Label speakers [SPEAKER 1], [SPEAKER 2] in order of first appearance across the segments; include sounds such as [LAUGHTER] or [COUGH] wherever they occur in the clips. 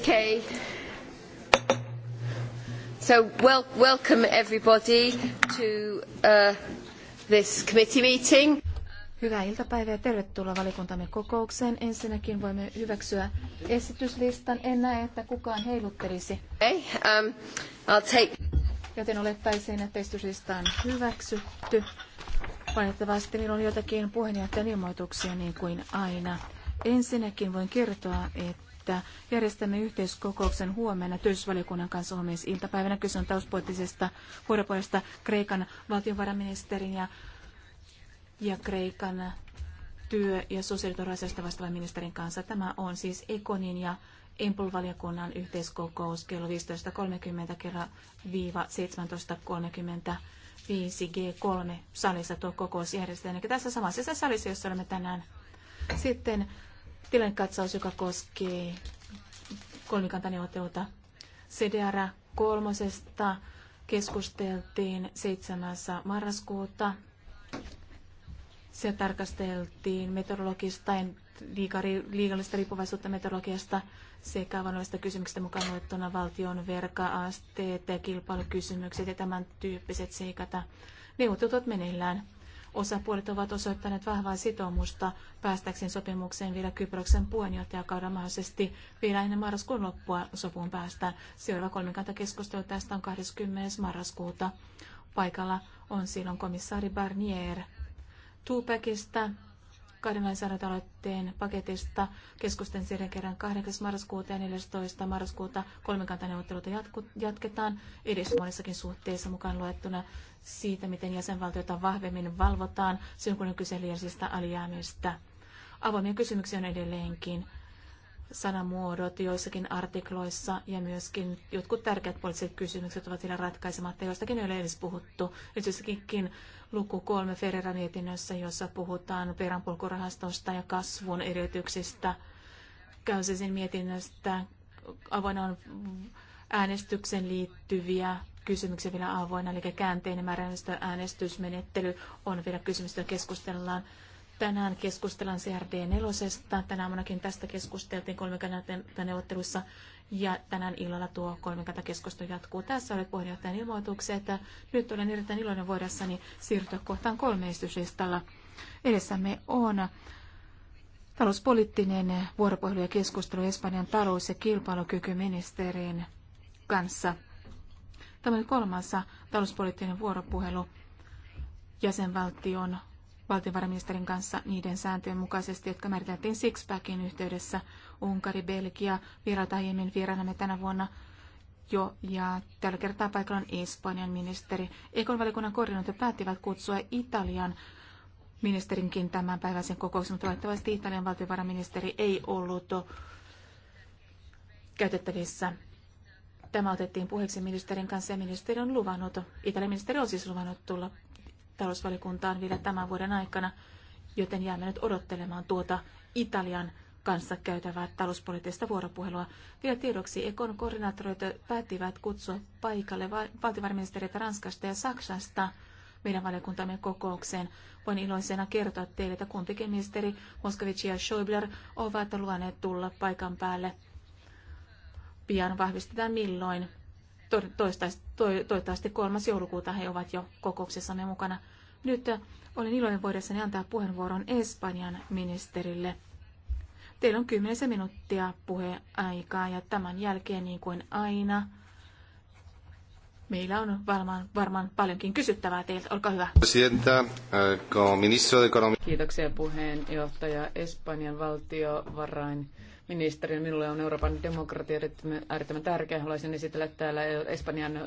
[SPEAKER 1] Okay.
[SPEAKER 2] So well, welcome everybody to uh, this committee meeting. Hyvää iltapäivää ja tervetuloa valikuntamme kokoukseen. Ensinnäkin voimme hyväksyä esityslistan. En näe, että kukaan heiluttelisi. Okay, um, I'll take... Joten olettaisiin, että esityslista on hyväksytty. Valitettavasti minulla on jotakin puheenjohtajan ilmoituksia niin kuin aina. Ensinnäkin voin kertoa, että että järjestämme yhteiskokouksen huomenna työllisyysvaliokunnan kanssa huomisiltapäivänä. Kyse on talouspoliittisesta vuoropuolesta Kreikan valtiovarainministerin ja, ja Kreikan työ- ja sosiaaliturvallisuudesta vastaavan ministerin kanssa. Tämä on siis Ekonin ja Empul-valiokunnan yhteiskokous kello 15.30 kello viiva 17.30 5G3 salissa tuo kokous järjestetään. Eli tässä samassa salissa, jossa olemme tänään. Sitten tilannekatsaus, joka koskee kolmikantaneuvotteluita. CDR kolmosesta keskusteltiin 7. marraskuuta. Se tarkasteltiin meteorologista ja liikallista riippuvaisuutta meteorologiasta sekä avainnollisista kysymyksistä mukaan luettuna valtion verka-asteet ja kilpailukysymykset ja tämän tyyppiset seikata. Neuvottelut meneillään. Osapuolet ovat osoittaneet vahvaa sitoumusta päästäkseen sopimukseen vielä Kyproksen puheenjohtajakauden mahdollisesti vielä ennen marraskuun loppua sopuun päästä. Seuraava kolmikantakeskustelu tästä on 20. marraskuuta. Paikalla on silloin komissaari Barnier. Tuupekista kahden lainsäädäntöaloitteen paketista keskusten siirren kerran 8. marraskuuta ja 14. marraskuuta kolmikantaneuvotteluita jatketaan edes monissakin suhteissa mukaan luettuna siitä, miten jäsenvaltioita vahvemmin valvotaan silloin, kun on kyse liiallisista alijäämistä. Avoimia kysymyksiä on edelleenkin sanamuodot joissakin artikloissa ja myöskin jotkut tärkeät poliittiset kysymykset ovat vielä ratkaisematta. Joistakin ei ole edes puhuttu. Nyt luku kolme Ferreran mietinnössä, jossa puhutaan peräänpulkurahastosta ja kasvun edellytyksistä. Käysisin mietinnöstä avoinna on äänestyksen liittyviä kysymyksiä vielä avoinna, eli käänteinen määräenemmistö äänestysmenettely on vielä kysymys, jota keskustellaan. Tänään keskustellaan crd nelosesta Tänään monakin tästä keskusteltiin kolmikannan neuvotteluissa ja tänään illalla tuo kolmikantakeskustelu jatkuu. Tässä oli puheenjohtajan ilmoitukset. Nyt olen erittäin iloinen voidessani siirtyä kohtaan kolmeistuslistalla. Edessämme on talouspoliittinen vuoropuhelu ja keskustelu Espanjan talous- ja kilpailukykyministerin kanssa. Tämä oli kolmas talouspoliittinen vuoropuhelu jäsenvaltion valtiovarainministerin kanssa niiden sääntöjen mukaisesti, jotka määriteltiin Sixpackin yhteydessä – Unkari, Belgia, vieraat aiemmin vieraanamme tänä vuonna jo, ja tällä kertaa paikalla on Espanjan ministeri. Ekon valikunnan päättivät kutsua Italian ministerinkin tämän päiväisen kokouksen, mutta valitettavasti Italian valtiovarainministeri ei ollut käytettävissä. Tämä otettiin puheeksi ministerin kanssa ja ministeri on luvannut, Italian ministeri on siis luvannut tulla talousvalikuntaan vielä tämän vuoden aikana, joten jäämme nyt odottelemaan tuota Italian kanssa käytävää talouspoliittista vuoropuhelua. Vielä tiedoksi Ekon koordinaattorit päättivät kutsua paikalle valtiovarainministeriötä Ranskasta ja Saksasta meidän valiokuntamme kokoukseen. Voin iloisena kertoa teille, että kumpikin ministeri Moskovic ja Schäuble ovat luoneet tulla paikan päälle. Pian vahvistetaan milloin. Toivottavasti kolmas joulukuuta he ovat jo kokouksessamme mukana. Nyt olen iloinen voidessani antaa puheenvuoron Espanjan ministerille. Teillä on 10 minuuttia puheaikaa ja tämän jälkeen niin kuin aina meillä on varmaan, varmaan paljonkin kysyttävää teiltä. Olkaa hyvä.
[SPEAKER 3] Eh,
[SPEAKER 2] Kiitoksia puheenjohtaja. Espanjan valtiovarain
[SPEAKER 4] ministerinä. Minulle on Euroopan demokratia äärettömän tärkeä. Haluaisin esitellä täällä Espanjan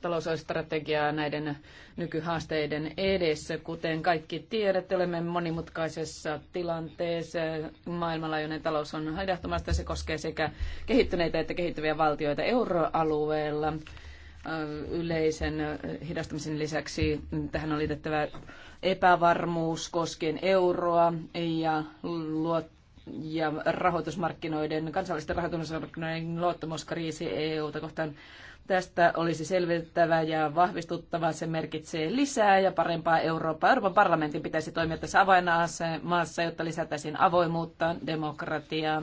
[SPEAKER 4] talousstrategiaa näiden nykyhaasteiden edessä. Kuten kaikki tiedät, olemme monimutkaisessa tilanteessa. Maailmanlaajuinen talous on haidahtumasta. Se koskee sekä kehittyneitä että kehittyviä valtioita euroalueella yleisen hidastamisen lisäksi tähän on liitettävä epävarmuus koskien euroa ja luot, ja rahoitusmarkkinoiden, kansallisten rahoitusmarkkinoiden luottamuskriisi EUta kohtaan. Tästä olisi selvittävä ja vahvistuttava. Se merkitsee lisää ja parempaa Eurooppaa. Euroopan parlamentin pitäisi toimia tässä avainmaassa, jotta lisätäisiin avoimuutta, demokratiaa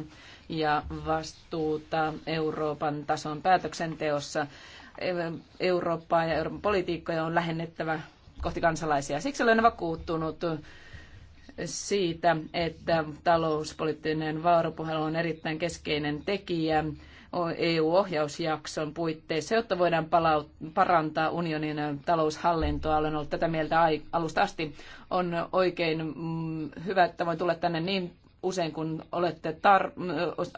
[SPEAKER 4] ja vastuuta Euroopan tason päätöksenteossa. Eurooppaa ja Euroopan politiikkoja on lähennettävä kohti kansalaisia. Siksi olen vakuuttunut siitä, että talouspoliittinen vuoropuhelu on erittäin keskeinen tekijä EU-ohjausjakson puitteissa, jotta voidaan palaut- parantaa unionin taloushallintoa. Olen ollut tätä mieltä alusta asti. On oikein mm, hyvä, että voin tulla tänne niin usein kun olette, tar- mm,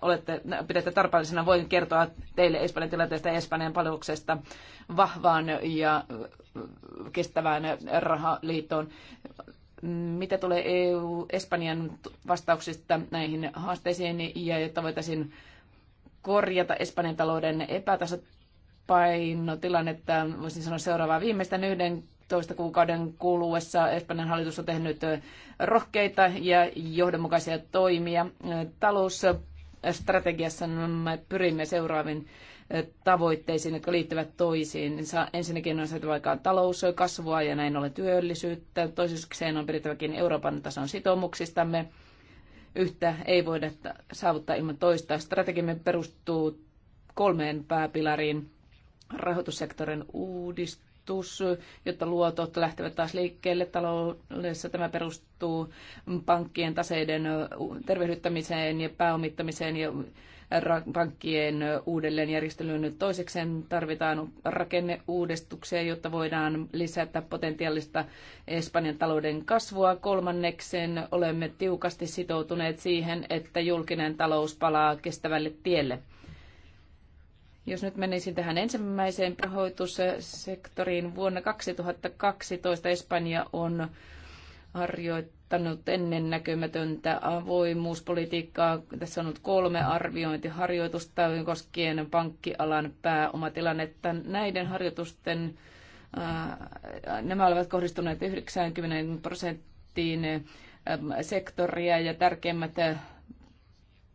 [SPEAKER 4] olette pidätte tarpeellisena, voin kertoa teille Espanjan tilanteesta ja Espanjan palveluksesta vahvaan ja mm, kestävään rahaliittoon. Mitä tulee EU-Espanjan vastauksista näihin haasteisiin ja jotta voitaisiin korjata Espanjan talouden epätasapainotilannetta, voisin sanoa seuraavaa viimeisten yhden toista kuukauden kuluessa Espanjan hallitus on tehnyt rohkeita ja johdonmukaisia toimia. Talous strategiassa me pyrimme seuraaviin tavoitteisiin, jotka liittyvät toisiin. Ensinnäkin on saatu aikaan talouskasvua ja näin ollen työllisyyttä. Toisekseen on pidettäväkin Euroopan tason sitoumuksistamme. Yhtä ei voida saavuttaa ilman toista. Strategiamme perustuu kolmeen pääpilariin. Rahoitussektorin uudistus perustus, jotta luotot lähtevät taas liikkeelle taloudessa. Tämä perustuu pankkien taseiden tervehdyttämiseen ja pääomittamiseen ja pankkien uudelleenjärjestelyyn. Toisekseen tarvitaan rakenneuudistuksia, jotta voidaan lisätä potentiaalista Espanjan talouden kasvua. Kolmanneksen olemme tiukasti sitoutuneet siihen, että julkinen talous palaa kestävälle tielle. Jos nyt menisin tähän ensimmäiseen rahoitussektoriin, vuonna 2012 Espanja on harjoittanut ennennäkymätöntä avoimuuspolitiikkaa. Tässä on ollut kolme arviointiharjoitusta koskien pankkialan pääomatilannetta. Näiden harjoitusten äh, nämä olivat kohdistuneet 90 prosenttiin ähm, sektoria ja tärkeimmät äh,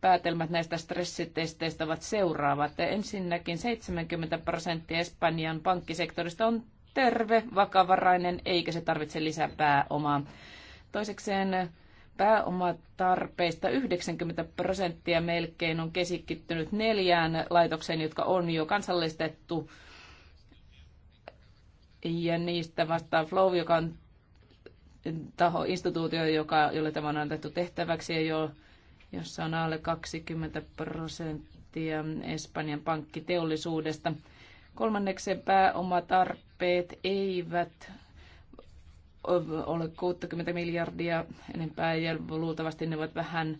[SPEAKER 4] päätelmät näistä stressitesteistä ovat seuraavat. Ensinnäkin 70 prosenttia Espanjan pankkisektorista on terve, vakavarainen, eikä se tarvitse lisää pääomaa. Toisekseen pääomatarpeista 90 prosenttia melkein on keskittynyt neljään laitokseen, jotka on jo kansallistettu. Ja niistä vastaa Flow, joka on taho, instituutio, joka, jolle tämä on annettu tehtäväksi ja jo, jossa on alle 20 prosenttia Espanjan pankkiteollisuudesta. Kolmanneksi pääomatarpeet eivät ole 60 miljardia enempää ja luultavasti ne ovat vähän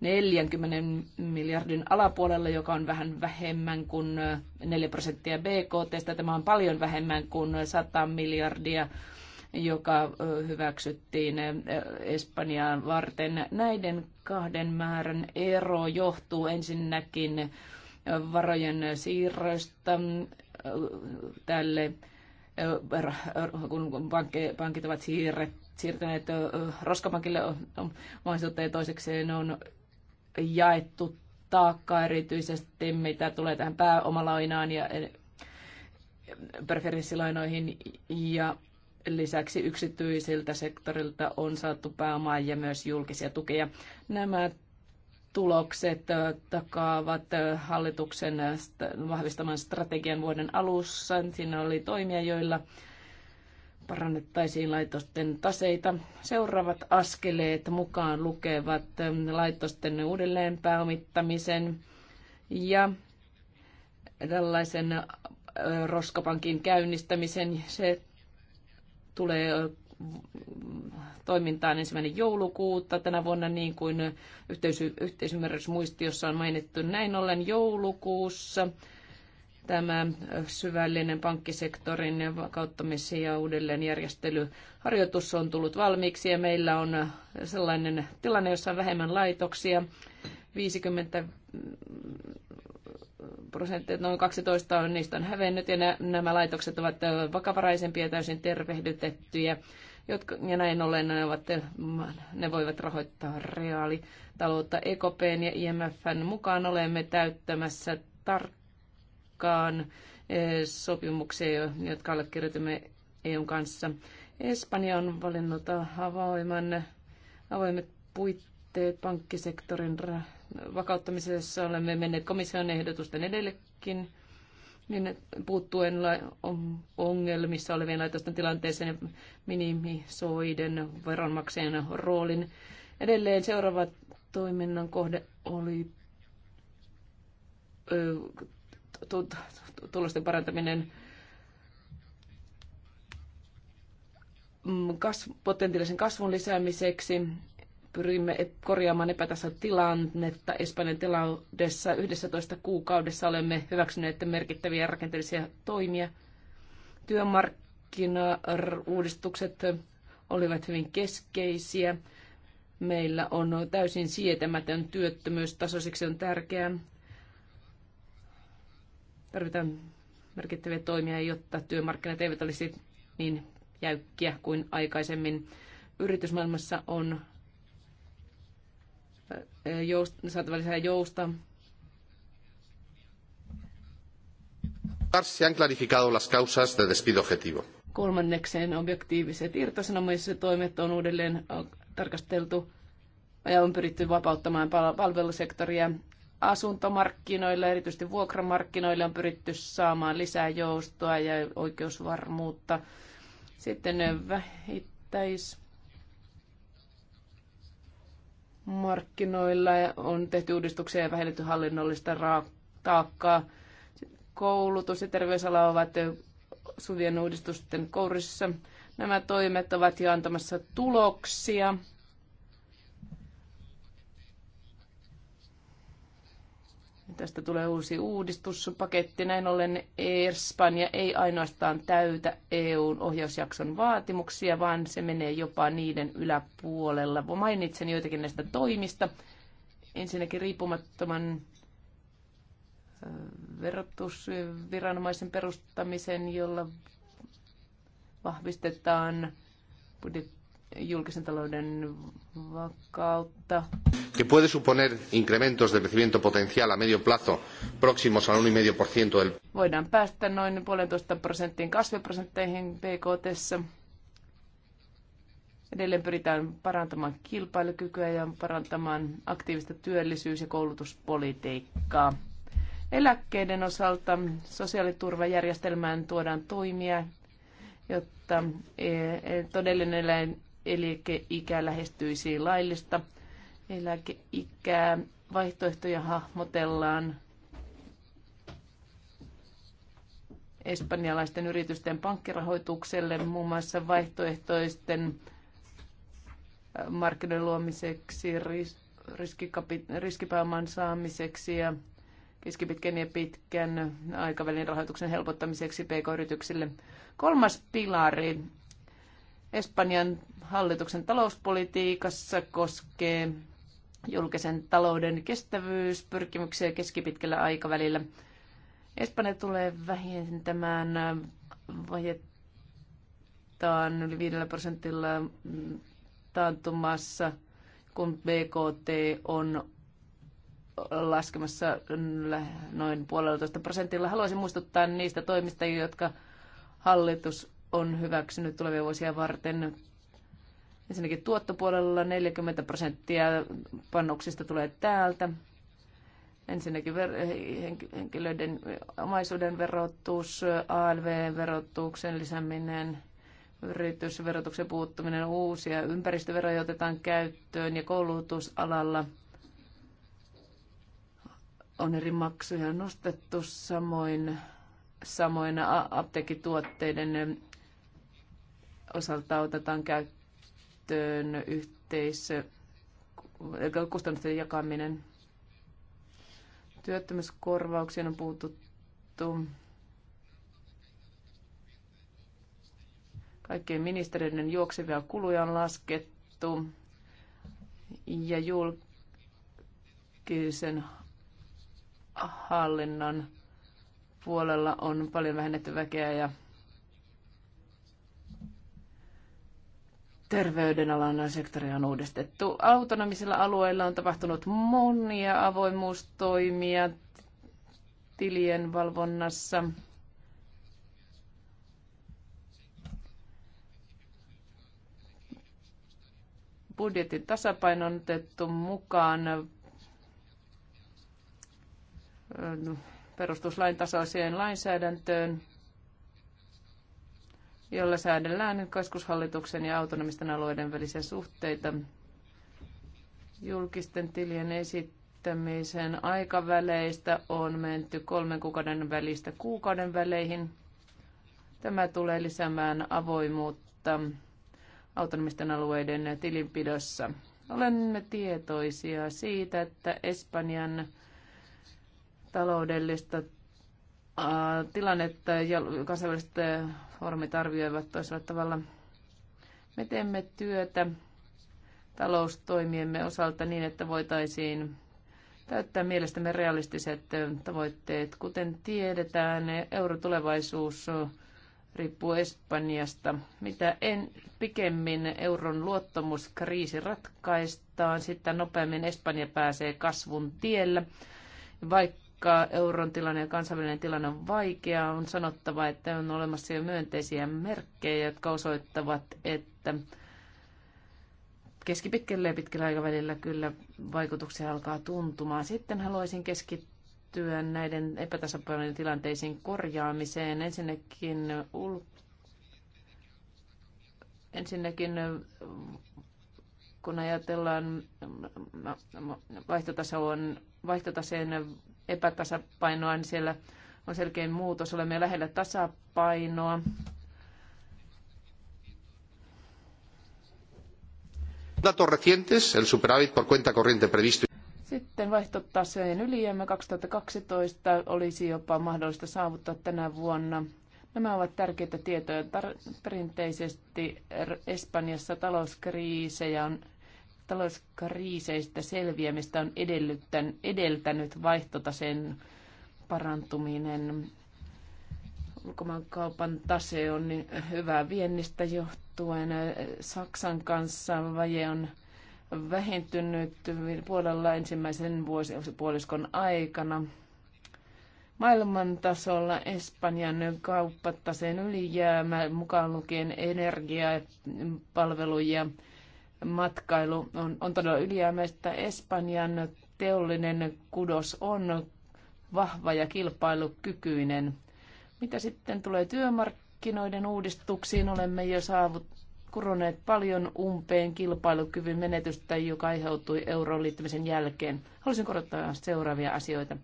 [SPEAKER 4] 40 miljardin alapuolella, joka on vähän vähemmän kuin 4 prosenttia BKT. Tämä on paljon vähemmän kuin 100 miljardia joka hyväksyttiin Espanjaan varten. Näiden kahden määrän ero johtuu ensinnäkin varojen siirroista tälle, kun pankit ovat siirtäneet roskapankille omaisuutta ja toisekseen on jaettu taakka erityisesti, mitä tulee tähän pääomalainaan ja preferenssilainoihin ja Lisäksi yksityisiltä sektorilta on saatu pääomaa ja myös julkisia tukia. Nämä tulokset takaavat hallituksen vahvistaman strategian vuoden alussa. Siinä oli toimia, joilla parannettaisiin laitosten taseita. Seuraavat askeleet mukaan lukevat laitosten uudelleenpääomittamisen ja tällaisen roskapankin käynnistämisen. Se tulee toimintaan ensimmäinen joulukuuta tänä vuonna, niin kuin yhteisy- yhteisymmärrysmuistiossa on mainittu. Näin ollen joulukuussa tämä syvällinen pankkisektorin vakauttamis- ja uudelleenjärjestelyharjoitus on tullut valmiiksi ja meillä on sellainen tilanne, jossa on vähemmän laitoksia, 50 prosenttia, noin 12 on, niistä on hävennyt ja nämä laitokset ovat vakavaraisempia ja täysin tervehdytettyjä. Jotka, ja näin ollen ne, ovat, ne voivat rahoittaa reaalitaloutta. EKPn ja IMFn mukaan olemme täyttämässä tarkkaan sopimuksia, jotka allekirjoitamme EUn kanssa. Espanja on valinnut avoimen, avoimet puitteet pankkisektorin vakauttamisessa olemme menneet komission ehdotusten edellekin, niin puuttuen ongelmissa olevien laitosten tilanteeseen ja minimisoiden veronmaksajan roolin. Edelleen seuraava toiminnan kohde oli tulosten parantaminen mm, potentiaalisen kasvun lisäämiseksi pyrimme korjaamaan tilannetta Espanjan tilaudessa. 11 kuukaudessa olemme hyväksyneet merkittäviä rakenteellisia toimia. Työmarkkinauudistukset olivat hyvin keskeisiä. Meillä on täysin sietämätön työttömyystaso, siksi on tärkeää. Tarvitaan merkittäviä toimia, jotta työmarkkinat eivät olisi niin jäykkiä kuin aikaisemmin. Yritysmaailmassa on joust- saatava lisää jousta.
[SPEAKER 3] Se han clarificado las causas de despido objetivo.
[SPEAKER 4] Kolmannekseen objektiiviset irtisanomiset toimet on uudelleen tarkasteltu ja on pyritty vapauttamaan palvelusektoria Asuntomarkkinoilla, erityisesti vuokramarkkinoilla, on pyritty saamaan lisää joustoa ja oikeusvarmuutta. Sitten vähittäis markkinoilla on tehty uudistuksia ja vähennetty hallinnollista taakkaa. Koulutus ja terveysala ovat suvien uudistusten kourissa. Nämä toimet ovat jo antamassa tuloksia Tästä tulee uusi uudistuspaketti. Näin ollen Espanja ei ainoastaan täytä EUn ohjausjakson vaatimuksia, vaan se menee jopa niiden yläpuolella. Mainitsen joitakin näistä toimista. Ensinnäkin riippumattoman verotusviranomaisen perustamisen, jolla vahvistetaan budjetti julkisen talouden vakautta.
[SPEAKER 3] Que puede suponer incrementos de crecimiento potencial a medio plazo próximos al 1,5% del...
[SPEAKER 4] Voidaan päästä noin 1,5 prosenttiin kasviprosentteihin BKT. Edelleen pyritään parantamaan kilpailukykyä ja parantamaan aktiivista työllisyys- ja koulutuspolitiikkaa. Eläkkeiden osalta sosiaaliturvajärjestelmään tuodaan toimia, jotta e- e- todellinen eläkeikä lähestyisi laillista eläkeikää. Vaihtoehtoja hahmotellaan espanjalaisten yritysten pankkirahoitukselle muun muassa vaihtoehtoisten äh, markkinoiden luomiseksi, riskipääoman saamiseksi ja keskipitkän ja pitkän aikavälin rahoituksen helpottamiseksi pk-yrityksille. Kolmas pilari Espanjan hallituksen talouspolitiikassa koskee julkisen talouden kestävyyspyrkimyksiä keskipitkällä aikavälillä. Espanja tulee vähentämään vajettaan yli 5 prosentilla taantumassa, kun BKT on laskemassa noin puolelta prosentilla. Haluaisin muistuttaa niistä toimista, jotka hallitus on hyväksynyt tulevia vuosia varten. Ensinnäkin tuottopuolella 40 prosenttia pannuksista tulee täältä. Ensinnäkin henkilöiden omaisuuden verotus, ALV-verotuksen lisääminen, yritysverotuksen puuttuminen, uusia ympäristöveroja otetaan käyttöön ja koulutusalalla on eri maksuja nostettu, samoin, samoin apteekituotteiden osalta otetaan käyttöön yhteisö, kustannusten jakaminen. Työttömyyskorvauksien on puututtu. Kaikkien ministeriöiden juoksevia kuluja on laskettu ja julkisen hallinnon puolella on paljon vähennetty väkeä ja terveydenalan sektori on uudistettu. Autonomisilla alueilla on tapahtunut monia avoimuustoimia tilien valvonnassa. Budjetin tasapaino on otettu mukaan perustuslain tasoiseen lainsäädäntöön – jolla säädellään keskushallituksen ja autonomisten alueiden välisiä suhteita. Julkisten tilien esittämisen aikaväleistä on menty kolmen kuukauden välistä kuukauden väleihin. Tämä tulee lisäämään avoimuutta autonomisten alueiden tilinpidossa. Olemme tietoisia siitä, että Espanjan taloudellista tilannetta ja kansainväliset foorumit arvioivat toisella tavalla. Me teemme työtä taloustoimiemme osalta niin, että voitaisiin täyttää mielestämme realistiset tavoitteet. Kuten tiedetään, eurotulevaisuus riippuu Espanjasta. Mitä en, pikemmin euron luottamuskriisi ratkaistaan, sitä nopeammin Espanja pääsee kasvun tiellä. Vaikka vaikka euron tilanne ja kansainvälinen tilanne on vaikea, on sanottava, että on olemassa jo myönteisiä merkkejä, jotka osoittavat, että keskipitkällä ja pitkällä aikavälillä kyllä vaikutuksia alkaa tuntumaan. Sitten haluaisin keskittyä näiden epätasapainojen tilanteisiin korjaamiseen. Ensinnäkin, ul... Ensinnäkin kun ajatellaan vaihtotaseen epätasapainoa, niin siellä on selkein muutos. Olemme lähellä tasapainoa.
[SPEAKER 3] Datos recientes, el superávit por cuenta corriente previsto.
[SPEAKER 4] Sitten vaihtotaseen ylijäämä 2012 olisi jopa mahdollista saavuttaa tänä vuonna. Nämä ovat tärkeitä tietoja. Tar- perinteisesti Espanjassa talouskriisejä on talouskriiseistä selviämistä on edeltänyt vaihtotaseen parantuminen. Ulkomaankaupan tase on hyvä viennistä johtuen. Saksan kanssa vaje on vähentynyt puolella ensimmäisen vuosipuoliskon aikana. Maailman tasolla Espanjan kauppataseen ylijäämä, mukaan lukien energiapalveluja, palveluja matkailu on, on todella ylijäämäistä. Espanjan teollinen kudos on vahva ja kilpailukykyinen. Mitä sitten tulee työmarkkinoiden uudistuksiin, olemme jo saavut, kuroneet paljon umpeen kilpailukyvyn menetystä, joka aiheutui euroon liittymisen jälkeen. Haluaisin korottaa seuraavia asioita.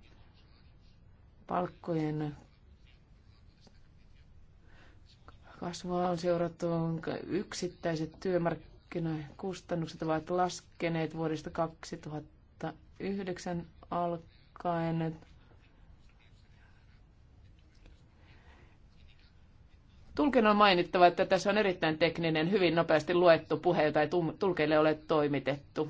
[SPEAKER 4] Palkkojen kasvua on seurattu yksittäiset työmarkkinoiden Kustannukset ovat laskeneet vuodesta 2009 alkaen. Tulkin on mainittava, että tässä on erittäin tekninen, hyvin nopeasti luettu puhe, jota ei tulkeille ole toimitettu.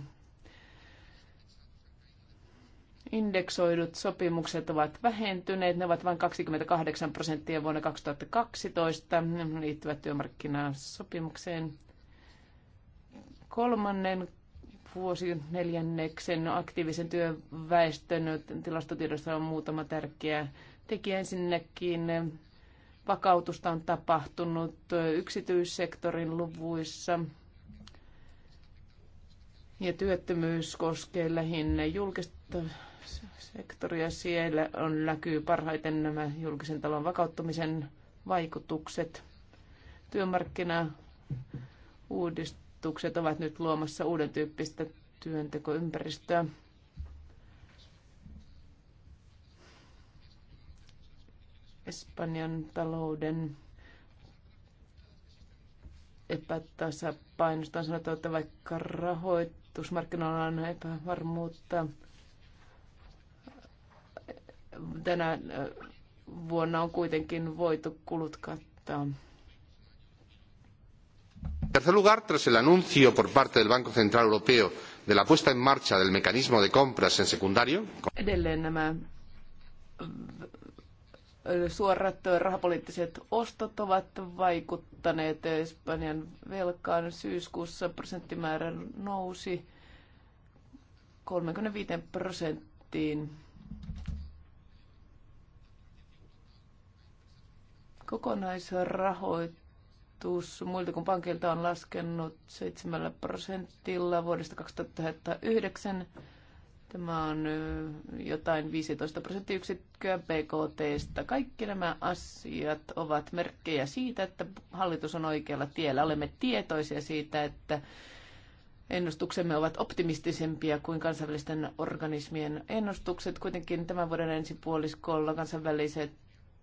[SPEAKER 4] Indeksoidut sopimukset ovat vähentyneet. Ne ovat vain 28 prosenttia vuonna 2012. Ne liittyvät työmarkkinasopimukseen. sopimukseen kolmannen vuosi neljänneksen aktiivisen työväestön tilastotiedossa on muutama tärkeä tekijä. Ensinnäkin vakautusta on tapahtunut yksityissektorin luvuissa. Ja työttömyys koskee lähinnä julkista sektoria. Siellä on näkyy parhaiten nämä julkisen talon vakauttamisen vaikutukset. Työmarkkina uudistuu asetukset ovat nyt luomassa uuden tyyppistä työntekoympäristöä. Espanjan talouden epätasapainosta on sanottu, että vaikka rahoitusmarkkinoilla on epävarmuutta, tänä vuonna on kuitenkin voitu kulut kattaa.
[SPEAKER 3] En tercer lugar, tras el anuncio por parte del Banco Central Europeo de la puesta en marcha del mecanismo de compras en secundario.
[SPEAKER 4] suorat rahapoliittiset ostot ovat vaikuttaneet Espanjan velkaan. Syyskuussa prosenttimäärä nousi 35 prosenttiin. Kokonaisrahoit osuus muilta kuin pankilta on laskenut 7 prosentilla vuodesta 2009. Tämä on jotain 15 prosenttiyksikköä BKTstä. Kaikki nämä asiat ovat merkkejä siitä, että hallitus on oikealla tiellä. Olemme tietoisia siitä, että ennustuksemme ovat optimistisempia kuin kansainvälisten organismien ennustukset. Kuitenkin tämän vuoden ensi puoliskolla kansainväliset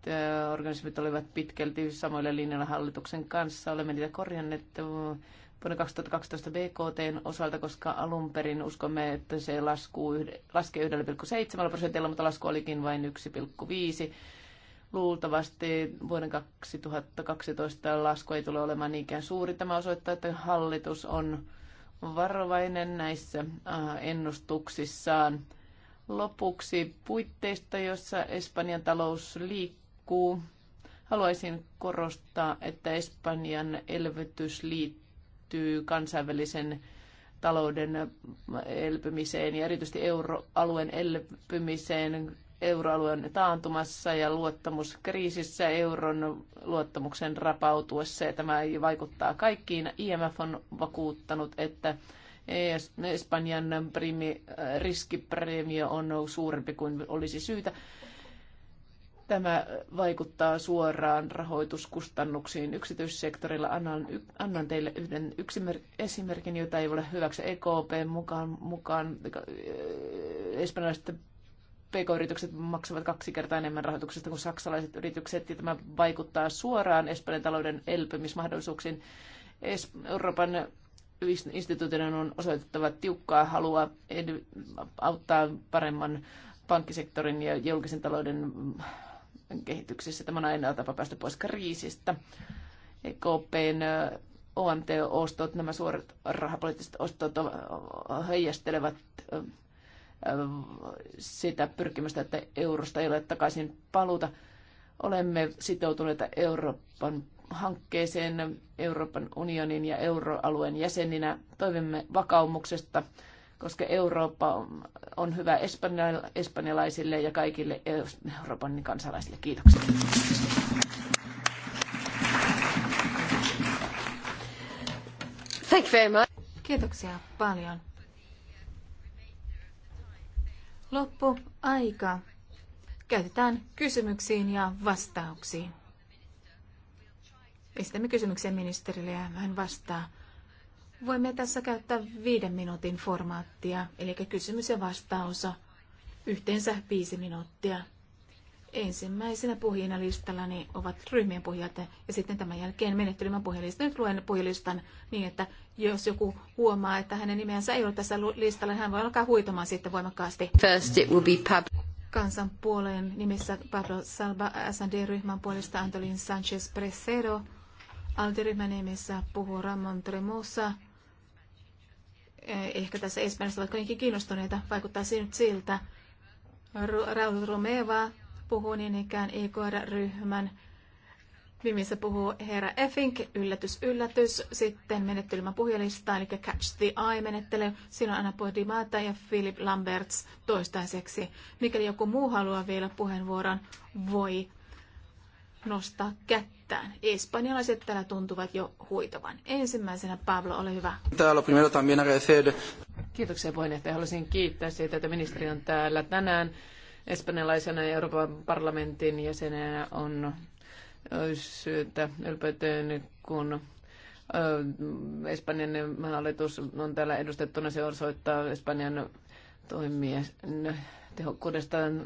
[SPEAKER 4] Äh, organismit olivat pitkälti samoilla linjoilla hallituksen kanssa. Olemme niitä korjanneet äh, vuonna 2012 BKT osalta, koska alun perin uskomme, että se lasku, laskee 1,7 prosentilla, mutta lasku olikin vain 1,5. Luultavasti vuoden 2012 lasku ei tule olemaan niinkään suuri. Tämä osoittaa, että hallitus on varovainen näissä äh, ennustuksissaan. Lopuksi puitteista, jossa Espanjan talous liikkuu jatkuu. Haluaisin korostaa, että Espanjan elvytys liittyy kansainvälisen talouden elpymiseen ja erityisesti euroalueen elpymiseen. Euroalue on taantumassa ja luottamuskriisissä euron luottamuksen rapautuessa ja tämä ei vaikuttaa kaikkiin. IMF on vakuuttanut, että Espanjan primi, riskipremio on suurempi kuin olisi syytä. Tämä vaikuttaa suoraan rahoituskustannuksiin yksityissektorilla. Annan, annan teille yhden esimerkin, jota ei ole hyväksi EKP mukaan. mukaan äh, espanjalaiset PK-yritykset maksavat kaksi kertaa enemmän rahoituksesta kuin saksalaiset yritykset, ja tämä vaikuttaa suoraan Espanjan talouden elpymismahdollisuuksiin. Euroopan instituutioiden on osoitettava tiukkaa halua auttaa paremman pankkisektorin ja julkisen talouden kehityksessä. Tämä on ainoa tapa päästä pois kriisistä. EKPn OMT-ostot, nämä suorat rahapoliittiset ostot heijastelevat sitä pyrkimystä, että eurosta ei ole takaisin paluuta. Olemme sitoutuneita Euroopan hankkeeseen Euroopan unionin ja euroalueen jäseninä. Toivomme vakaumuksesta koska Eurooppa on hyvä espanjalaisille ja kaikille Euroopan kansalaisille. Kiitoksia.
[SPEAKER 2] Thank you very much. Kiitoksia paljon. Loppu aika käytetään kysymyksiin ja vastauksiin. Esitämme kysymyksen ministerille ja hän vastaa. Voimme tässä käyttää viiden minuutin formaattia, eli kysymys ja vastaus yhteensä viisi minuuttia. Ensimmäisenä puhujina listallani ovat ryhmien puhujat ja sitten tämän jälkeen menettelymän puhujalista. Nyt luen puhujalistan niin, että jos joku huomaa, että hänen nimensä ei ole tässä listalla, niin hän voi alkaa huitomaan sitten voimakkaasti. First it will be Pab- Kansanpuolueen nimissä Pablo Salba, SND-ryhmän puolesta Antolin Sanchez Presero, Altiryhmän nimissä puhuu Ramon Tremosa, Eh, ehkä tässä Espanjassa ovat kuitenkin kiinnostuneita. Vaikuttaa nyt siltä. Raul Romeva puhuu niin ikään IKR-ryhmän e nimissä puhuu herra Effink, yllätys, yllätys. Sitten menettelymä puhujalistaa, eli Catch the Eye-menettely. Siinä on Anna Podimata ja Philip Lamberts toistaiseksi. Mikäli joku muu haluaa vielä puheenvuoron, voi nostaa kättä mitään. Espanjalaiset täällä tuntuvat jo huitavan. Ensimmäisenä Pablo, ole hyvä.
[SPEAKER 3] Täällä primero también agradecer.
[SPEAKER 2] Kiitoksia puheenjohtaja. Haluaisin kiittää siitä, että ministeri on täällä tänään.
[SPEAKER 4] Espanjalaisena ja Euroopan parlamentin jäsenenä on syytä ylpeyteen, kun Espanjan hallitus on täällä edustettuna. Se osoittaa Espanjan toimien tehokkuudestaan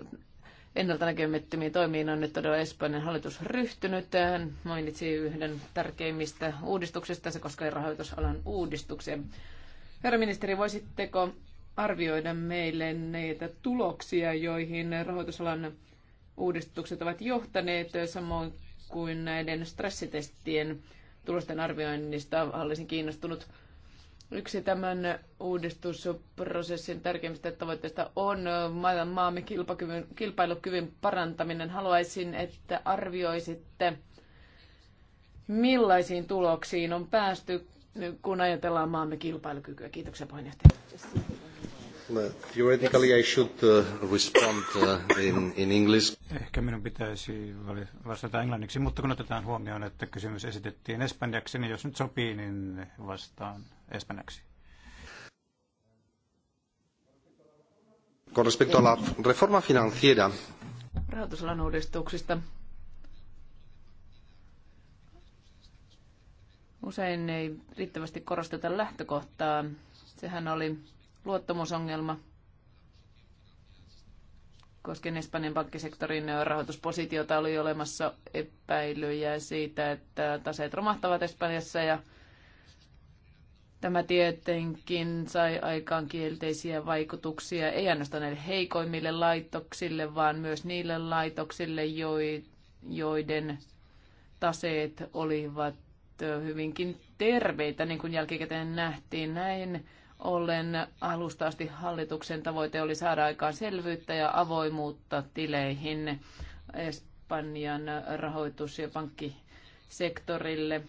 [SPEAKER 4] ennalta näkemättömiin toimiin on nyt todella Espanjan hallitus ryhtynyt. Hän mainitsi yhden tärkeimmistä uudistuksista, se koskee rahoitusalan uudistuksia. Herra ministeri, voisitteko arvioida meille näitä tuloksia, joihin rahoitusalan uudistukset ovat johtaneet, samoin kuin näiden stressitestien tulosten arvioinnista olisin kiinnostunut Yksi tämän uudistusprosessin tärkeimmistä tavoitteista on maamme kilpakyvyn, kilpailukyvyn parantaminen. Haluaisin, että arvioisitte, millaisiin tuloksiin on päästy, kun ajatellaan maamme kilpailukykyä. Kiitoksia puheenjohtaja.
[SPEAKER 3] Theoretically I should uh, respond uh, in, in English.
[SPEAKER 5] Ehkä minun pitäisi vastata englanniksi, mutta kun otetaan huomioon, että kysymys esitettiin espanjaksi, niin jos nyt sopii, niin vastaan espanjaksi.
[SPEAKER 3] Con respecto a la reforma financiera.
[SPEAKER 4] Rahoitusalan uudistuksista. Usein ei riittävästi korosteta lähtökohtaa. Sehän oli luottamusongelma koskien Espanjan pankkisektorin rahoituspositiota oli olemassa epäilyjä siitä, että taseet romahtavat Espanjassa ja Tämä tietenkin sai aikaan kielteisiä vaikutuksia ei ainoastaan näille heikoimmille laitoksille, vaan myös niille laitoksille, joiden taseet olivat hyvinkin terveitä, niin kuin jälkikäteen nähtiin. Näin ollen alusta asti hallituksen tavoite oli saada aikaan selvyyttä ja avoimuutta tileihin Espanjan rahoitus- ja pankkisektorille.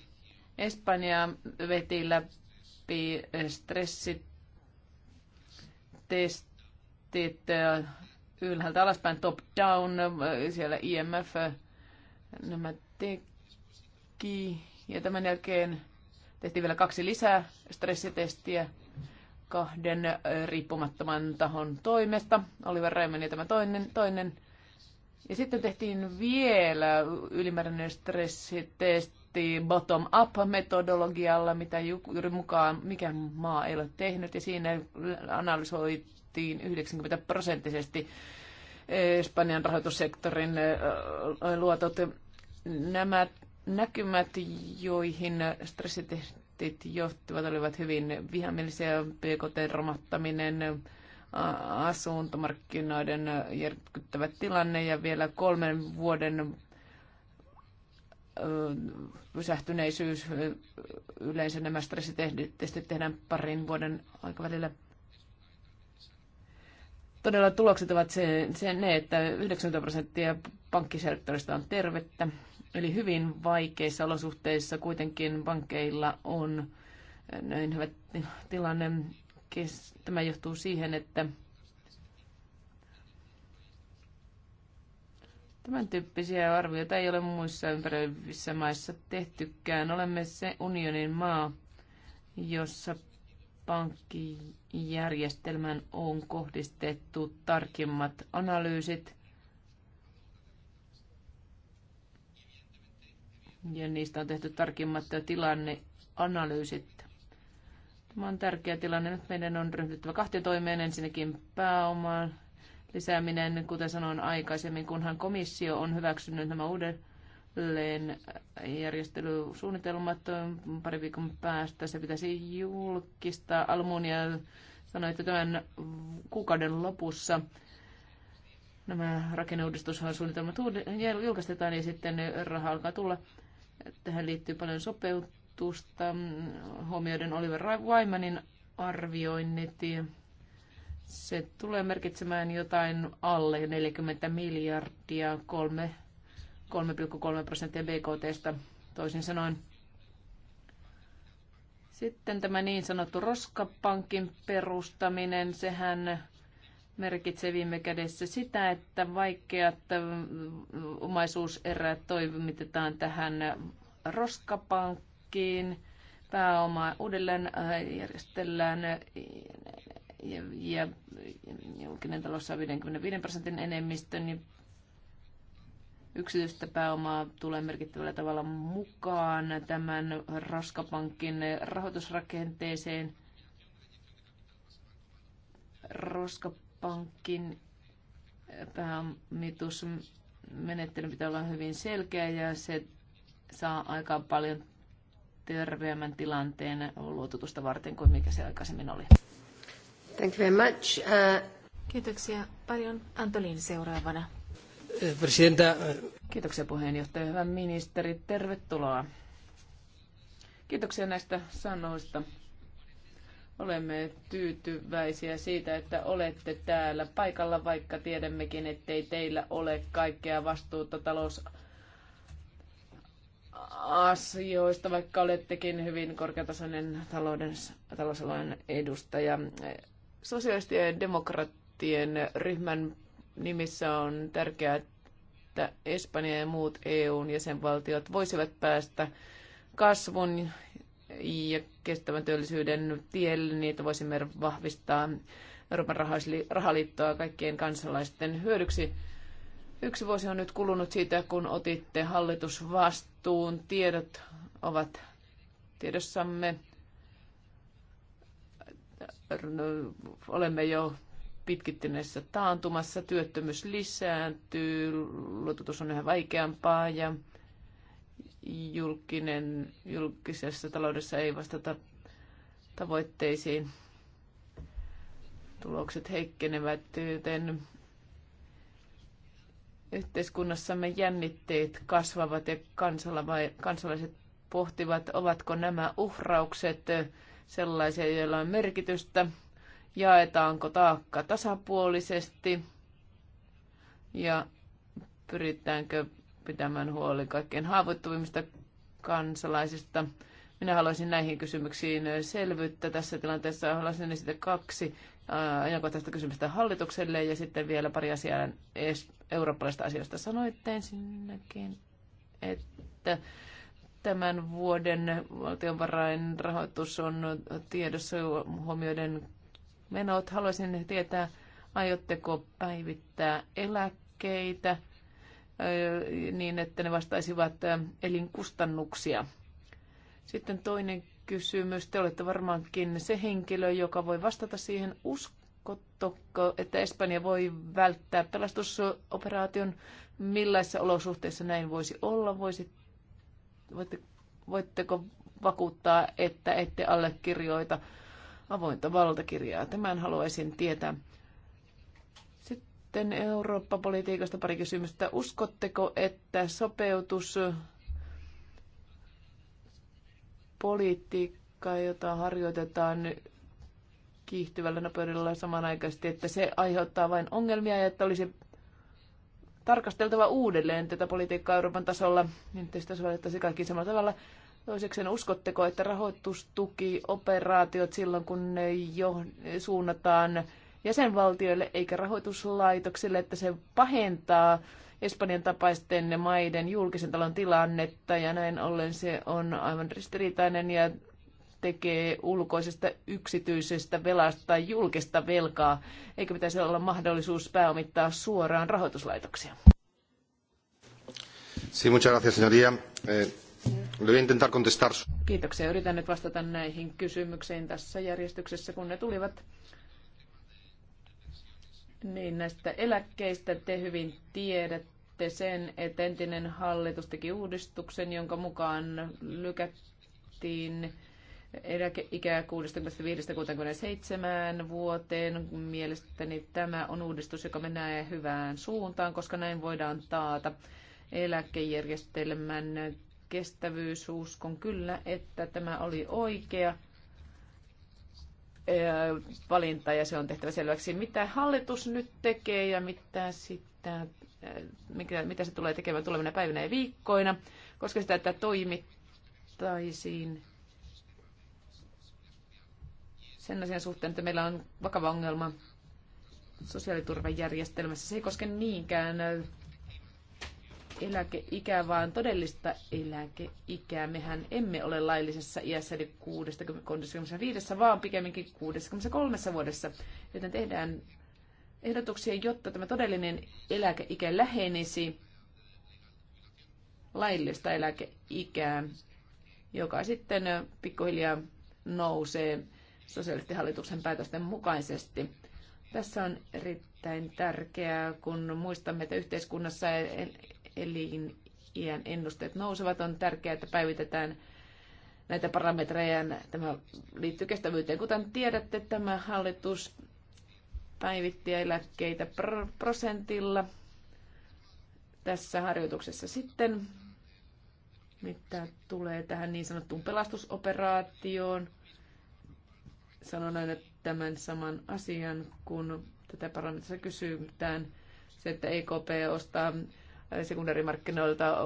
[SPEAKER 4] Espanja veti läpi oppii eh, stressitestit eh, ylhäältä alaspäin, top down, eh, siellä IMF nämä teki. Ja tämän jälkeen tehtiin vielä kaksi lisää stressitestiä kahden riippumattoman tahon toimesta. Oliver Reiman ja tämä toinen, toinen. Ja sitten tehtiin vielä ylimääräinen stressitesti aloitti bottom-up-metodologialla, mitä juuri mukaan mikä maa ei ole tehnyt, ja siinä analysoitiin 90 prosenttisesti e, Espanjan rahoitussektorin e, luotot. Nämä näkymät, joihin stressitestit johtivat, olivat hyvin vihamielisiä, PKT-romahtaminen, asuntomarkkinoiden järkyttävä tilanne ja vielä kolmen vuoden pysähtyneisyys, yleensä nämä stressitestit tehdään parin vuoden aikavälillä. Todella tulokset ovat se, se ne, että 90 prosenttia pankkisektorista on tervettä. Eli hyvin vaikeissa olosuhteissa kuitenkin pankkeilla on näin hyvä tilanne. Tämä johtuu siihen, että Tämän tyyppisiä arvioita ei ole muissa ympäröivissä maissa tehtykään. Olemme se unionin maa, jossa pankkijärjestelmän on kohdistettu tarkimmat analyysit ja niistä on tehty tarkimmat tilanneanalyysit. Tämä on tärkeä tilanne. Nyt meidän on ryhdyttävä kahteen toimeen. Ensinnäkin pääomaan lisääminen, kuten sanoin aikaisemmin, kunhan komissio on hyväksynyt nämä uudelleen järjestelysuunnitelmat pari viikon päästä. Se pitäisi julkistaa. Almunia sanoi, että tämän kuukauden lopussa nämä rakenneuudistussuunnitelmat julkaistetaan ja sitten raha alkaa tulla. Tähän liittyy paljon sopeutusta, huomioiden Oliver Wymanin arvioinnit se tulee merkitsemään jotain alle 40 miljardia, 3, 3,3 prosenttia BKTstä toisin sanoen. Sitten tämä niin sanottu roskapankin perustaminen, sehän merkitsee viime kädessä sitä, että vaikeat omaisuuserät toimitetaan tähän roskapankkiin, pääoma uudelleen äh, järjestellään ja, ja julkinen talous saa 55 prosentin enemmistön, niin yksityistä pääomaa tulee merkittävällä tavalla mukaan tämän roskapankin rahoitusrakenteeseen. Roskapankin pääomitusmenettely pitää olla hyvin selkeä ja se saa aika paljon terveemmän tilanteen luotutusta varten kuin mikä se aikaisemmin oli.
[SPEAKER 2] Thank you very much. Uh... Kiitoksia paljon. Antolin
[SPEAKER 4] seuraavana.
[SPEAKER 3] Eh, presidenta. Eh.
[SPEAKER 4] Kiitoksia puheenjohtaja. Hyvä ministeri, tervetuloa. Kiitoksia näistä sanoista. Olemme tyytyväisiä siitä, että olette täällä paikalla, vaikka tiedämmekin, ettei teillä ole kaikkea vastuuta talousasioista, vaikka olettekin hyvin korkeatasoinen talouden, edustaja. Sosialistien demokraattien ryhmän nimissä on tärkeää, että Espanja ja muut EUn jäsenvaltiot voisivat päästä kasvun ja kestävän työllisyyden tielle. Niitä voisimme vahvistaa Euroopan rahaliittoa kaikkien kansalaisten hyödyksi. Yksi vuosi on nyt kulunut siitä, kun otitte hallitusvastuun. Tiedot ovat tiedossamme olemme jo pitkittyneessä taantumassa, työttömyys lisääntyy, luototus on yhä vaikeampaa ja julkinen, julkisessa taloudessa ei vastata tavoitteisiin. Tulokset heikkenevät, joten yhteiskunnassamme jännitteet kasvavat ja kansalaiset pohtivat, ovatko nämä uhraukset sellaisia, joilla on merkitystä, jaetaanko taakka tasapuolisesti ja pyritäänkö pitämään huoli kaikkein haavoittuvimmista kansalaisista. Minä haluaisin näihin kysymyksiin selvyyttä tässä tilanteessa. Haluaisin esittää kaksi ajankohtaista kysymystä hallitukselle ja sitten vielä pari asiaa eurooppalaisista asioista. Sanoitte ensinnäkin, että tämän vuoden valtionvarainrahoitus on tiedossa huomioiden menot. Haluaisin tietää, aiotteko päivittää eläkkeitä niin, että ne vastaisivat elinkustannuksia. Sitten toinen kysymys. Te olette varmaankin se henkilö, joka voi vastata siihen. Uskotteko, että Espanja voi välttää pelastusoperaation? Millaisissa olosuhteissa näin voisi olla? Voisit Voitte, voitteko vakuuttaa, että ette allekirjoita avointa valtakirjaa? Tämän haluaisin tietää. Sitten Eurooppa-politiikasta pari kysymystä. Uskotteko, että sopeutus politiikka, jota harjoitetaan kiihtyvällä nopeudella samanaikaisesti, että se aiheuttaa vain ongelmia ja että olisi tarkasteltava uudelleen tätä politiikkaa Euroopan tasolla, niin että sitä sovellettaisiin kaikki samalla tavalla. Toisekseen, uskotteko, että rahoitustuki, operaatiot silloin, kun ne jo suunnataan jäsenvaltioille eikä rahoituslaitoksille, että se pahentaa Espanjan tapaisten maiden julkisen talon tilannetta ja näin ollen se on aivan ristiriitainen ja tekee ulkoisesta yksityisestä velasta julkista velkaa? Eikö pitäisi olla mahdollisuus pääomittaa suoraan rahoituslaitoksia?
[SPEAKER 3] Sí, muchas gracias, señoría. Eh, voy a intentar contestar.
[SPEAKER 4] Kiitoksia. Yritän nyt vastata näihin kysymyksiin tässä järjestyksessä, kun ne tulivat. Niin, näistä eläkkeistä te hyvin tiedätte sen, että entinen hallitus teki uudistuksen, jonka mukaan lykättiin eläkeikää 65-67 vuoteen. Mielestäni tämä on uudistus, joka menee hyvään suuntaan, koska näin voidaan taata eläkejärjestelmän kestävyys. Uskon kyllä, että tämä oli oikea valinta ja se on tehtävä selväksi, mitä hallitus nyt tekee ja mitä, sitä, mikä, mitä se tulee tekemään tulevina päivinä ja viikkoina, koska sitä, että toimittaisiin sen asian suhteen, että meillä on vakava ongelma sosiaaliturvajärjestelmässä. Se ei koske niinkään eläkeikää, vaan todellista eläkeikää. Mehän emme ole laillisessa iässä eli 65, vaan pikemminkin 63 vuodessa, joten tehdään ehdotuksia, jotta tämä todellinen eläkeikä lähenisi laillista eläkeikää, joka sitten pikkuhiljaa nousee sosialistihallituksen päätösten mukaisesti. Tässä on erittäin tärkeää, kun muistamme, että yhteiskunnassa elin iän ennusteet nousevat. On tärkeää, että päivitetään näitä parametreja. Tämä liittyy kestävyyteen. Kuten tiedätte, tämä hallitus päivitti eläkkeitä prosentilla tässä harjoituksessa sitten, mitä tulee tähän niin sanottuun pelastusoperaatioon sanon aina tämän saman asian, kun tätä parlamentissa kysytään, se, että EKP ostaa sekundärimarkkinoilta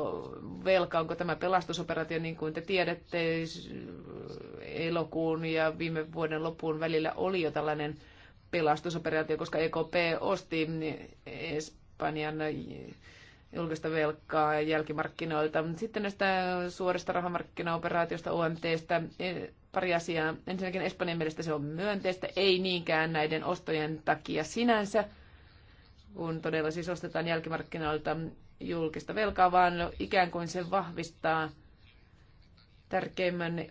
[SPEAKER 4] velka, onko tämä pelastusoperaatio, niin kuin te tiedätte, elokuun ja viime vuoden lopun välillä oli jo tällainen pelastusoperaatio, koska EKP osti Espanjan julkista velkaa jälkimarkkinoilta. Sitten näistä suorista rahamarkkinaoperaatiosta OMTstä pari asiaa. Ensinnäkin Espanjan mielestä se on myönteistä, ei niinkään näiden ostojen takia sinänsä, kun todella siis ostetaan jälkimarkkinoilta julkista velkaa, vaan ikään kuin se vahvistaa tärkeimmän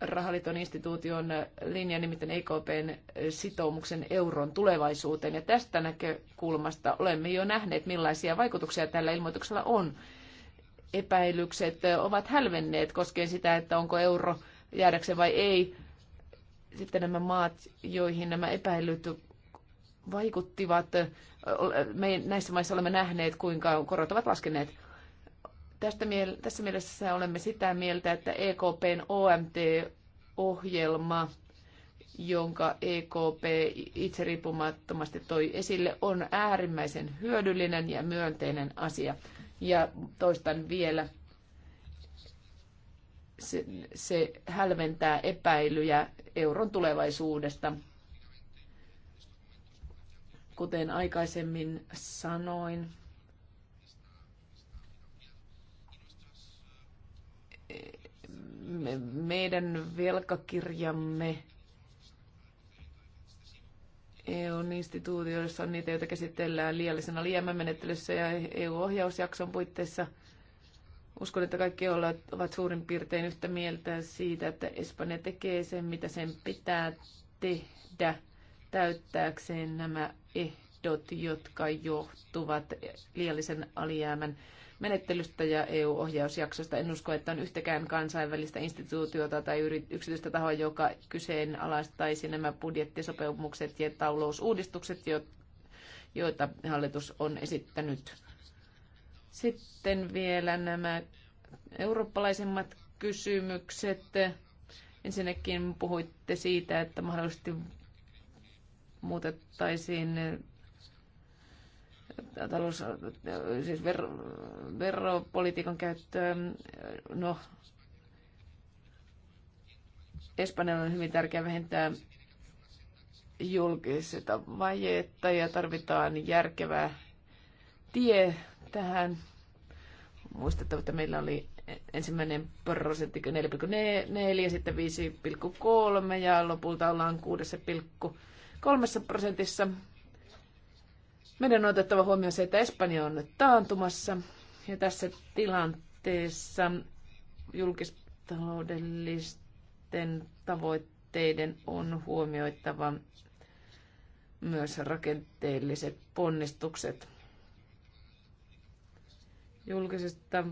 [SPEAKER 4] rahaliiton instituution linja, nimittäin EKPn sitoumuksen euron tulevaisuuteen. Ja tästä näkökulmasta olemme jo nähneet, millaisia vaikutuksia tällä ilmoituksella on. Epäilykset ovat hälvenneet koskien sitä, että onko euro jäädäkseen vai ei. Sitten nämä maat, joihin nämä epäilyt vaikuttivat, me näissä maissa olemme nähneet, kuinka korot ovat laskeneet. Tästä miel- tässä mielessä olemme sitä mieltä, että EKPn OMT-ohjelma, jonka EKP itse riippumattomasti toi esille, on äärimmäisen hyödyllinen ja myönteinen asia. Ja toistan vielä, se, se hälventää epäilyjä euron tulevaisuudesta. Kuten aikaisemmin sanoin, me, meidän velkakirjamme EUn instituutioissa on niitä, joita käsitellään liiallisena liiämämenettelyssä ja EU-ohjausjakson puitteissa – Uskon, että kaikki ovat suurin piirtein yhtä mieltä siitä, että Espanja tekee sen, mitä sen pitää tehdä täyttääkseen nämä ehdot, jotka johtuvat liiallisen alijäämän menettelystä ja EU-ohjausjaksosta. En usko, että on yhtäkään kansainvälistä instituutiota tai yksityistä tahoa, joka kyseenalaistaisi nämä budjettisopeumukset ja talousuudistukset, joita hallitus on esittänyt. Sitten vielä nämä eurooppalaisemmat kysymykset. Ensinnäkin puhuitte siitä, että mahdollisesti muutettaisiin äh, talous, siis ver, veropolitiikan käyttöä. No, Espanjalla on hyvin tärkeää vähentää julkiset vajetta ja tarvitaan järkevää tie tähän. Muistettava, että meillä oli ensimmäinen prosentti 4,4, sitten 5,3 ja lopulta ollaan 6,3 prosentissa. Meidän on otettava huomioon se, että Espanja on nyt taantumassa ja tässä tilanteessa julkistaloudellisten tavoitteiden on huomioitava myös rakenteelliset ponnistukset julkisesta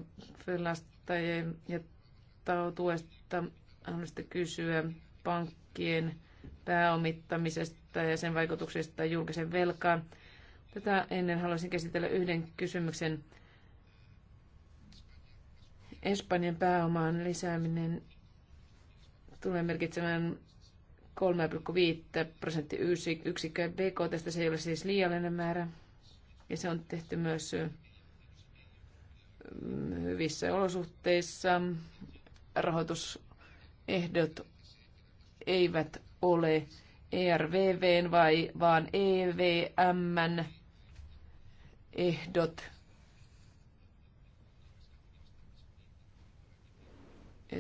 [SPEAKER 4] pelastajien ja tuesta haluaisitte kysyä pankkien pääomittamisesta ja sen vaikutuksesta julkisen velkaan. Tätä ennen haluaisin käsitellä yhden kysymyksen. Espanjan pääomaan lisääminen tulee merkitsemään 3,5 prosenttiyksikköä BKT. Se ei ole siis liiallinen määrä. Ja se on tehty myös hyvissä olosuhteissa. Rahoitusehdot eivät ole ERVVn vai vaan EVMn ehdot.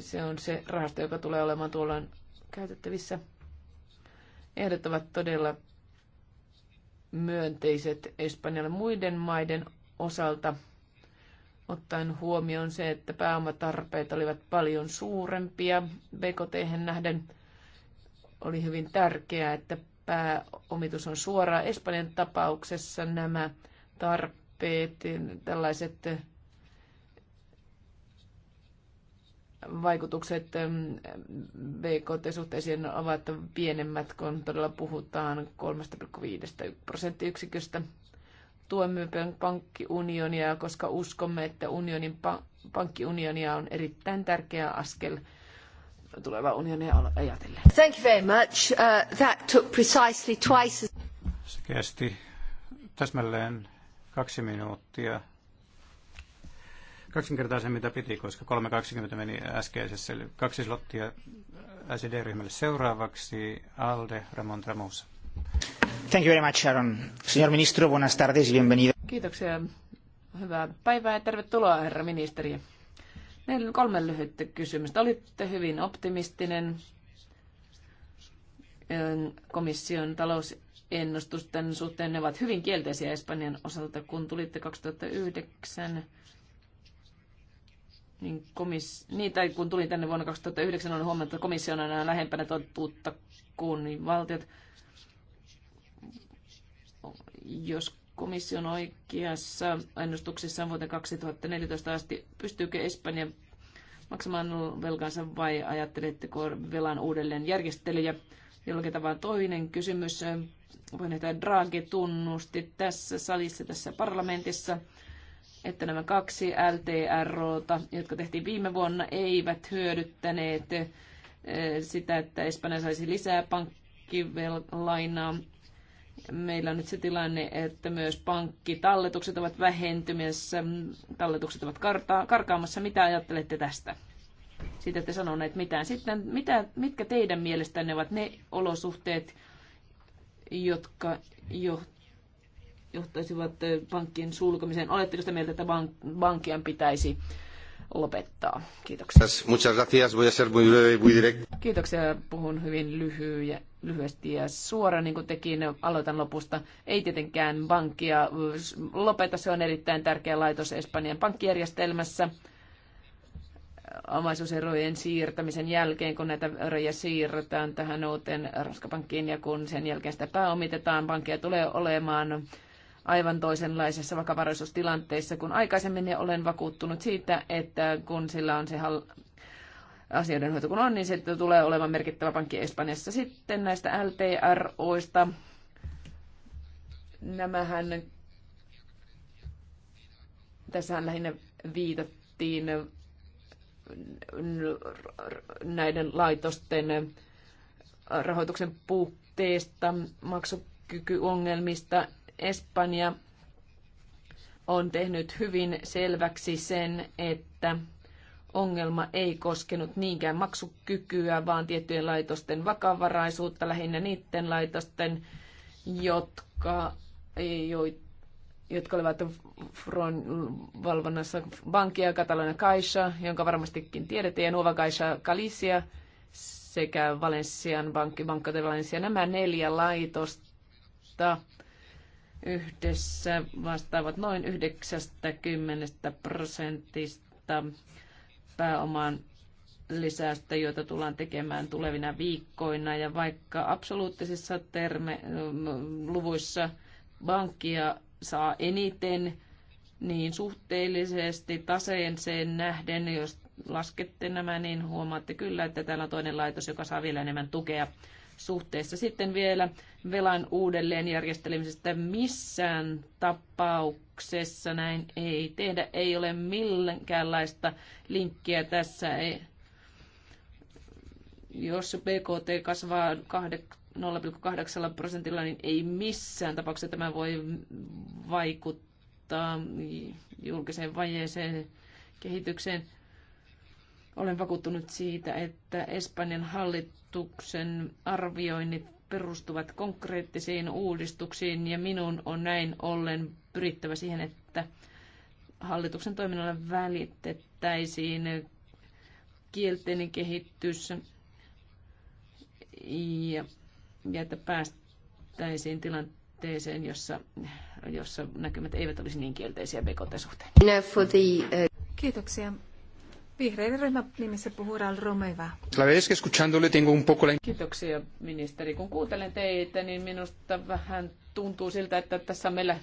[SPEAKER 4] Se on se rahasto, joka tulee olemaan tuolla käytettävissä. Ehdot ovat todella myönteiset Espanjalle muiden maiden osalta – ottaen huomioon se, että pääomatarpeet olivat paljon suurempia BKT nähden. Oli hyvin tärkeää, että pääomitus on suoraa. Espanjan tapauksessa nämä tarpeet, tällaiset eh, vaikutukset eh, BKT-suhteisiin ovat pienemmät, kun todella puhutaan 3,5 prosenttiyksiköstä tuemme pankkiunionia, koska uskomme, että unionin pankkiunionia on erittäin
[SPEAKER 1] tärkeä askel
[SPEAKER 4] tuleva unionia
[SPEAKER 5] ajatellen.
[SPEAKER 1] Thank you very much. Uh, that took precisely twice as...
[SPEAKER 5] Se kesti täsmälleen kaksi minuuttia. Kaksinkertaisen mitä piti, koska 3.20 meni äskeisessä. Eli kaksi slottia SED-ryhmälle seuraavaksi. Alde Ramon Tramusa.
[SPEAKER 2] Thank you very much, Sharon. Señor ministro, buenas tardes y bienvenido.
[SPEAKER 4] Kiitoksia. Hyvää päivää ja tervetuloa, herra ministeri. Meillä on kolme lyhyttä kysymystä. Olitte hyvin optimistinen eh, komission talousennustusten suhteen. Ne ovat hyvin kielteisiä Espanjan osalta. Kun tulitte 2009, niin, komis, niin tai kun tulin tänne vuonna 2009, on huomannut, että komissio on aina lähempänä totuutta kuin valtiot jos komission oikeassa ennustuksessa vuoteen 2014 asti, pystyykö Espanja maksamaan velkansa vai ajatteletteko velan uudelleen järjestelyjä? Jollakin tavalla toinen kysymys. että Draghi tunnusti tässä salissa, tässä parlamentissa, että nämä kaksi ltr jotka tehtiin viime vuonna, eivät hyödyttäneet eh, sitä, että Espanja saisi lisää pankkivelainaa. Meillä on nyt se tilanne, että myös pankkitalletukset ovat vähentymässä, talletukset ovat karkaamassa. Mitä ajattelette tästä? Sitten te sanoneet mitään. Sitten mitä, mitkä teidän mielestänne ovat ne olosuhteet, jotka johtaisivat pankkien sulkemiseen? Oletteko sitä mieltä, että bankkien pitäisi lopettaa? Kiitoksia. Kiitoksia. Puhun hyvin lyhyen lyhyesti ja suora, niin kuin tekin, aloitan lopusta. Ei tietenkään pankkia lopeta, se on erittäin tärkeä laitos Espanjan pankkijärjestelmässä omaisuuserojen siirtämisen jälkeen, kun näitä eroja siirretään tähän uuteen raskapankkiin ja kun sen jälkeen sitä pääomitetaan, pankkia tulee olemaan aivan toisenlaisessa vakavaraisuustilanteessa kuin aikaisemmin ja olen vakuuttunut siitä, että kun sillä on se hoito kun on, niin se tulee olemaan merkittävä pankki Espanjassa. Sitten näistä LTROista. Nämähän, tässähän lähinnä viitattiin näiden laitosten rahoituksen puutteesta, maksukykyongelmista. Espanja on tehnyt hyvin selväksi sen, että ongelma ei koskenut niinkään maksukykyä, vaan tiettyjen laitosten vakavaraisuutta, lähinnä niiden laitosten, jotka, jotka olivat Fron valvonnassa Bankia, Catalana Caixa, jonka varmastikin tiedätte, ja Nuova Caixa Galicia sekä Valenssian pankki, Banco de Valencia. Nämä neljä laitosta yhdessä vastaavat noin 90 prosentista pääomaan lisäystä, joita tullaan tekemään tulevina viikkoina. Ja vaikka absoluuttisissa terme, mm, luvuissa pankkia saa eniten, niin suhteellisesti taseeseen nähden, jos laskette nämä, niin huomaatte kyllä, että täällä on toinen laitos, joka saa vielä enemmän tukea suhteessa. Sitten vielä velan uudelleenjärjestelemisestä missään tapauksessa näin ei tehdä. Ei ole millenkäänlaista linkkiä tässä. Ei. Jos BKT kasvaa 0,8 prosentilla, niin ei missään tapauksessa tämä voi vaikuttaa julkiseen vajeeseen kehitykseen. Olen vakuuttunut siitä, että Espanjan hallituksen arvioinnit perustuvat konkreettisiin uudistuksiin ja minun on näin ollen pyrittävä siihen, että hallituksen toiminnalla välitettäisiin kielteinen kehitys ja, ja että päästäisiin tilanteeseen, jossa, jossa näkymät eivät olisi
[SPEAKER 3] niin kielteisiä BKT-suhteen.
[SPEAKER 2] Kiitoksia. Vihreiden ryhmä nimissä Romeva.
[SPEAKER 4] Kiitoksia ministeri. Kun kuuntelen teitä, niin minusta vähän tuntuu siltä, että tässä on meillä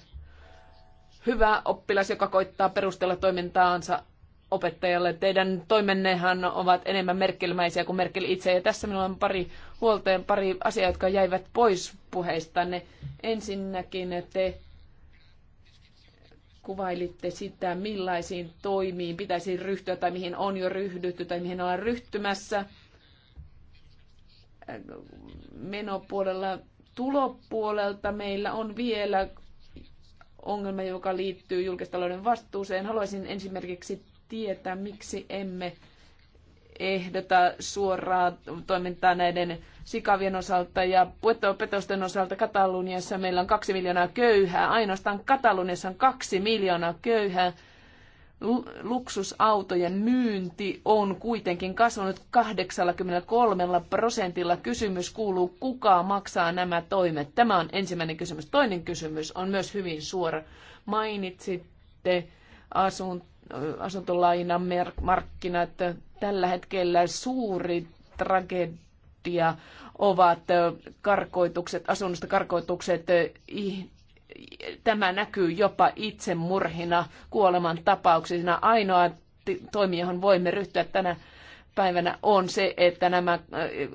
[SPEAKER 4] hyvä oppilas, joka koittaa perustella toimintaansa opettajalle. Teidän toimennehan ovat enemmän merkelmäisiä kuin Merkel itse. Ja tässä minulla on pari huolta ja pari asiaa, jotka jäivät pois puheistanne. Ensinnäkin te kuvailitte sitä, millaisiin toimiin pitäisi ryhtyä tai mihin on jo ryhdytty tai mihin ollaan ryhtymässä menopuolella. Tulopuolelta meillä on vielä ongelma, joka liittyy julkistalouden vastuuseen. Haluaisin esimerkiksi tietää, miksi emme ehdota suoraa toimintaa näiden sikavien osalta ja petosten osalta Kataluniassa meillä on kaksi miljoonaa köyhää. Ainoastaan Kataluniassa on kaksi miljoonaa köyhää. Luksusautojen myynti on kuitenkin kasvanut 83 prosentilla. Kysymys kuuluu, kuka maksaa nämä toimet? Tämä on ensimmäinen kysymys. Toinen kysymys on myös hyvin suora. Mainitsitte asunto asuntolainan markkinat, Tällä hetkellä suuri tragedia ovat karkoitukset, asunnosta karkoitukset. Tämä näkyy jopa itsemurhina, kuoleman tapauksina. Ainoa toimi, johon voimme ryhtyä tänä päivänä, on se, että nämä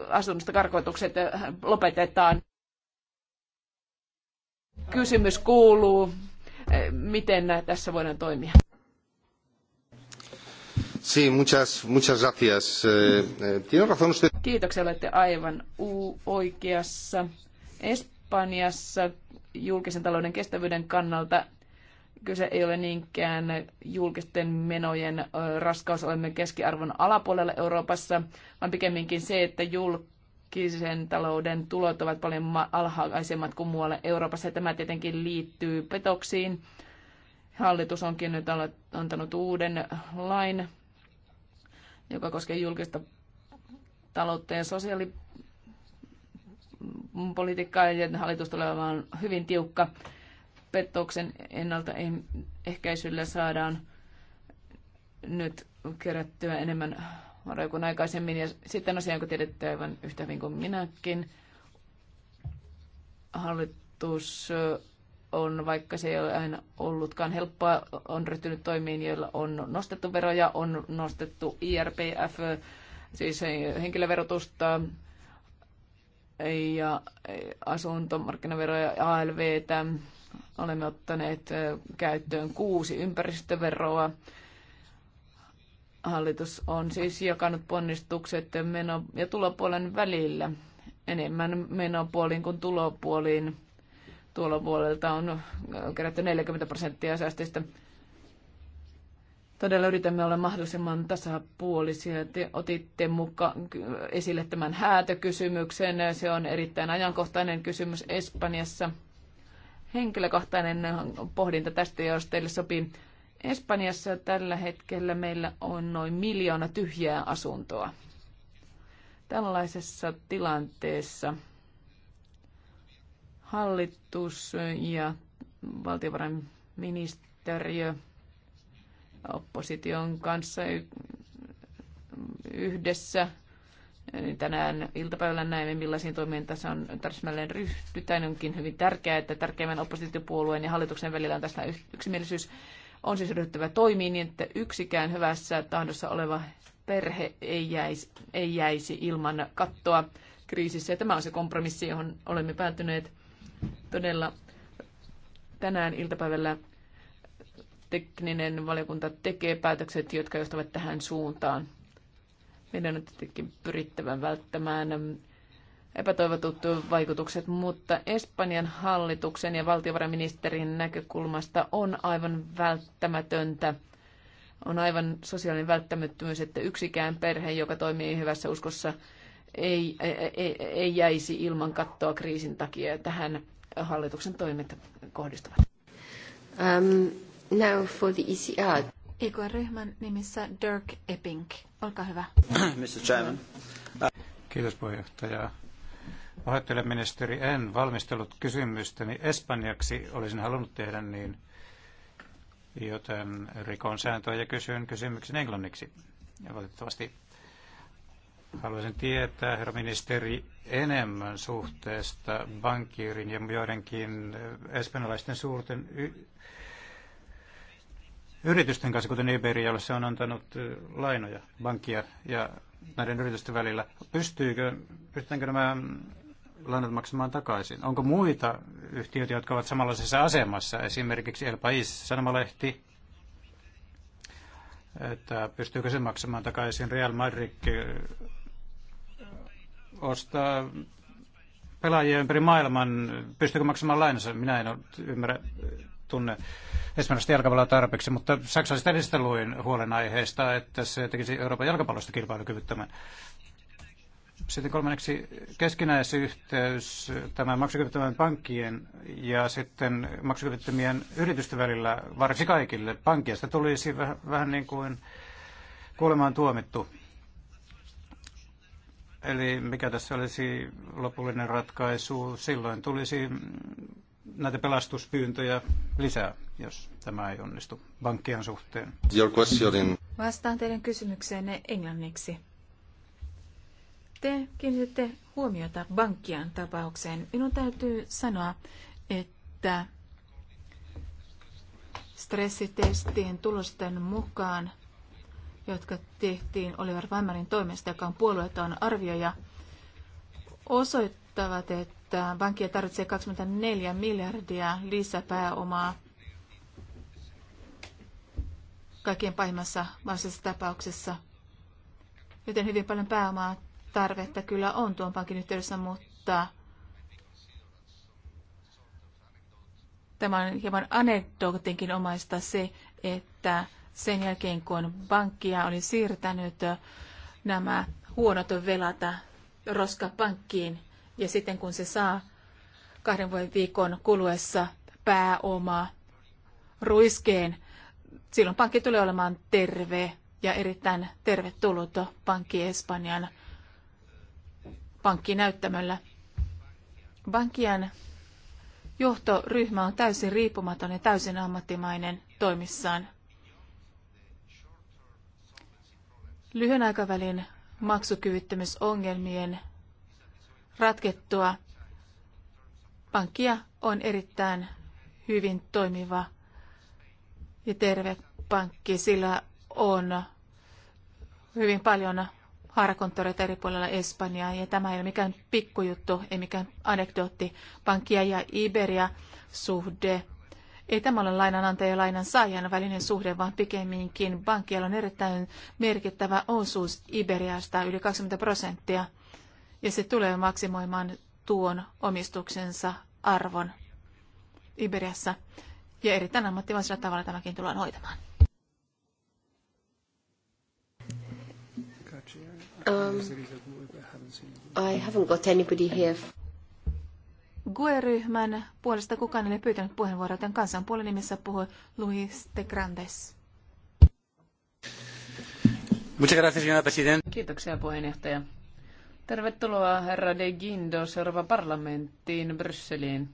[SPEAKER 4] asunnosta karkoitukset lopetetaan. Kysymys kuuluu, miten tässä voidaan toimia?
[SPEAKER 3] Sí, muchas, eh, eh,
[SPEAKER 4] Kiitoksia, olette aivan oikeassa. Espanjassa julkisen talouden kestävyyden kannalta kyse ei ole niinkään julkisten menojen raskaus, olemme keskiarvon alapuolella Euroopassa, vaan pikemminkin se, että julkisen talouden tulot ovat paljon alhaisemmat kuin muualla Euroopassa. Tämä tietenkin liittyy petoksiin. Hallitus onkin nyt antanut uuden lain joka koskee julkista taloutta ja sosiaalipolitiikkaa, ja hallitus tulee olemaan hyvin tiukka. Petoksen ennaltaehkäisyllä saadaan nyt kerättyä enemmän varoja kuin aikaisemmin. Ja sitten asia, jonka tiedätte aivan yhtä hyvin kuin minäkin, hallitus on, vaikka se ei ole aina ollutkaan helppoa, on ryhtynyt toimiin, joilla on nostettu veroja, on nostettu IRPF, siis henkilöverotusta ja asuntomarkkinaveroja, ALVtä. Olemme ottaneet käyttöön kuusi ympäristöveroa. Hallitus on siis jakanut ponnistukset meno- ja tulopuolen välillä enemmän menopuoliin kuin tulopuoliin tuolla puolelta on äh, kerätty 40 prosenttia säästöistä. Todella yritämme olla mahdollisimman tasapuolisia. Te otitte muka esille tämän häätökysymyksen. Se on erittäin ajankohtainen kysymys Espanjassa. Henkilökohtainen pohdinta tästä, jos teille sopii. Espanjassa tällä hetkellä meillä on noin miljoona tyhjää asuntoa. Tällaisessa tilanteessa hallitus ja valtiovarainministeriö opposition kanssa yhdessä. Tänään iltapäivällä näemme, millaisiin toimiin tässä on täsmälleen ryhdytään. Onkin hyvin tärkeää, että tärkeimmän oppositiopuolueen ja hallituksen välillä on tässä yksimielisyys. On siis ryhtyvä toimiin niin, että yksikään hyvässä tahdossa oleva perhe ei jäisi, ei jäisi ilman kattoa kriisissä. Ja tämä on se kompromissi, johon olemme päätyneet Todella tänään iltapäivällä tekninen valiokunta tekee päätökset, jotka johtavat tähän suuntaan. Meidän on tietenkin pyrittävän välttämään epätoivotut vaikutukset, mutta Espanjan hallituksen ja valtiovarainministerin näkökulmasta on aivan välttämätöntä, on aivan sosiaalinen välttämättömyys, että yksikään perhe, joka toimii hyvässä uskossa, ei, ei, ei jäisi ilman kattoa kriisin takia. Tähän hallituksen toimet kohdistuvat. Um,
[SPEAKER 1] now for the ECR.
[SPEAKER 2] EKR-ryhmän nimissä Dirk Epping. Olkaa hyvä.
[SPEAKER 5] [CLEARS THROAT] Mr. Chairman. Kiitos puheenjohtaja. Pahoittelen ministeri, en valmistellut kysymystäni espanjaksi, olisin halunnut tehdä niin, joten rikon sääntöä ja kysyn kysymyksen englanniksi. Ja valitettavasti Haluaisin tietää, herra ministeri, enemmän suhteesta bankiirin ja joidenkin espanjalaisten suurten y- yritysten kanssa, kuten Iberia, jolle se on antanut lainoja bankia ja näiden yritysten välillä. Pystyykö, pystytäänkö nämä lainat maksamaan takaisin? Onko muita yhtiöitä, jotka ovat samanlaisessa asemassa, esimerkiksi El Pais, Sanomalehti, että pystyykö se maksamaan takaisin Real Madrid ostaa pelaajia ympäri maailman, pystyykö maksamaan lainansa? Minä en ymmärrä, tunne esimerkiksi jalkapalloa tarpeeksi, mutta saksalaiset edestä luin huolenaiheesta, että se tekisi Euroopan jalkapallosta kilpailukyvyttömän. Sitten kolmanneksi keskinäisyhteys tämän maksukyvyttömän pankkien ja sitten maksukyvyttömien yritysten välillä varsin kaikille. Pankista tulisi vähän, vähän niin kuin kuolemaan tuomittu Eli mikä tässä olisi lopullinen ratkaisu, silloin tulisi näitä pelastuspyyntöjä lisää, jos tämä ei onnistu pankkien suhteen.
[SPEAKER 2] Vastaan teidän kysymykseenne englanniksi. Te kiinnititte huomiota bankkien tapaukseen. Minun täytyy sanoa, että stressitestien tulosten mukaan – jotka tehtiin Oliver Weimarin toimesta, joka on puolueeton arvioja, osoittavat, että pankkia tarvitsee 24 miljardia lisäpääomaa kaikkien pahimmassa mahdollisessa tapauksessa. Joten hyvin paljon pääomaa tarvetta kyllä on tuon pankin yhteydessä, mutta tämä on hieman anekdootinkin omaista se, että sen jälkeen, kun pankkia oli siirtänyt nämä huonot velat roskapankkiin ja sitten kun se saa kahden vuoden viikon kuluessa pääoma ruiskeen, silloin pankki tulee olemaan terve ja erittäin tervetullut pankki Espanjan pankkinäyttämöllä. Bankian johtoryhmä on täysin riippumaton ja täysin ammattimainen toimissaan. lyhyen aikavälin maksukyvyttömyysongelmien ratkettua pankkia on erittäin hyvin toimiva ja terve pankki. Sillä on hyvin paljon haarakonttoreita eri puolilla Espanjaa ja tämä ei ole mikään pikkujuttu, ei mikään anekdootti. Pankkia ja Iberia suhde ei tämä ole lainanantaja ja lainan saajan välinen suhde, vaan pikemminkin pankkialla on erittäin merkittävä osuus Iberiasta, yli 20 prosenttia, ja se tulee maksimoimaan tuon omistuksensa arvon Iberiassa. Ja erittäin ammattimaisella tavalla tämäkin tullaan hoitamaan. Um,
[SPEAKER 1] I haven't got anybody
[SPEAKER 2] here. GUE-ryhmän puolesta kukaan ei pyytänyt puheenvuoroa, joten kansanpuolen nimessä puhui Luis de Grandes.
[SPEAKER 4] Kiitoksia puheenjohtaja. Tervetuloa herra de Guindo seuraava parlamenttiin Brysseliin.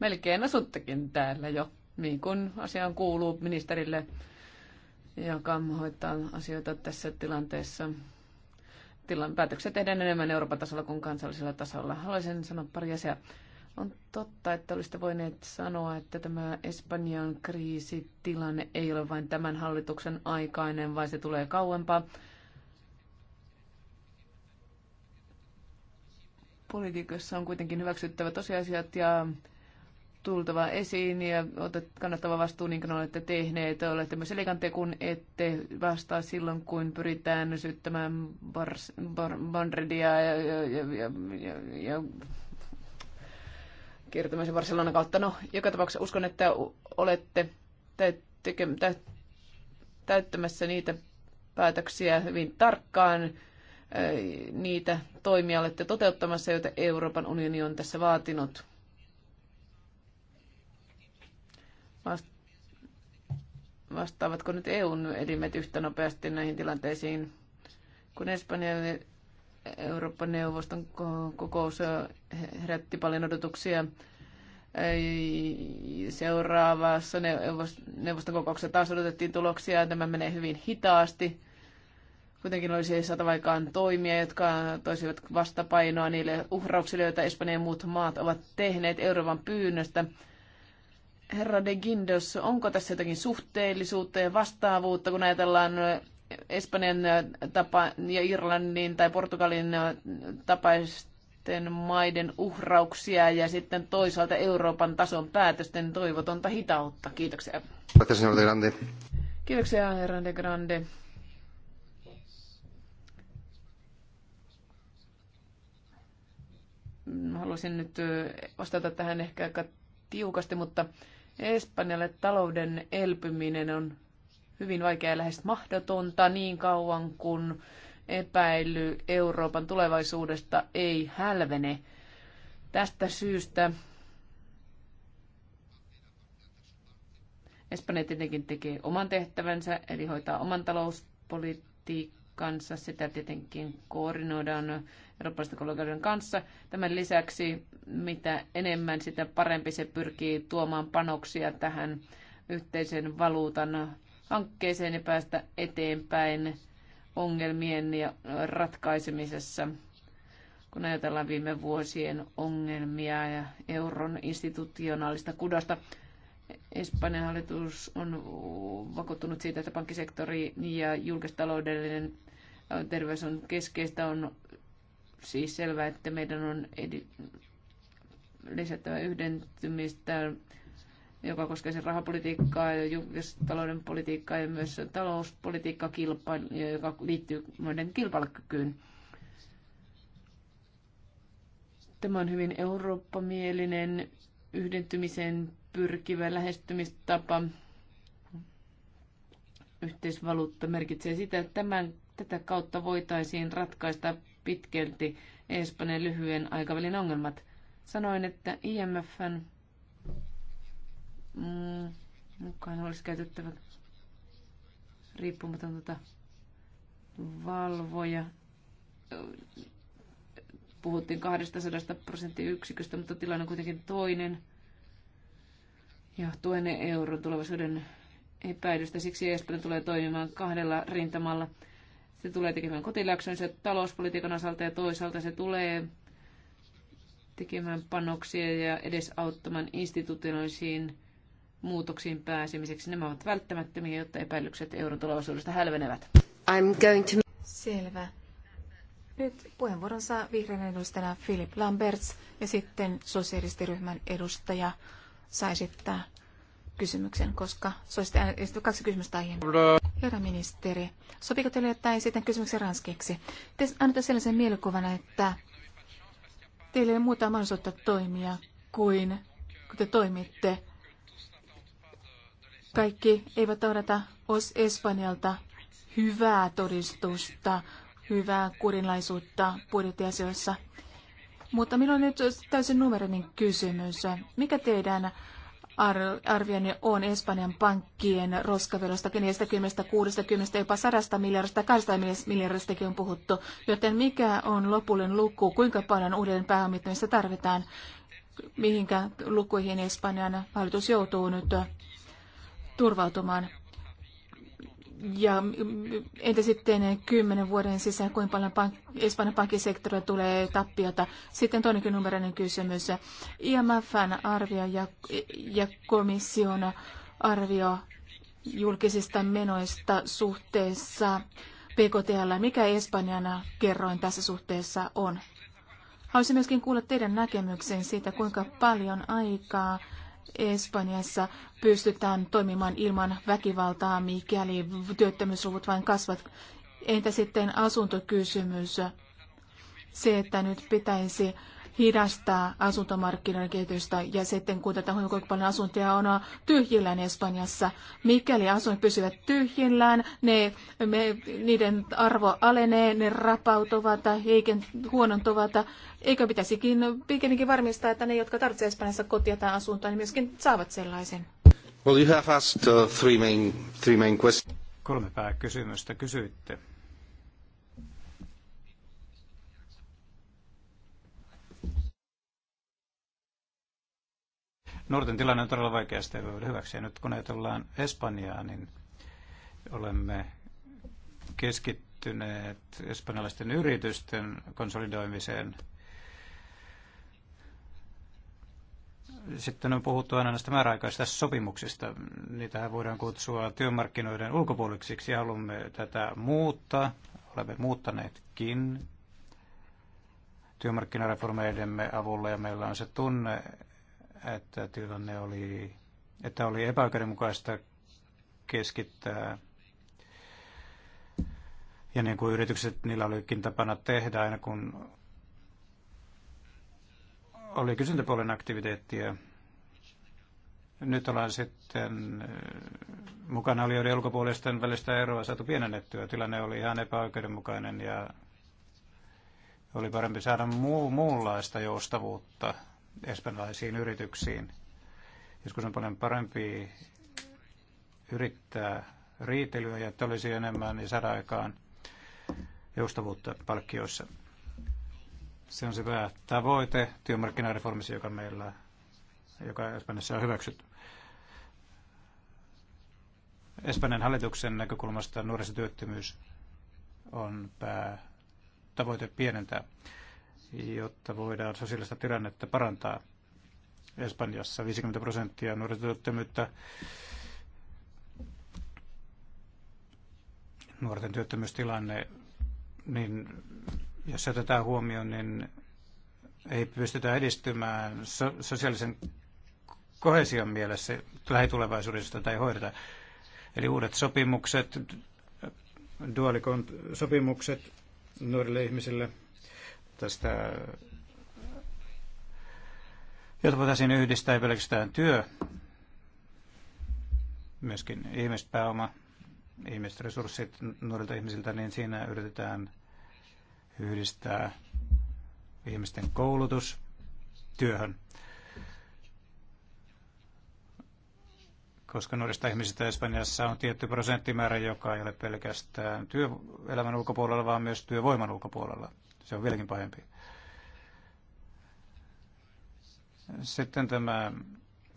[SPEAKER 4] Melkein asuttekin täällä jo, niin kuin asiaan kuuluu ministerille, joka hoitaa asioita tässä tilanteessa tilan päätöksiä tehdään enemmän Euroopan tasolla kuin kansallisella tasolla. Haluaisin sanoa pari asiaa. On totta, että olisitte voineet sanoa, että tämä Espanjan kriisitilanne ei ole vain tämän hallituksen aikainen, vaan se tulee kauempaa. Politiikassa on kuitenkin hyväksyttävä tosiasiat ja tultava esiin ja otet kannattava vastuu niin kuin olette tehneet. Olette myös elegantteja, kun ette vastaa silloin, kun pyritään syyttämään Bandredia
[SPEAKER 1] ja, ja, ja, ja, ja, ja
[SPEAKER 4] kiertämisen Barcelonan kautta. No, joka tapauksessa uskon, että olette täyttämässä niitä päätöksiä hyvin tarkkaan. Niitä toimia olette toteuttamassa, joita Euroopan unioni on tässä vaatinut. Vastaavatko nyt EUn elimet yhtä nopeasti näihin tilanteisiin kuin Espanja Euroopan neuvoston kokous herätti paljon odotuksia. Seuraavassa neuvoston kokouksessa taas odotettiin tuloksia. Tämä menee hyvin hitaasti. Kuitenkin olisi saatava aikaan toimia, jotka toisivat vastapainoa niille uhrauksille, joita Espanjan muut maat ovat tehneet Euroopan pyynnöstä. Herra de Guindos, onko tässä jotakin suhteellisuutta ja vastaavuutta, kun ajatellaan Espanjan äh, tapa, ja Irlannin tai Portugalin äh, tapaisten maiden uhrauksia ja sitten toisaalta Euroopan tason päätösten toivotonta hitautta. Kiitoksia. Kiitoksia, herra de Grande. Haluaisin nyt vastata tähän ehkä aika tiukasti, mutta Espanjalle talouden elpyminen on hyvin vaikeaa lähes mahdotonta niin kauan kuin epäily Euroopan tulevaisuudesta ei hälvene. Tästä syystä Espanja tietenkin tekee oman tehtävänsä, eli hoitaa oman talouspolitiikkansa. Sitä tietenkin koordinoidaan eurooppalaisten kollegoiden kanssa. Tämän lisäksi, mitä enemmän sitä parempi se pyrkii tuomaan panoksia tähän yhteisen valuutan hankkeeseen ja päästä eteenpäin ongelmien ja ratkaisemisessa. Kun ajatellaan viime vuosien ongelmia ja euron institutionaalista kudosta, Espanjan hallitus on vakuuttunut siitä, että pankkisektori ja julkistaloudellinen terveys on keskeistä. On siis selvää, että meidän on lisättävä yhdentymistä joka koskee sen rahapolitiikkaa ja julkista talouden politiikkaa ja myös talouspolitiikkaa, joka liittyy muiden kilpailukykyyn. Tämä on hyvin eurooppamielinen, yhdentymiseen pyrkivä lähestymistapa. Yhteisvaluutta merkitsee sitä, että tämän, tätä kautta voitaisiin ratkaista pitkälti Espanjan lyhyen aikavälin ongelmat. Sanoin, että IMFn Mm, mukaan olisi käytettävä tuota valvoja. Puhuttiin 200 prosenttiyksiköstä, mutta tilanne on kuitenkin toinen Ja johtuen euron tulevaisuuden epäilystä. Siksi Espanja tulee toimimaan kahdella rintamalla. Se tulee tekemään kotiläksynsä talouspolitiikan osalta ja toisaalta se tulee tekemään panoksia ja edesauttamaan institutionaalisiin muutoksiin pääsemiseksi. Nämä ovat välttämättömiä, jotta epäilykset euron tulevaisuudesta hälvenevät.
[SPEAKER 1] I'm going to...
[SPEAKER 2] Selvä. Nyt puheenvuoron saa vihreän edustajana Philip Lamberts ja sitten sosiaalistiryhmän edustaja saa esittää kysymyksen, koska sosialisti kaksi kysymystä aiheen. Herra ministeri, sopiko teille, että esitän kysymyksen ranskiksi? Te annatte sellaisen mielikuvan, että teillä ei muuta mahdollisuutta toimia kuin kun te toimitte kaikki eivät odota os Espanjalta hyvää todistusta, hyvää kurinlaisuutta budjettiasioissa. Mutta minulla on nyt täysin numerinen kysymys. Mikä teidän arvionne on Espanjan pankkien roskaverosta 40, 60, jopa 100 miljardista, 200 miljardistakin on puhuttu. Joten mikä on lopullinen luku, kuinka paljon uuden pääomittamista tarvitaan, mihinkä lukuihin Espanjan hallitus joutuu nyt turvautumaan. Ja entä sitten kymmenen vuoden sisään, kuinka paljon pank- Espanjan pankkisektorilla tulee tappiota? Sitten toinenkin numeroinen kysymys. IMFn arvio ja, ja komission arvio julkisista menoista suhteessa PKTL. Mikä Espanjan kerroin tässä suhteessa on? Haluaisin myöskin kuulla teidän näkemyksen siitä, kuinka paljon aikaa Espanjassa pystytään toimimaan ilman väkivaltaa, mikäli työttömyysluvut vain kasvat. Entä sitten asuntokysymys? Se, että nyt pitäisi hidastaa asuntomarkkinoiden kehitystä ja sitten kun tätä huomioon, kuinka paljon asuntoja on tyhjillään Espanjassa. Mikäli asunnot pysyvät tyhjillään, ne, me, niiden arvo alenee, ne rapautuvat, heiken, huonontuvat. Eikö pitäisikin pikemminkin varmistaa, että ne, jotka tarvitsevat Espanjassa kotia tai asuntoa, niin myöskin saavat sellaisen?
[SPEAKER 5] Well, you have asked, uh, three main, three main Kolme pääkysymystä kysyitte. Nuorten tilanne on todella vaikea, sitä ei voi hyväksi. Ja nyt kun ajatellaan Espanjaa, niin olemme keskittyneet espanjalaisten yritysten konsolidoimiseen. Sitten on puhuttu aina näistä määräaikaisista sopimuksista. Niitähän voidaan kutsua työmarkkinoiden ulkopuoliksiksi. ja haluamme tätä muuttaa. Olemme muuttaneetkin työmarkkinareformeidemme avulla ja meillä on se tunne, että tilanne oli, että oli epäoikeudenmukaista keskittää. Ja niin kuin yritykset, niillä olikin tapana tehdä aina kun oli kysyntäpuolen aktiviteettia. Nyt ollaan sitten äh, mukana oli joiden ulkopuolisten välistä eroa saatu pienennettyä. Tilanne oli ihan epäoikeudenmukainen ja oli parempi saada muu, muunlaista joustavuutta espanjalaisiin yrityksiin. Joskus on paljon parempi yrittää riitelyä ja että olisi enemmän niin saada aikaan joustavuutta palkkioissa. Se on se tavoite työmarkkinareformissa, joka meillä, joka Espanjassa on hyväksytty. Espanjan hallituksen näkökulmasta nuorisotyöttömyys on päätavoite pienentää jotta voidaan sosiaalista tilannetta parantaa. Espanjassa 50 prosenttia nuorisotyöttömyyttä. Nuorten työttömyystilanne, niin jos otetaan huomioon, niin ei pystytä edistymään so- sosiaalisen kohesion mielessä lähitulevaisuudessa tai hoideta. Eli uudet sopimukset, duaalikon sopimukset nuorille ihmisille – tästä, jota voitaisiin yhdistää pelkästään työ, myöskin ihmispääoma, ihmisresurssit nuorilta ihmisiltä, niin siinä yritetään yhdistää ihmisten koulutus työhön. koska nuorista ihmisistä Espanjassa on tietty prosenttimäärä, joka ei ole pelkästään työelämän ulkopuolella, vaan myös työvoiman ulkopuolella. Se on vieläkin pahempi. Sitten tämä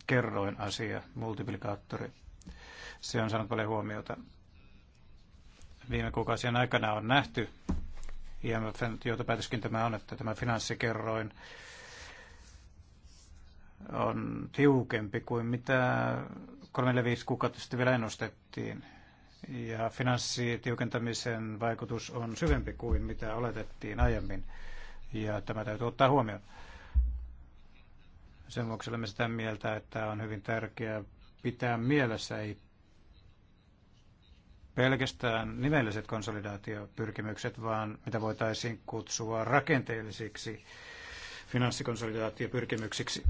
[SPEAKER 5] kerroin asia, multiplikaattori. Se on saanut paljon huomiota. Viime kuukausien aikana on nähty, IMFn johtopäätöskin tämä on, että tämä finanssikerroin on tiukempi kuin mitä 3-5 kuukautta sitten vielä ennustettiin ja finanssitiukentamisen vaikutus on syvempi kuin mitä oletettiin aiemmin, ja tämä täytyy ottaa huomioon. Sen vuoksi olemme sitä mieltä, että on hyvin tärkeää pitää mielessä ei pelkästään nimelliset konsolidaatiopyrkimykset, vaan mitä voitaisiin kutsua rakenteellisiksi finanssikonsolidaatiopyrkimyksiksi.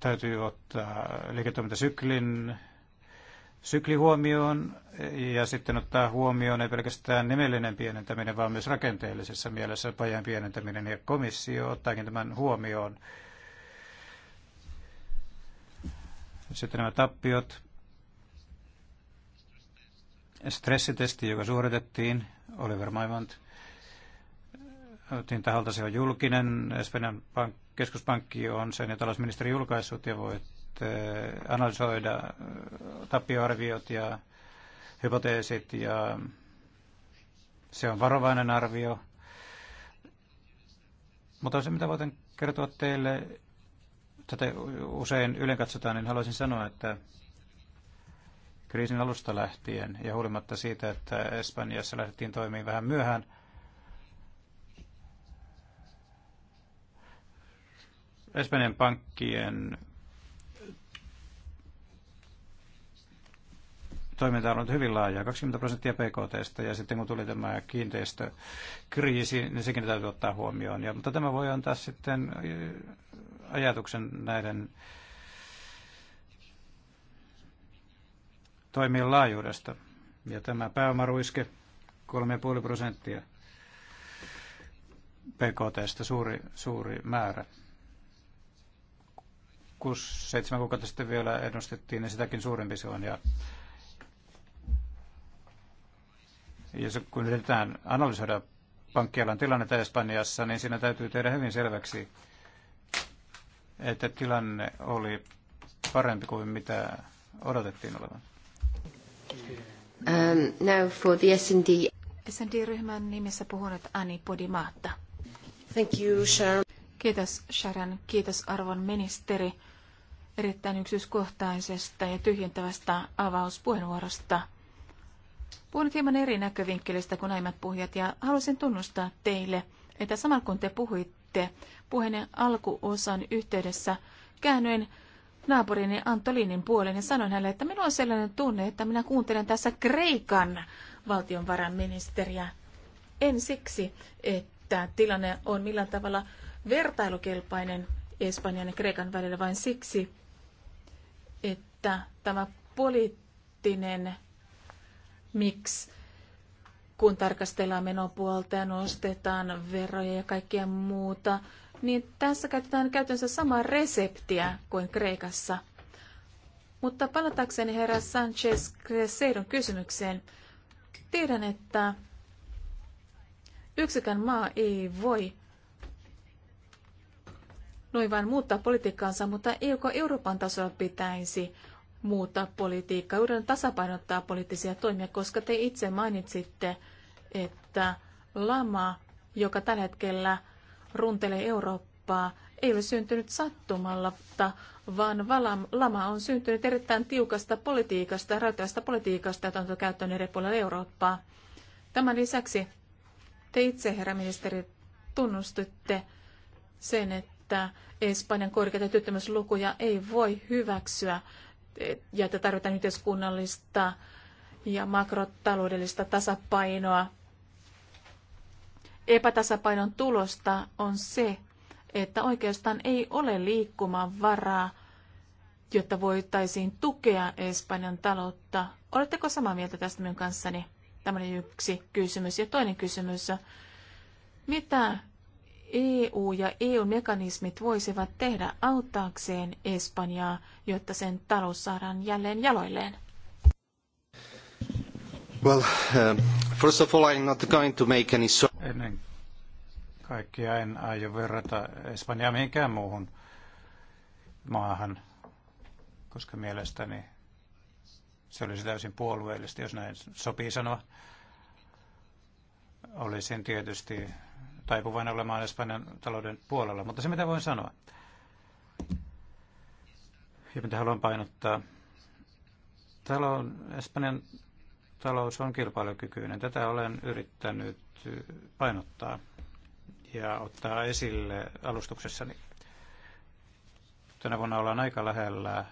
[SPEAKER 5] Täytyy ottaa liiketoimintasyklin sykli huomioon ja sitten ottaa huomioon ei pelkästään nimellinen pienentäminen, vaan myös rakenteellisessa mielessä pajan pienentäminen ja komissio ottaakin tämän huomioon. Sitten nämä tappiot. Stressitesti, joka suoritettiin, Oliver Maimont. Otin taholta se on julkinen. Espanjan keskuspankki on sen ja talousministeri julkaissut ja voit Eh, analysoida eh, tappioarviot ja hypoteesit ja se on varovainen arvio. Mutta se, mitä voin kertoa teille, tätä usein ylen katsotaan, niin haluaisin sanoa, että kriisin alusta lähtien ja huolimatta siitä, että Espanjassa lähdettiin toimiin vähän myöhään, Espanjan pankkien toiminta on ollut hyvin laajaa, 20 prosenttia PKT, ja sitten kun tuli tämä kiinteistökriisi, niin sekin täytyy ottaa huomioon. Ja, mutta tämä voi antaa sitten äh, ajatuksen näiden toimien laajuudesta. Ja tämä pääomaruiske, 3,5 prosenttia PKT, suuri, suuri määrä. kun seitsemän kuukautta sitten vielä ennustettiin, niin sitäkin suurempi se on. Ja Ja kun yritetään analysoida pankkialan tilannetta Espanjassa, niin siinä täytyy tehdä hyvin selväksi, että tilanne oli parempi kuin mitä odotettiin olevan.
[SPEAKER 1] Um, now for the S&D.
[SPEAKER 2] S&D-ryhmän nimissä puhunut Ani Podimaatta. Thank you, Sharon. Kiitos Sharon, kiitos arvon ministeri erittäin yksityiskohtaisesta ja tyhjentävästä avauspuheenvuorosta puhun hieman eri näkövinkkelistä kuin aiemmat puhujat ja haluaisin tunnustaa teille, että samalla kun te puhuitte puheen alkuosan yhteydessä, käännyin naapurini Antolinin puoleen ja sanoin hänelle, että minulla on sellainen tunne, että minä kuuntelen tässä Kreikan valtionvarainministeriä. En siksi, että tilanne on millään tavalla vertailukelpainen Espanjan ja Kreikan välillä, vain siksi, että tämä poliittinen miksi kun tarkastellaan menopuolta ja nostetaan veroja ja kaikkea muuta, niin tässä käytetään käytännössä samaa reseptiä kuin Kreikassa. Mutta palatakseni herra Sanchez Creseidon kysymykseen, tiedän, että yksikään maa ei voi noin vain muuttaa politiikkaansa, mutta eikö Euroopan tasolla pitäisi muuttaa politiikkaa, yritän tasapainottaa poliittisia toimia, koska te itse mainitsitte, että lama, joka tällä hetkellä runtelee Eurooppaa, ei ole syntynyt sattumalla, vaan lama on syntynyt erittäin tiukasta politiikasta ja rajoittavasta politiikasta, jota on käyttöön eri puolilla Eurooppaa. Tämän lisäksi te itse, herra ministeri, tunnustitte sen, että Espanjan korkeita työttömyyslukuja ei voi hyväksyä ja että tarvitaan yhteiskunnallista ja makrotaloudellista tasapainoa. Epätasapainon tulosta on se, että oikeastaan ei ole liikkumaan varaa, jotta voitaisiin tukea Espanjan taloutta. Oletteko samaa mieltä tästä minun kanssani? Tämä oli yksi kysymys. Ja toinen kysymys. Mitä EU ja EU-mekanismit voisivat tehdä auttaakseen Espanjaa, jotta sen talous saadaan jälleen
[SPEAKER 5] jaloilleen?
[SPEAKER 3] Well, um, first of all, I'm not going to make any... So-
[SPEAKER 5] Ennen kaikkea en aio verrata Espanjaa mihinkään muuhun maahan, koska mielestäni se olisi täysin puolueellista, jos näin sopii sanoa. Olisin tietysti taipuvainen olemaan Espanjan talouden puolella. Mutta se mitä voin sanoa ja mitä haluan painottaa, talon, Espanjan talous on kilpailukykyinen. Tätä olen yrittänyt painottaa ja ottaa esille alustuksessani. Tänä vuonna ollaan aika lähellä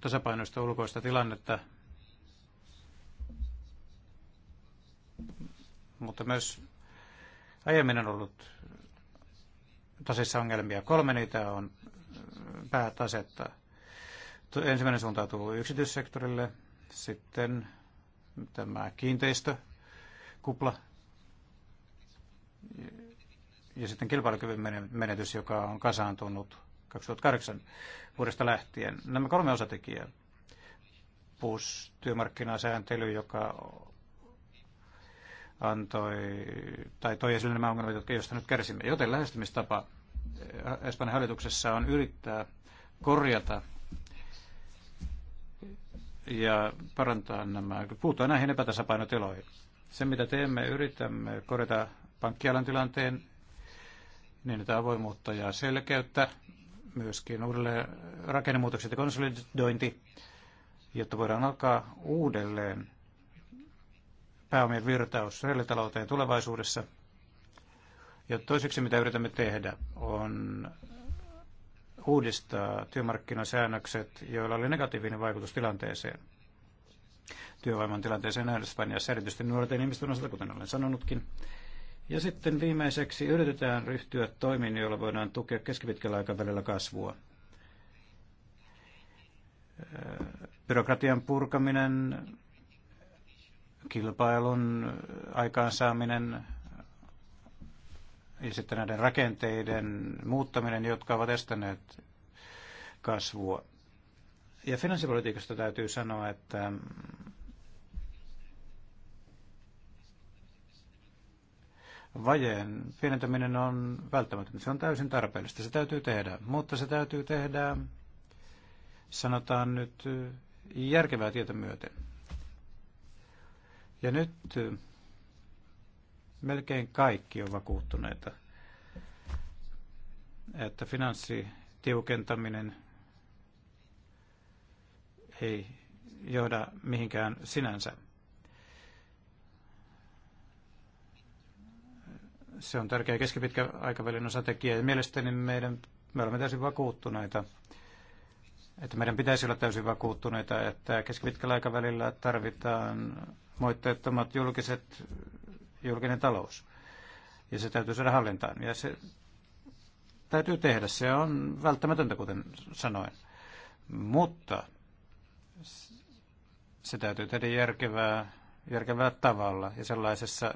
[SPEAKER 5] tasapainoista ulkoista tilannetta, mutta myös aiemmin on ollut tasissa ongelmia. Kolme niitä on äh, päätasetta. Ensimmäinen suuntautuu yksityissektorille, sitten tämä kiinteistökupla ja sitten kilpailukyvyn menetys, joka on kasaantunut 2008 vuodesta lähtien. Nämä kolme osatekijää plus työmarkkinasääntely, joka antoi, tai toi esille nämä ongelmat, jotka joista nyt kärsimme. Joten lähestymistapa eh, Espanjan hallituksessa on yrittää korjata ja parantaa nämä, puuttua näihin epätasapainotiloihin. Se, mitä teemme, yritämme korjata pankkialan tilanteen niin, että avoimuutta ja selkeyttä, myöskin uudelleen rakennemuutokset ja konsolidointi, jotta voidaan alkaa uudelleen pääomien virtaus reaalitalouteen tulevaisuudessa. Ja toiseksi, mitä yritämme tehdä, on uudistaa työmarkkinasäännökset, joilla oli negatiivinen vaikutus tilanteeseen. Työvoiman tilanteeseen Espanjassa, erityisesti nuorten ihmisten osalta, kuten olen sanonutkin. Ja sitten viimeiseksi yritetään ryhtyä toimiin, joilla voidaan tukea keskipitkällä aikavälillä kasvua. Byrokratian purkaminen, kilpailun aikaansaaminen ja sitten näiden rakenteiden muuttaminen, jotka ovat estäneet kasvua. Ja finanssipolitiikasta täytyy sanoa, että vajeen pienentäminen on välttämätöntä. Se on täysin tarpeellista. Se täytyy tehdä, mutta se täytyy tehdä, sanotaan nyt, järkevää tietä myöten. Ja nyt äh, melkein kaikki on vakuuttuneita, että finanssitiukentaminen ei johda mihinkään sinänsä. Se on tärkeä keskipitkä aikavälin osatekijä ja mielestäni meidän, me olemme täysin vakuuttuneita, että meidän pitäisi olla täysin vakuuttuneita, että keskipitkällä aikavälillä tarvitaan moitteettomat julkiset, julkinen talous. Ja se täytyy saada hallintaan. Ja se täytyy tehdä. Se on välttämätöntä, kuten sanoin. Mutta se täytyy tehdä järkevää, järkevällä tavalla ja sellaisessa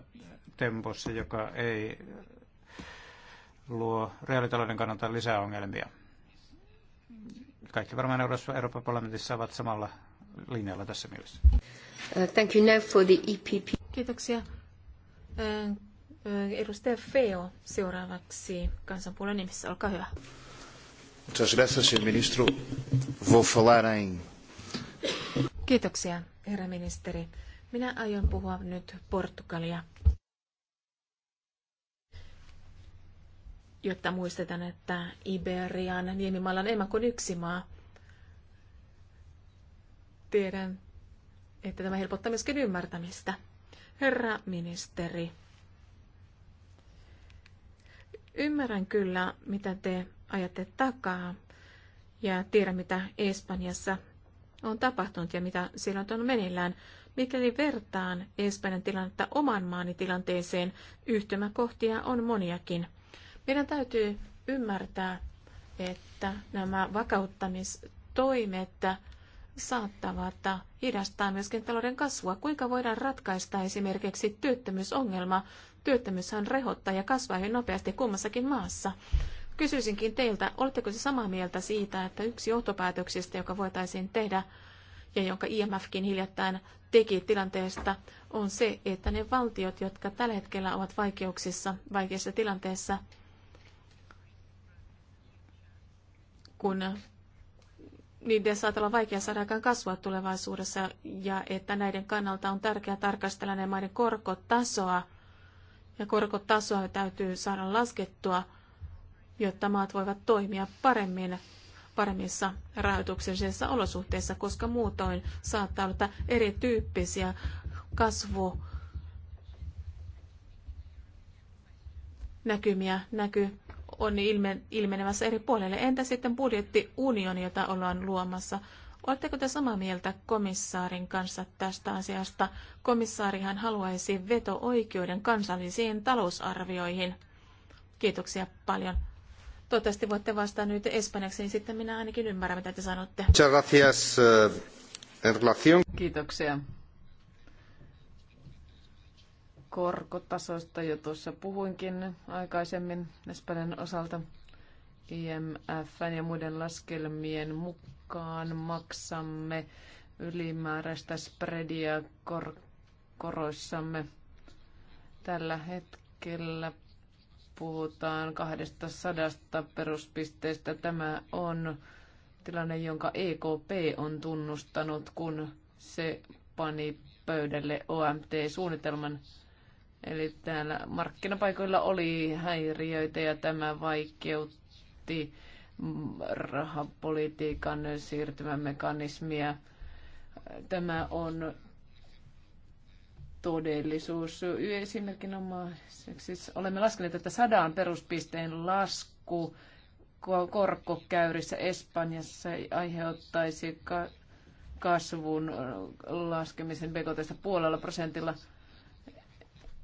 [SPEAKER 5] tempossa, joka ei luo reaalitalouden kannalta lisää ongelmia. Kaikki varmaan Euroopan parlamentissa ovat samalla linjalla tässä mielessä.
[SPEAKER 1] Uh, thank you now for the EPP.
[SPEAKER 2] Kiitoksia. Uh, uh, edustaja Feo seuraavaksi kansanpuolen nimissä, olkaa hyvä.
[SPEAKER 3] Muchas gracias, señor ministro. Vou falar en...
[SPEAKER 2] Kiitoksia, herra ministeri. Minä aion puhua nyt Portugalia. Jotta muistetaan, että Iberian niemimaalla on enemmän kuin yksi maa. Tiedän että tämä helpottaa myöskin ymmärtämistä. Herra ministeri, ymmärrän kyllä, mitä te ajatte takaa ja tiedän, mitä Espanjassa on tapahtunut ja mitä siellä on menillään. Mikäli vertaan Espanjan tilannetta oman maani tilanteeseen, yhtymäkohtia on moniakin. Meidän täytyy ymmärtää, että nämä vakauttamistoimet saattavat hidastaa myöskin talouden kasvua. Kuinka voidaan ratkaista esimerkiksi työttömyysongelma? Työttömyyshän rehottaa ja kasvaa hyvin nopeasti kummassakin maassa. Kysyisinkin teiltä, oletteko se samaa mieltä siitä, että yksi johtopäätöksistä, joka voitaisiin tehdä ja jonka IMFkin hiljattain teki tilanteesta, on se, että ne valtiot, jotka tällä hetkellä ovat vaikeuksissa, vaikeassa tilanteessa, kun niiden saattaa olla vaikea saada aikaan kasvua tulevaisuudessa ja että näiden kannalta on tärkeää tarkastella näiden maiden korkotasoa ja korkotasoa täytyy saada laskettua, jotta maat voivat toimia paremmin paremmissa rahoituksellisissa olosuhteissa, koska muutoin saattaa olla erityyppisiä kasvu näkymiä näkyy on ilmenemässä eri puolille. Entä sitten budjettiunioni, jota ollaan luomassa? Oletteko te samaa mieltä komissaarin kanssa tästä asiasta? Komissaarihan haluaisi veto-oikeuden kansallisiin talousarvioihin. Kiitoksia paljon. Toivottavasti voitte vastata nyt espanjaksi, niin sitten minä ainakin ymmärrän, mitä te sanotte.
[SPEAKER 3] Eh, Kiitoksia
[SPEAKER 4] korkotasosta jo tuossa puhuinkin aikaisemmin Espanjan osalta. IMF ja muiden laskelmien mukaan maksamme ylimääräistä spreadia kor- koroissamme. Tällä hetkellä puhutaan 200 peruspisteestä. Tämä on tilanne, jonka EKP on tunnustanut, kun se pani pöydälle OMT-suunnitelman Eli täällä markkinapaikoilla oli häiriöitä ja tämä vaikeutti rahapolitiikan siirtymämekanismia. Tämä on todellisuus. Esimerkinomaiseksi siis olemme laskeneet, että sadan peruspisteen lasku korkokäyrissä Espanjassa aiheuttaisi kasvun laskemisen bekotesta puolella prosentilla –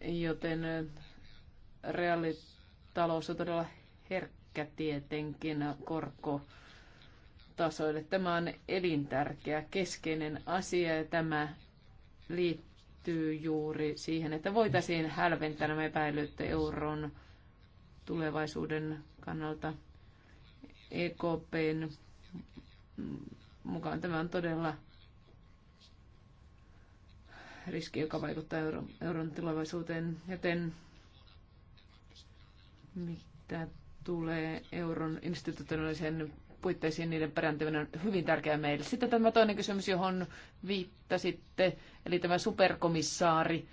[SPEAKER 4] Joten reaalitalous on todella herkkä tietenkin korko tasoille. Tämä on elintärkeä, keskeinen asia ja tämä liittyy juuri siihen, että voitaisiin hälventää nämä epäilyt euron tulevaisuuden kannalta EKPn mukaan. Tämä on todella riski, joka vaikuttaa euro, euron tulevaisuuteen, joten mitä tulee euron institutionaaliseen puitteisiin niiden perääntäminen on hyvin tärkeää meille. Sitten tämä toinen kysymys, johon viittasitte, eli tämä superkomissaari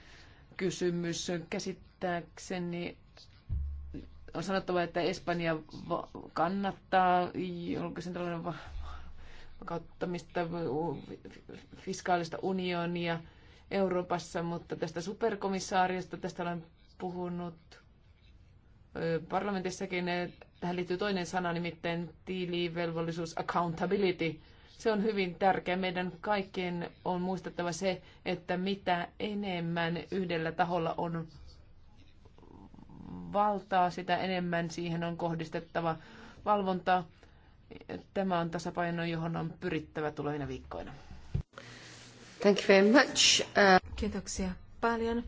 [SPEAKER 4] kysymys. Käsittääkseni on sanottava, että Espanja kannattaa julkisen talouden vakauttamista, fiskaalista unionia – Euroopassa, mutta tästä superkomissaariosta, tästä olen puhunut parlamentissakin. Tähän liittyy toinen sana, nimittäin tiilivelvollisuus, accountability. Se on hyvin tärkeä. Meidän kaikkien on muistettava se, että mitä enemmän yhdellä taholla on valtaa, sitä enemmän siihen on kohdistettava valvontaa. Tämä on tasapaino, johon on pyrittävä tulevina
[SPEAKER 2] viikkoina. Thank you very much. Uh... Kiitoksia paljon.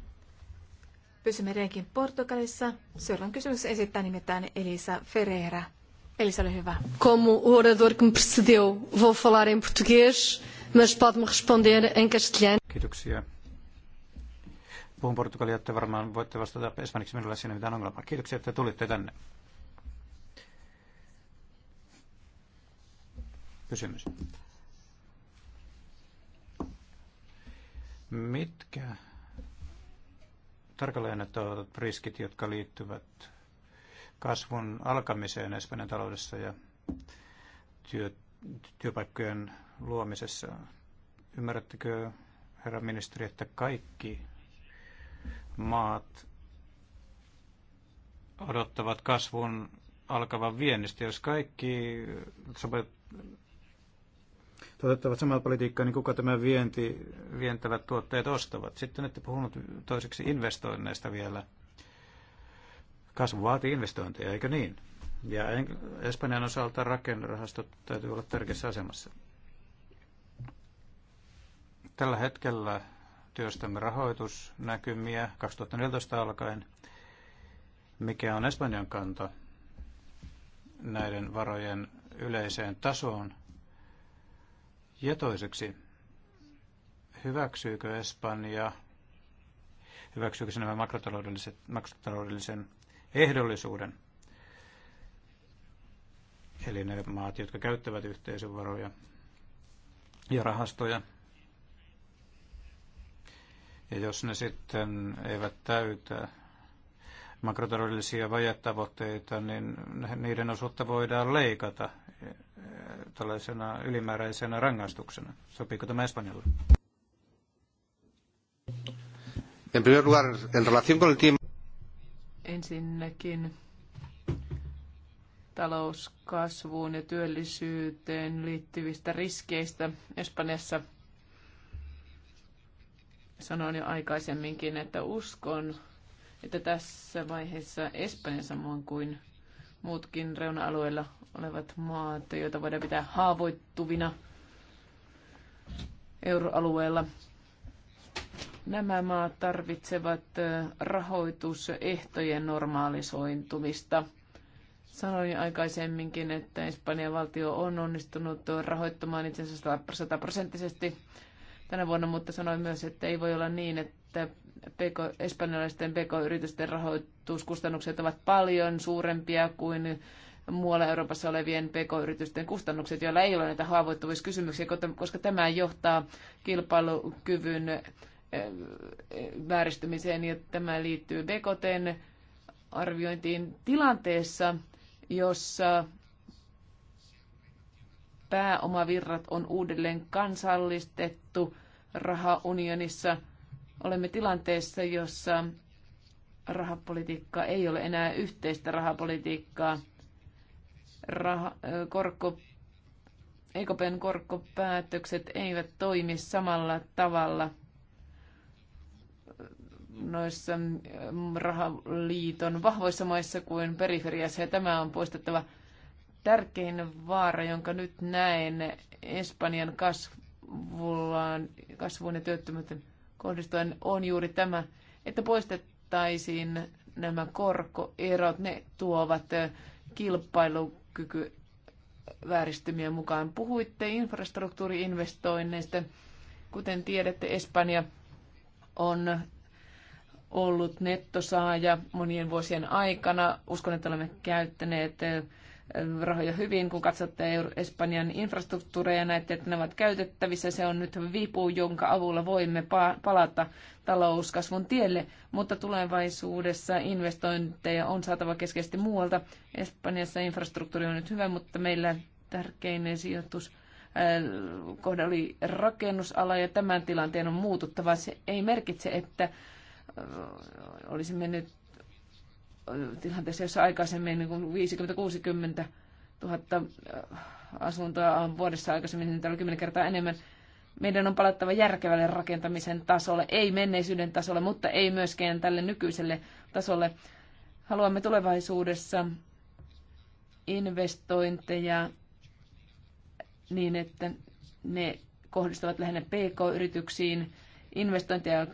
[SPEAKER 2] Pysymme edelleenkin Portugalissa. Seuraavan kysymys esittää nimittäin Elisa Ferreira. Elisa, ole hyvä.
[SPEAKER 3] Como o orador que me precedeu, vou falar em português,
[SPEAKER 1] mas pode-me responder em castelhano.
[SPEAKER 5] Kiitoksia. Puhun portugalia, että varmaan voitte vastata espanjaksi minulle siinä mitään ongelmaa. Kiitoksia, että tulitte tänne. Kysymys. Mitkä tarkalleen ottavat riskit, jotka liittyvät kasvun alkamiseen Espanjan taloudessa ja työ, työpaikkojen luomisessa? Ymmärrättekö, herra ministeri, että kaikki maat odottavat kasvun alkavan viennistä. Jos kaikki toteuttavat samalla politiikkaa, niin kuka tämä vienti, vientävät tuotteet ostavat? Sitten ette puhunut toiseksi investoinneista vielä. Kasvu vaatii investointeja, eikö niin? Ja Espanjan osalta rakennerahastot täytyy olla tärkeässä asemassa. Tällä hetkellä työstämme rahoitusnäkymiä 2014 alkaen. Mikä on Espanjan kanta näiden varojen yleiseen tasoon ja toiseksi, hyväksyykö Espanja, hyväksyykö se nämä makrotaloudelliset, makrotaloudellisen ehdollisuuden, eli ne maat, jotka käyttävät yhteisön varoja ja rahastoja, ja jos ne sitten eivät täytä makrotaloudellisia vajetavoitteita, niin niiden osuutta voidaan leikata tällaisena ylimääräisenä rangaistuksena. Sopiiko tämä Espanjalle?
[SPEAKER 3] En primer lugar, en relación con el tiempo...
[SPEAKER 4] Ensinnäkin talouskasvuun ja työllisyyteen liittyvistä riskeistä Espanjassa sanoin jo aikaisemminkin, että uskon, että tässä vaiheessa Espanjassa samoin kuin muutkin reuna-alueilla olevat maat, joita voidaan pitää haavoittuvina euroalueella. Nämä maat tarvitsevat rahoitusehtojen normaalisointumista. Sanoin aikaisemminkin, että Espanjan valtio on onnistunut rahoittamaan itsensä sataprosenttisesti tänä vuonna, mutta sanoin myös, että ei voi olla niin, että pk, espanjalaisten pk-yritysten rahoituskustannukset ovat paljon suurempia kuin muualla Euroopassa olevien pk-yritysten kustannukset, joilla ei ole näitä haavoittuvuuskysymyksiä, koska tämä johtaa kilpailukyvyn eh, vääristymiseen ja tämä liittyy BKTn arviointiin tilanteessa, jossa pääomavirrat on uudelleen kansallistettu rahaunionissa – Olemme tilanteessa, jossa rahapolitiikka ei ole enää yhteistä rahapolitiikkaa. Raha, korko, EKPn korkopäätökset eivät toimi samalla tavalla noissa rahaliiton vahvoissa maissa kuin periferiassa, ja tämä on poistettava tärkein vaara, jonka nyt näen Espanjan kasvullaan, kasvuun ja työttömyyteen kohdistuen on juuri tämä, että poistettaisiin nämä korkoerot. Ne tuovat kilpailukyky vääristymiä mukaan. Puhuitte infrastruktuuriinvestoinneista. Kuten tiedätte, Espanja on ollut nettosaaja monien vuosien aikana. Uskon, että olemme käyttäneet rahoja hyvin, kun katsotte Espanjan infrastruktuureja ja näette, että ne ovat käytettävissä. Se on nyt vipu, jonka avulla voimme palata talouskasvun tielle, mutta tulevaisuudessa investointeja on saatava keskeisesti muualta. Espanjassa infrastruktuuri on nyt hyvä, mutta meillä tärkein sijoitus äh, kohde oli rakennusala ja tämän tilanteen on muututtava. Se ei merkitse, että äh, olisimme nyt tilanteessa, jossa aikaisemmin niin 50-60 tuhatta äh, asuntoa on vuodessa aikaisemmin, niin täällä on kymmenen kertaa enemmän. Meidän on palattava järkevälle rakentamisen tasolle, ei menneisyyden tasolle, mutta ei myöskään tälle nykyiselle tasolle. Haluamme tulevaisuudessa investointeja niin, että ne kohdistuvat lähinnä PK-yrityksiin, investointeja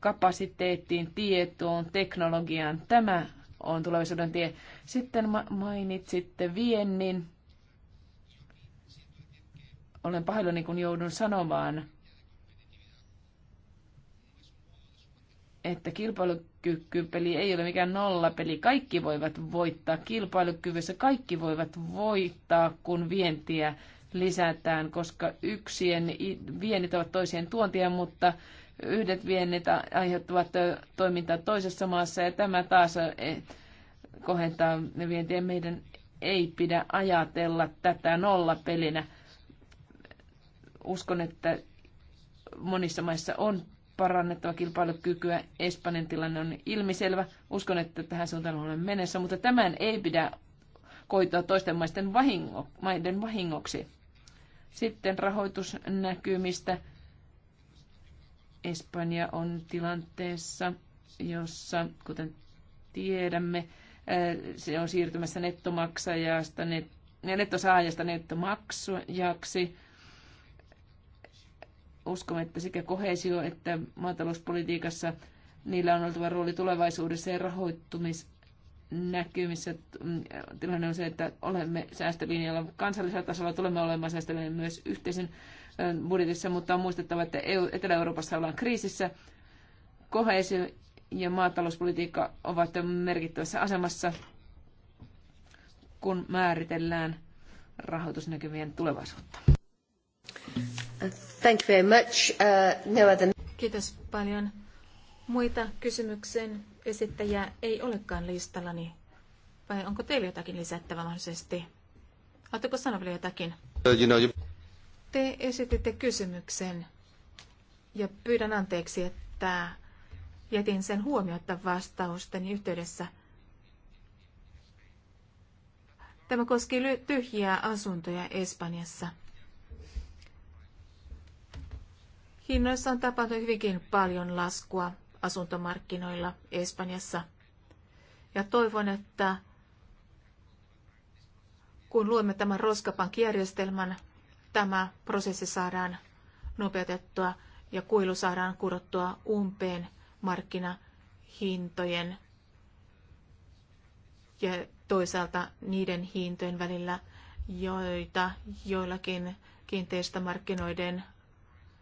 [SPEAKER 4] kapasiteettiin, tietoon, teknologiaan. Tämä on tulevaisuuden tie. Sitten mainitsitte viennin. Olen pahoillani, kun joudun sanomaan, että kilpailukykypeli ei ole mikään nollapeli. Kaikki voivat voittaa kilpailukyvyssä, kaikki voivat voittaa, kun vientiä lisätään, koska yksien viennit ovat toisien tuontia, mutta yhdet viennit aiheuttavat toimintaa toisessa maassa ja tämä taas e, kohentaa ne vientiä. Meidän ei pidä ajatella tätä nollapelinä. Uskon, että monissa maissa on parannettava kilpailukykyä. Espanjan tilanne on ilmiselvä. Uskon, että tähän suuntaan olemme mennessä, mutta tämän ei pidä koitua toisten maiden, vahingo, maiden vahingoksi. Sitten rahoitusnäkymistä Espanja on tilanteessa, jossa, kuten tiedämme, se on siirtymässä nettomaksajasta net, nettosaajasta nettomaksujaksi. Uskomme, että sekä kohesio että maatalouspolitiikassa niillä on oltava rooli tulevaisuudessa ja rahoittumisnäkymissä. Mm, tilanne on se, että olemme säästölinjalla kansallisella tasolla, tulemme olemaan säästölinjalla myös yhteisen budjetissa, mutta on muistettava, että e Etelä-Euroopassa ollaan kriisissä. Koheesio ja maatalouspolitiikka ovat merkittävässä asemassa, kun määritellään rahoitusnäkymien tulevaisuutta.
[SPEAKER 2] Thank you very much. Uh, no other... Kiitos paljon. Muita kysymyksen esittäjiä ei olekaan niin Vai onko teillä jotakin lisättävää mahdollisesti? Oletteko sanoa vielä jotakin? Uh, you know, you... Te esititte kysymyksen ja pyydän anteeksi, että jätin sen huomiota vastausten yhteydessä. Tämä koski tyhjiä asuntoja Espanjassa. Hinnoissa on tapahtunut hyvinkin paljon laskua asuntomarkkinoilla Espanjassa. Ja toivon, että kun luemme tämän roskapankkijärjestelmän, tämä prosessi saadaan nopeutettua ja kuilu saadaan kurottua umpeen markkinahintojen ja toisaalta niiden hintojen välillä, joita joillakin kiinteistömarkkinoiden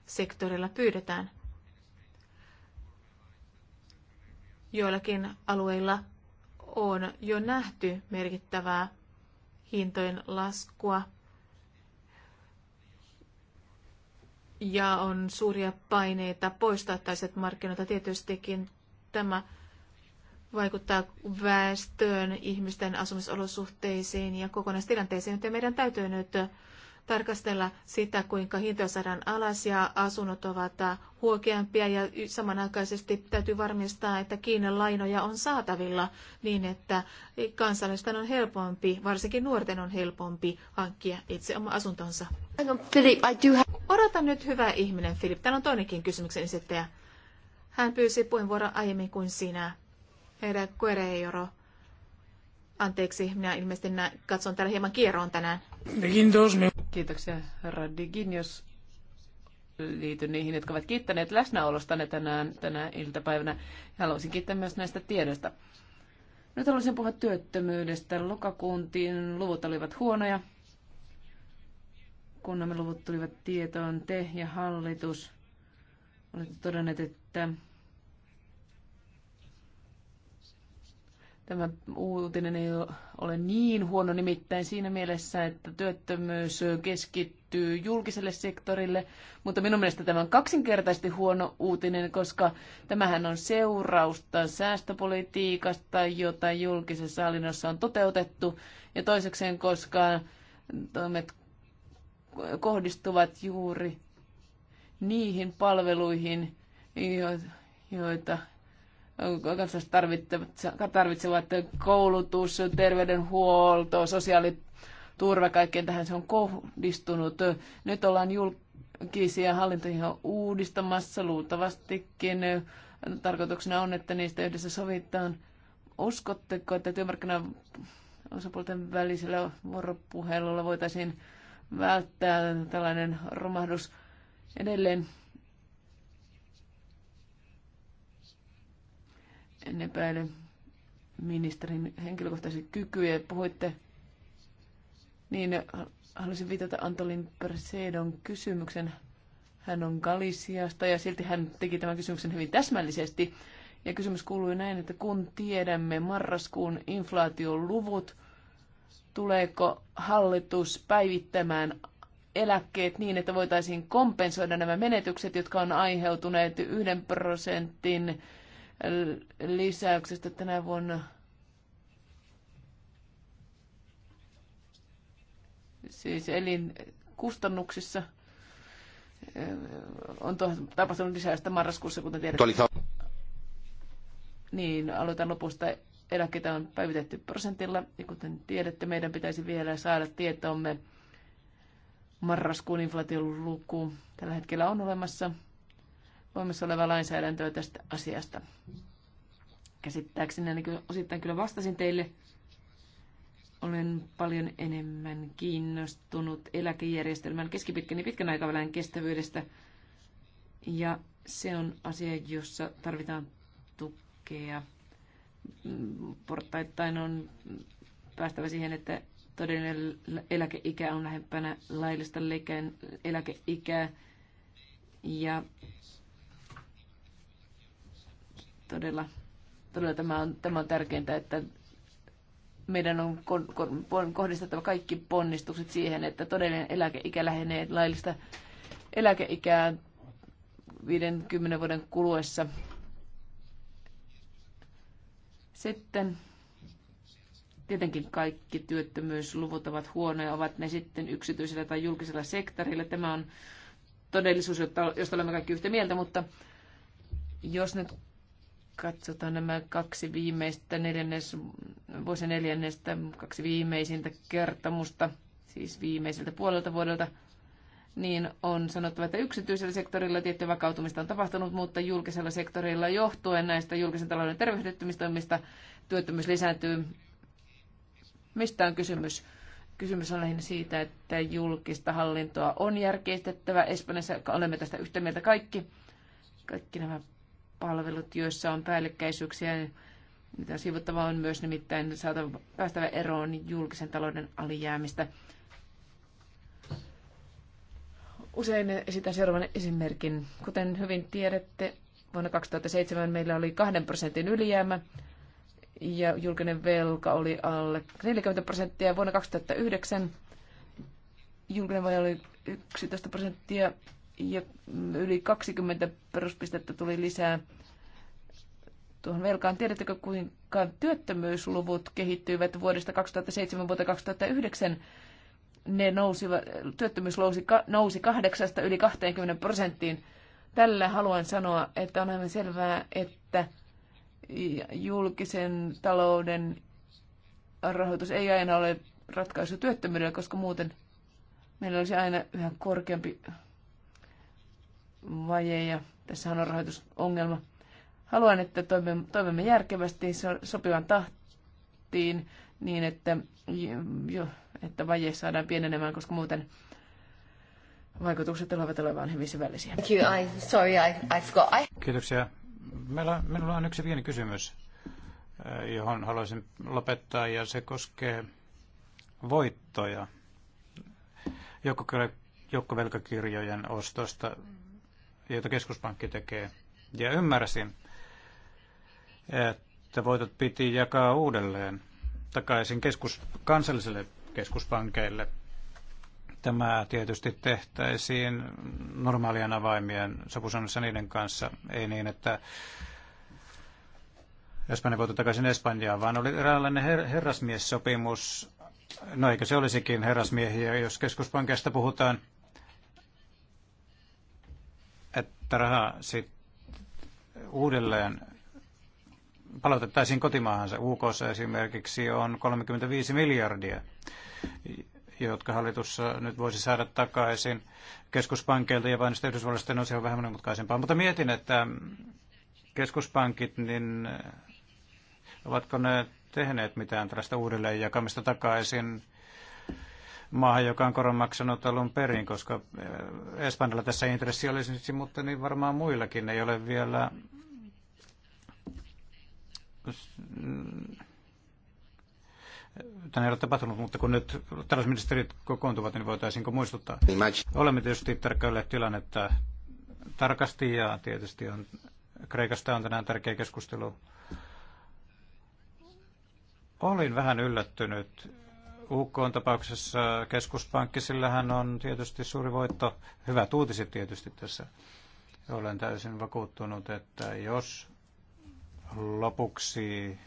[SPEAKER 2] sektorilla pyydetään. Joillakin alueilla on jo nähty merkittävää hintojen laskua ja on suuria paineita poistaa taiset markkinoita. Tietystikin tämä vaikuttaa väestöön, ihmisten asumisolosuhteisiin ja kokonaistilanteisiin, joten meidän täytyy nyt tarkastella sitä, kuinka hintoja saadaan alas ja asunnot ovat huokeampia ja samanaikaisesti täytyy varmistaa, että Kiinan lainoja on saatavilla niin, että kansalaisten on helpompi, varsinkin nuorten on helpompi hankkia itse oma asuntonsa.
[SPEAKER 1] I
[SPEAKER 2] do have... Odota nyt, hyvä ihminen, Filip. Täällä on toinenkin kysymyksen esittäjä. Hän pyysi puheenvuoron aiemmin kuin sinä. Herra Guerreiro. Anteeksi, minä ilmeisesti nä- katson täällä hieman kierroon tänään.
[SPEAKER 4] Kiitoksia, herra Digin, jos liityn niihin, jotka ovat kiittäneet läsnäolostanne tänään, tänä iltapäivänä. Haluaisin kiittää myös näistä tiedoista. Nyt haluaisin puhua työttömyydestä. Lokakuuntiin luvut olivat huonoja kun nämä luvut tulivat tietoon, te ja hallitus olette todenneet, että tämä uutinen ei ole niin huono nimittäin siinä mielessä, että työttömyys keskittyy julkiselle sektorille, mutta minun mielestä tämä on kaksinkertaisesti huono uutinen, koska tämähän on seurausta säästöpolitiikasta, jota julkisessa hallinnossa on toteutettu, ja toisekseen, koska toimet kohdistuvat juuri niihin palveluihin, joita kansalaiset tarvitsevat, tarvitsevat koulutus, terveydenhuolto, sosiaaliturva, kaikkeen tähän se on kohdistunut. Nyt ollaan julkisia hallintoja uudistamassa luultavastikin. Tarkoituksena on, että niistä yhdessä sovitaan. Uskotteko, että työmarkkinaosapuolten välisellä vuoropuhelulla voitaisiin välttää tällainen romahdus edelleen. En epäile ministerin henkilökohtaisia kykyjä. Puhuitte, niin haluaisin viitata Antolin Persedon kysymyksen. Hän on Galisiasta ja silti hän teki tämän kysymyksen hyvin täsmällisesti. Ja kysymys kuului näin, että kun tiedämme marraskuun inflaatioluvut, luvut, tuleeko hallitus päivittämään eläkkeet niin, että voitaisiin kompensoida nämä menetykset, jotka on aiheutuneet yhden prosentin eh, lisäyksestä tänä vuonna. Siis elinkustannuksissa eh, on tapahtunut lisäystä marraskuussa, kuten tiedät. Niin, aloitan lopusta eläkkeitä on päivitetty prosentilla. Ja kuten tiedätte, meidän pitäisi vielä saada tietomme marraskuun inflaatioluku. Tällä hetkellä on olemassa voimassa oleva lainsäädäntöä tästä asiasta. Käsittääkseni niin osittain kyllä vastasin teille. Olen paljon enemmän kiinnostunut eläkejärjestelmän keskipitkän ja pitkän aikavälin kestävyydestä. Ja se on asia, jossa tarvitaan tukea portaittain on päästävä siihen, että todellinen eläkeikä on lähempänä laillista eläkeikää. Ja todella, todella tämä, on, tämä on tärkeintä, että meidän on kohdistettava kaikki ponnistukset siihen, että todellinen eläkeikä lähenee laillista eläkeikää 50 vuoden kuluessa sitten tietenkin kaikki työttömyysluvut ovat huonoja, ovat ne sitten yksityisellä tai julkisella sektorilla. Tämä on todellisuus, josta olemme kaikki yhtä mieltä, mutta jos nyt katsotaan nämä kaksi viimeistä neljännes, vuosi neljännestä, kaksi viimeisintä kertomusta, siis viimeiseltä puolelta vuodelta – niin on sanottava, että yksityisellä sektorilla tietty vakautumista on tapahtunut, mutta julkisella sektorilla johtuen näistä julkisen talouden tervehdyttämistoimista työttömyys lisääntyy. Mistä on kysymys? Kysymys on lähinnä siitä, että julkista hallintoa on järkeistettävä. Espanjassa olemme tästä yhtä mieltä kaikki. Kaikki nämä palvelut, joissa on päällekkäisyyksiä, mitä sivuttavaa on myös nimittäin saatava päästävä eroon julkisen talouden alijäämistä. Usein esitän seuraavan esimerkin. Kuten hyvin tiedätte, vuonna 2007 meillä oli 2 prosentin ylijäämä ja julkinen velka oli alle 40 prosenttia. Vuonna 2009 julkinen velka oli 11 prosenttia ja yli 20 peruspistettä tuli lisää tuohon velkaan. Tiedättekö, kuinka työttömyysluvut kehittyivät vuodesta 2007 vuoteen 2009? ne nousi työttömyys nousi, nousi kahdeksasta yli 20 prosenttiin. Tällä haluan sanoa, että on aivan selvää, että julkisen talouden rahoitus ei aina ole ratkaisu työttömyydelle, koska muuten meillä olisi aina yhä korkeampi vaje ja tässä on rahoitusongelma. Haluan, että toimimme järkevästi sopivan tahtiin niin, että jo, että vaje saadaan pienenemään, koska muuten vaikutukset tulevat olevan hyvin syvällisiä. Thank you. I, sorry, I, I forgot. I...
[SPEAKER 5] Kiitoksia. Meillä, minulla on yksi pieni kysymys, eh, johon haluaisin lopettaa, ja se koskee voittoja joukkovelkakirjojen ostosta, joita keskuspankki tekee. Ja ymmärsin, että voitot piti jakaa uudelleen takaisin keskus kansalliselle keskuspankeille. Tämä tietysti tehtäisiin normaalien avaimien sopusannassa niiden kanssa, ei niin, että Espanja voitu takaisin Espanjaan, vaan oli eräänlainen her- herrasmiessopimus. No eikö se olisikin herrasmiehiä, jos keskuspankista puhutaan, että raha sitten uudelleen palautettaisiin kotimaahansa. UK esimerkiksi on 35 miljardia jotka hallitus äh, nyt voisi saada takaisin keskuspankkeilta ja painosta Yhdysvalloista no, on asia vähän monimutkaisempaa. Mutta mietin, että keskuspankit, niin äh, ovatko ne tehneet mitään tällaista uudelleen jakamista takaisin maahan, joka on koron maksanut alun perin, koska äh, Espanjalla tässä intressi olisi, mutta niin varmaan muillakin ei ole vielä tänne ei ole tapahtunut, mutta kun nyt talousministerit kokoontuvat, niin voitaisiinko muistuttaa? Olemme tietysti tarkkailleet tilannetta tarkasti ja tietysti on, Kreikasta on tänään tärkeä keskustelu. Olin vähän yllättynyt. UK on tapauksessa keskuspankki, sillä hän on tietysti suuri voitto. Hyvät uutiset tietysti tässä. Olen täysin vakuuttunut, että jos lopuksi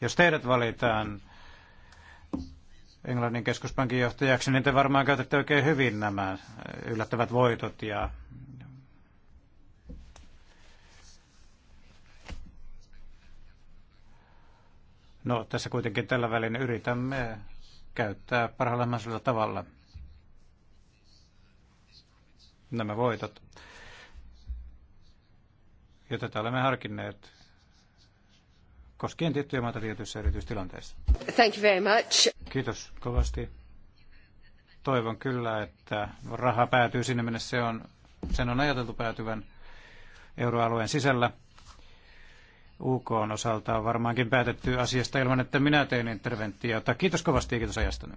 [SPEAKER 5] jos teidät valitaan Englannin keskuspankin johtajaksi, niin te varmaan käytätte oikein hyvin nämä yllättävät voitot ja No tässä kuitenkin tällä välin yritämme käyttää parhaalla tavalla nämä voitot, joita olemme harkinneet koskien tiettyjä maita tietyissä erityistilanteissa.
[SPEAKER 1] Thank you very much.
[SPEAKER 5] Kiitos kovasti. Toivon kyllä, että raha päätyy sinne, minne se on, sen on ajateltu päätyvän euroalueen sisällä. UK on osaltaan varmaankin päätetty asiasta ilman, että minä tein interventiota. Kiitos kovasti ja kiitos ajastanne.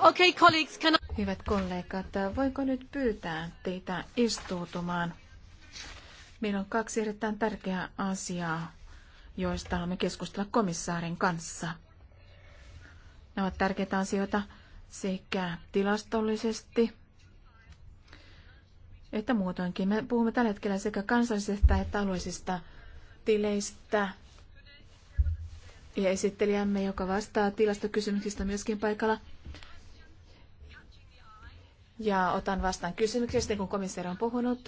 [SPEAKER 2] Okei, colleagues, can I... Hyvät kollegat, voinko nyt pyytää teitä istuutumaan? Meillä on kaksi erittäin tärkeää asiaa, joista haluamme keskustella komissaarin kanssa. Nämä ovat tärkeitä asioita sekä tilastollisesti että muutoinkin. Me puhumme tällä hetkellä sekä kansallisista että alueellisista tileistä ja esittelijämme, joka vastaa tilastokysymyksistä myöskin paikalla. Ja otan vastaan kysymyksestä, kun komissaari on puhunut.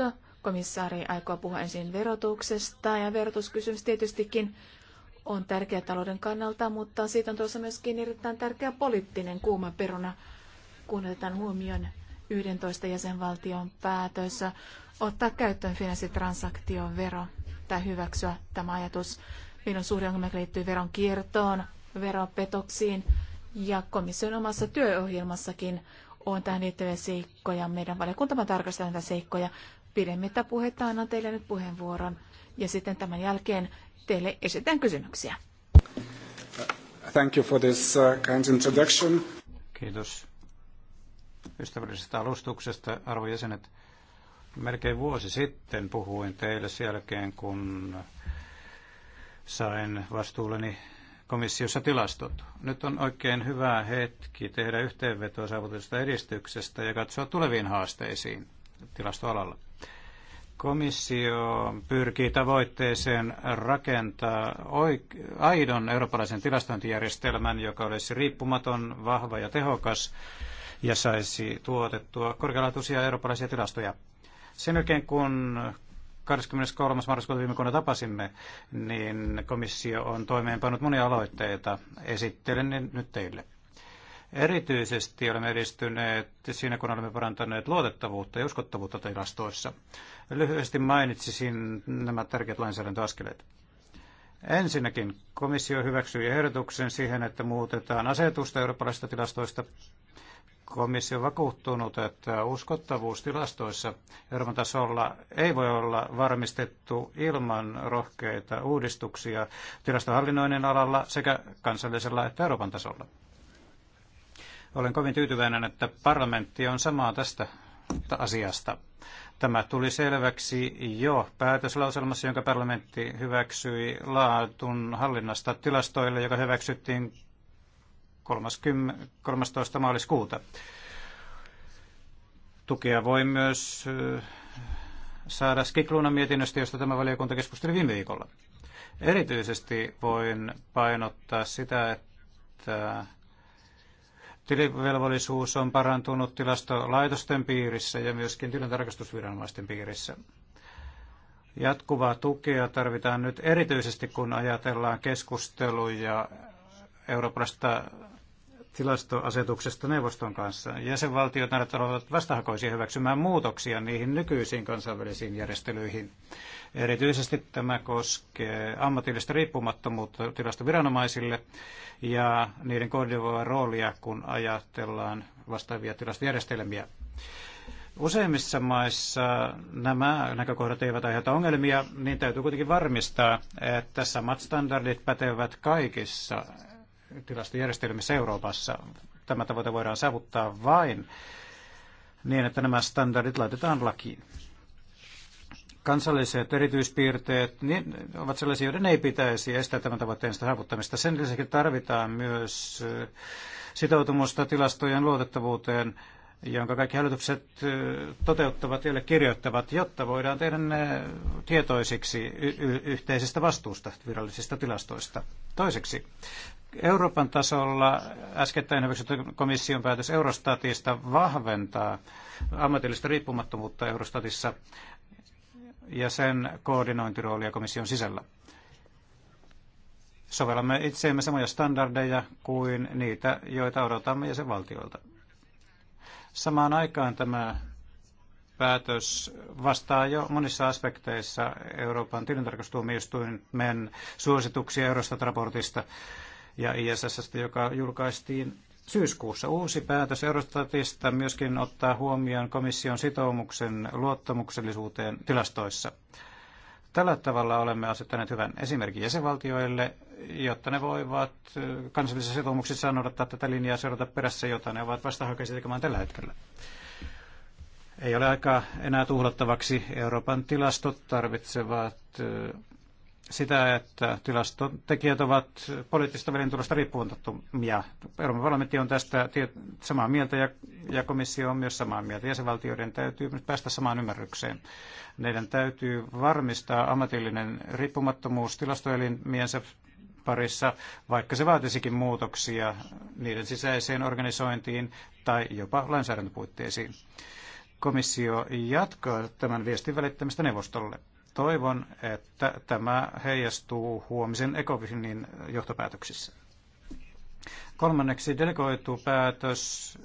[SPEAKER 2] Komissaari aikoo puhua ensin verotuksesta ja verotuskysymys tietystikin on tärkeä talouden kannalta, mutta siitä on tuossa myöskin erittäin tärkeä poliittinen kuuma peruna, kun otetaan huomioon 11 jäsenvaltion päätössä ottaa käyttöön finanssitransaktion vero tai hyväksyä tämä ajatus. Meillä on suuri ongelma, joka veron veronkiertoon, veropetoksiin ja komission omassa työohjelmassakin on tähän liittyviä seikkoja. Meidän valiokuntamme tarkastaa näitä seikkoja. Pidemmittä puhetta annan teille nyt puheenvuoron ja sitten tämän jälkeen teille esitän
[SPEAKER 5] kysymyksiä. Thank you for this uh, kind introduction. Kiitos ystävällisestä alustuksesta, arvojäsenet. Melkein vuosi sitten puhuin teille sen jälkeen, kun sain vastuulleni komissiossa tilastot. Nyt on oikein hyvä hetki tehdä yhteenvetoa saavutusta edistyksestä ja katsoa tuleviin haasteisiin tilastoalalla. Komissio pyrkii tavoitteeseen rakentaa oik- aidon eurooppalaisen tilastointijärjestelmän, joka olisi riippumaton, vahva ja tehokas ja saisi tuotettua korkealaatuisia eurooppalaisia tilastoja. Sen jälkeen kun 23. marraskuuta viime vuonna tapasimme, niin komissio on toimeenpannut monia aloitteita. Esittelen ne nyt teille. Erityisesti olemme edistyneet siinä, kun olemme parantaneet luotettavuutta ja uskottavuutta tilastoissa. Lyhyesti mainitsisin nämä tärkeät lainsäädäntöaskeleet. Ensinnäkin komissio hyväksyi ehdotuksen siihen, että muutetaan asetusta eurooppalaisista tilastoista komissio on vakuuttunut, että uskottavuus tilastoissa Euroopan tasolla ei voi olla varmistettu ilman rohkeita uudistuksia tilastohallinnoinnin alalla sekä kansallisella että Euroopan tasolla. Olen kovin tyytyväinen, että parlamentti on samaa tästä asiasta. Tämä tuli selväksi jo päätöslauselmassa, jonka parlamentti hyväksyi laatun hallinnasta tilastoille, joka hyväksyttiin 30, 13. maaliskuuta. Tukea voi myös saada Skikluunan mietinnöstä, josta tämä valiokunta keskusteli viime viikolla. Erityisesti voin painottaa sitä, että tilivelvollisuus on parantunut tilastolaitosten piirissä ja myöskin tilintarkastusviranomaisten piirissä. Jatkuvaa tukea tarvitaan nyt erityisesti, kun ajatellaan keskusteluja Euroopasta tilastoasetuksesta neuvoston kanssa. Jäsenvaltiot ovat vastahakoisia hyväksymään muutoksia niihin nykyisiin kansainvälisiin järjestelyihin. Erityisesti tämä koskee ammatillista riippumattomuutta tilastoviranomaisille ja niiden koordinoivaa roolia, kun ajatellaan vastaavia tilastojärjestelmiä. Useimmissa maissa nämä näkökohdat eivät aiheuta ongelmia, niin täytyy kuitenkin varmistaa, että samat standardit pätevät kaikissa tilastojärjestelmissä Euroopassa. Tämä tavoite voidaan saavuttaa vain niin, että nämä standardit laitetaan lakiin. Kansalliset erityispiirteet niin ovat sellaisia, joiden ei pitäisi estää tämän tavoitteen saavuttamista. Sen lisäksi tarvitaan myös äh, sitoutumusta tilastojen luotettavuuteen, jonka kaikki hallitukset äh, toteuttavat, ja kirjoittavat, jotta voidaan tehdä ne tietoisiksi yhteisestä vastuusta virallisista tilastoista. Toiseksi Euroopan tasolla äskettäin hyväksytty komission päätös Eurostatista vahventaa ammatillista riippumattomuutta Eurostatissa ja sen koordinointiroolia komission sisällä. Sovellamme itseemme samoja standardeja kuin niitä, joita odotamme jäsenvaltioilta. Samaan aikaan tämä päätös vastaa jo monissa aspekteissa Euroopan tilintarkastustuomioistuimen suosituksia Eurostat-raportista ja ISS, joka julkaistiin syyskuussa. Uusi päätös Eurostatista myöskin ottaa huomioon komission sitoumuksen luottamuksellisuuteen tilastoissa. Tällä tavalla olemme asettaneet hyvän esimerkin jäsenvaltioille, jotta ne voivat kansallisissa sitoumuksissa noudattaa tätä linjaa seurata perässä, jota ne ovat vastahaikaisia tekemään tällä hetkellä. Ei ole aikaa enää tuhlattavaksi. Euroopan tilastot tarvitsevat sitä, että tilastotekijät ovat poliittisesta välintulosta riippumattomia. Euroopan parlamentti on tästä samaa mieltä ja, ja komissio on myös samaa mieltä. Jäsenvaltioiden täytyy nyt päästä samaan ymmärrykseen. Meidän täytyy varmistaa ammatillinen riippumattomuus tilastoelimiensä parissa, vaikka se vaatisikin muutoksia niiden sisäiseen organisointiin tai jopa lainsäädäntöpuitteisiin. Komissio jatkaa tämän viestin välittämistä neuvostolle Toivon, että tämä heijastuu huomisen ECOFINin johtopäätöksissä. Kolmanneksi delegoitu päätös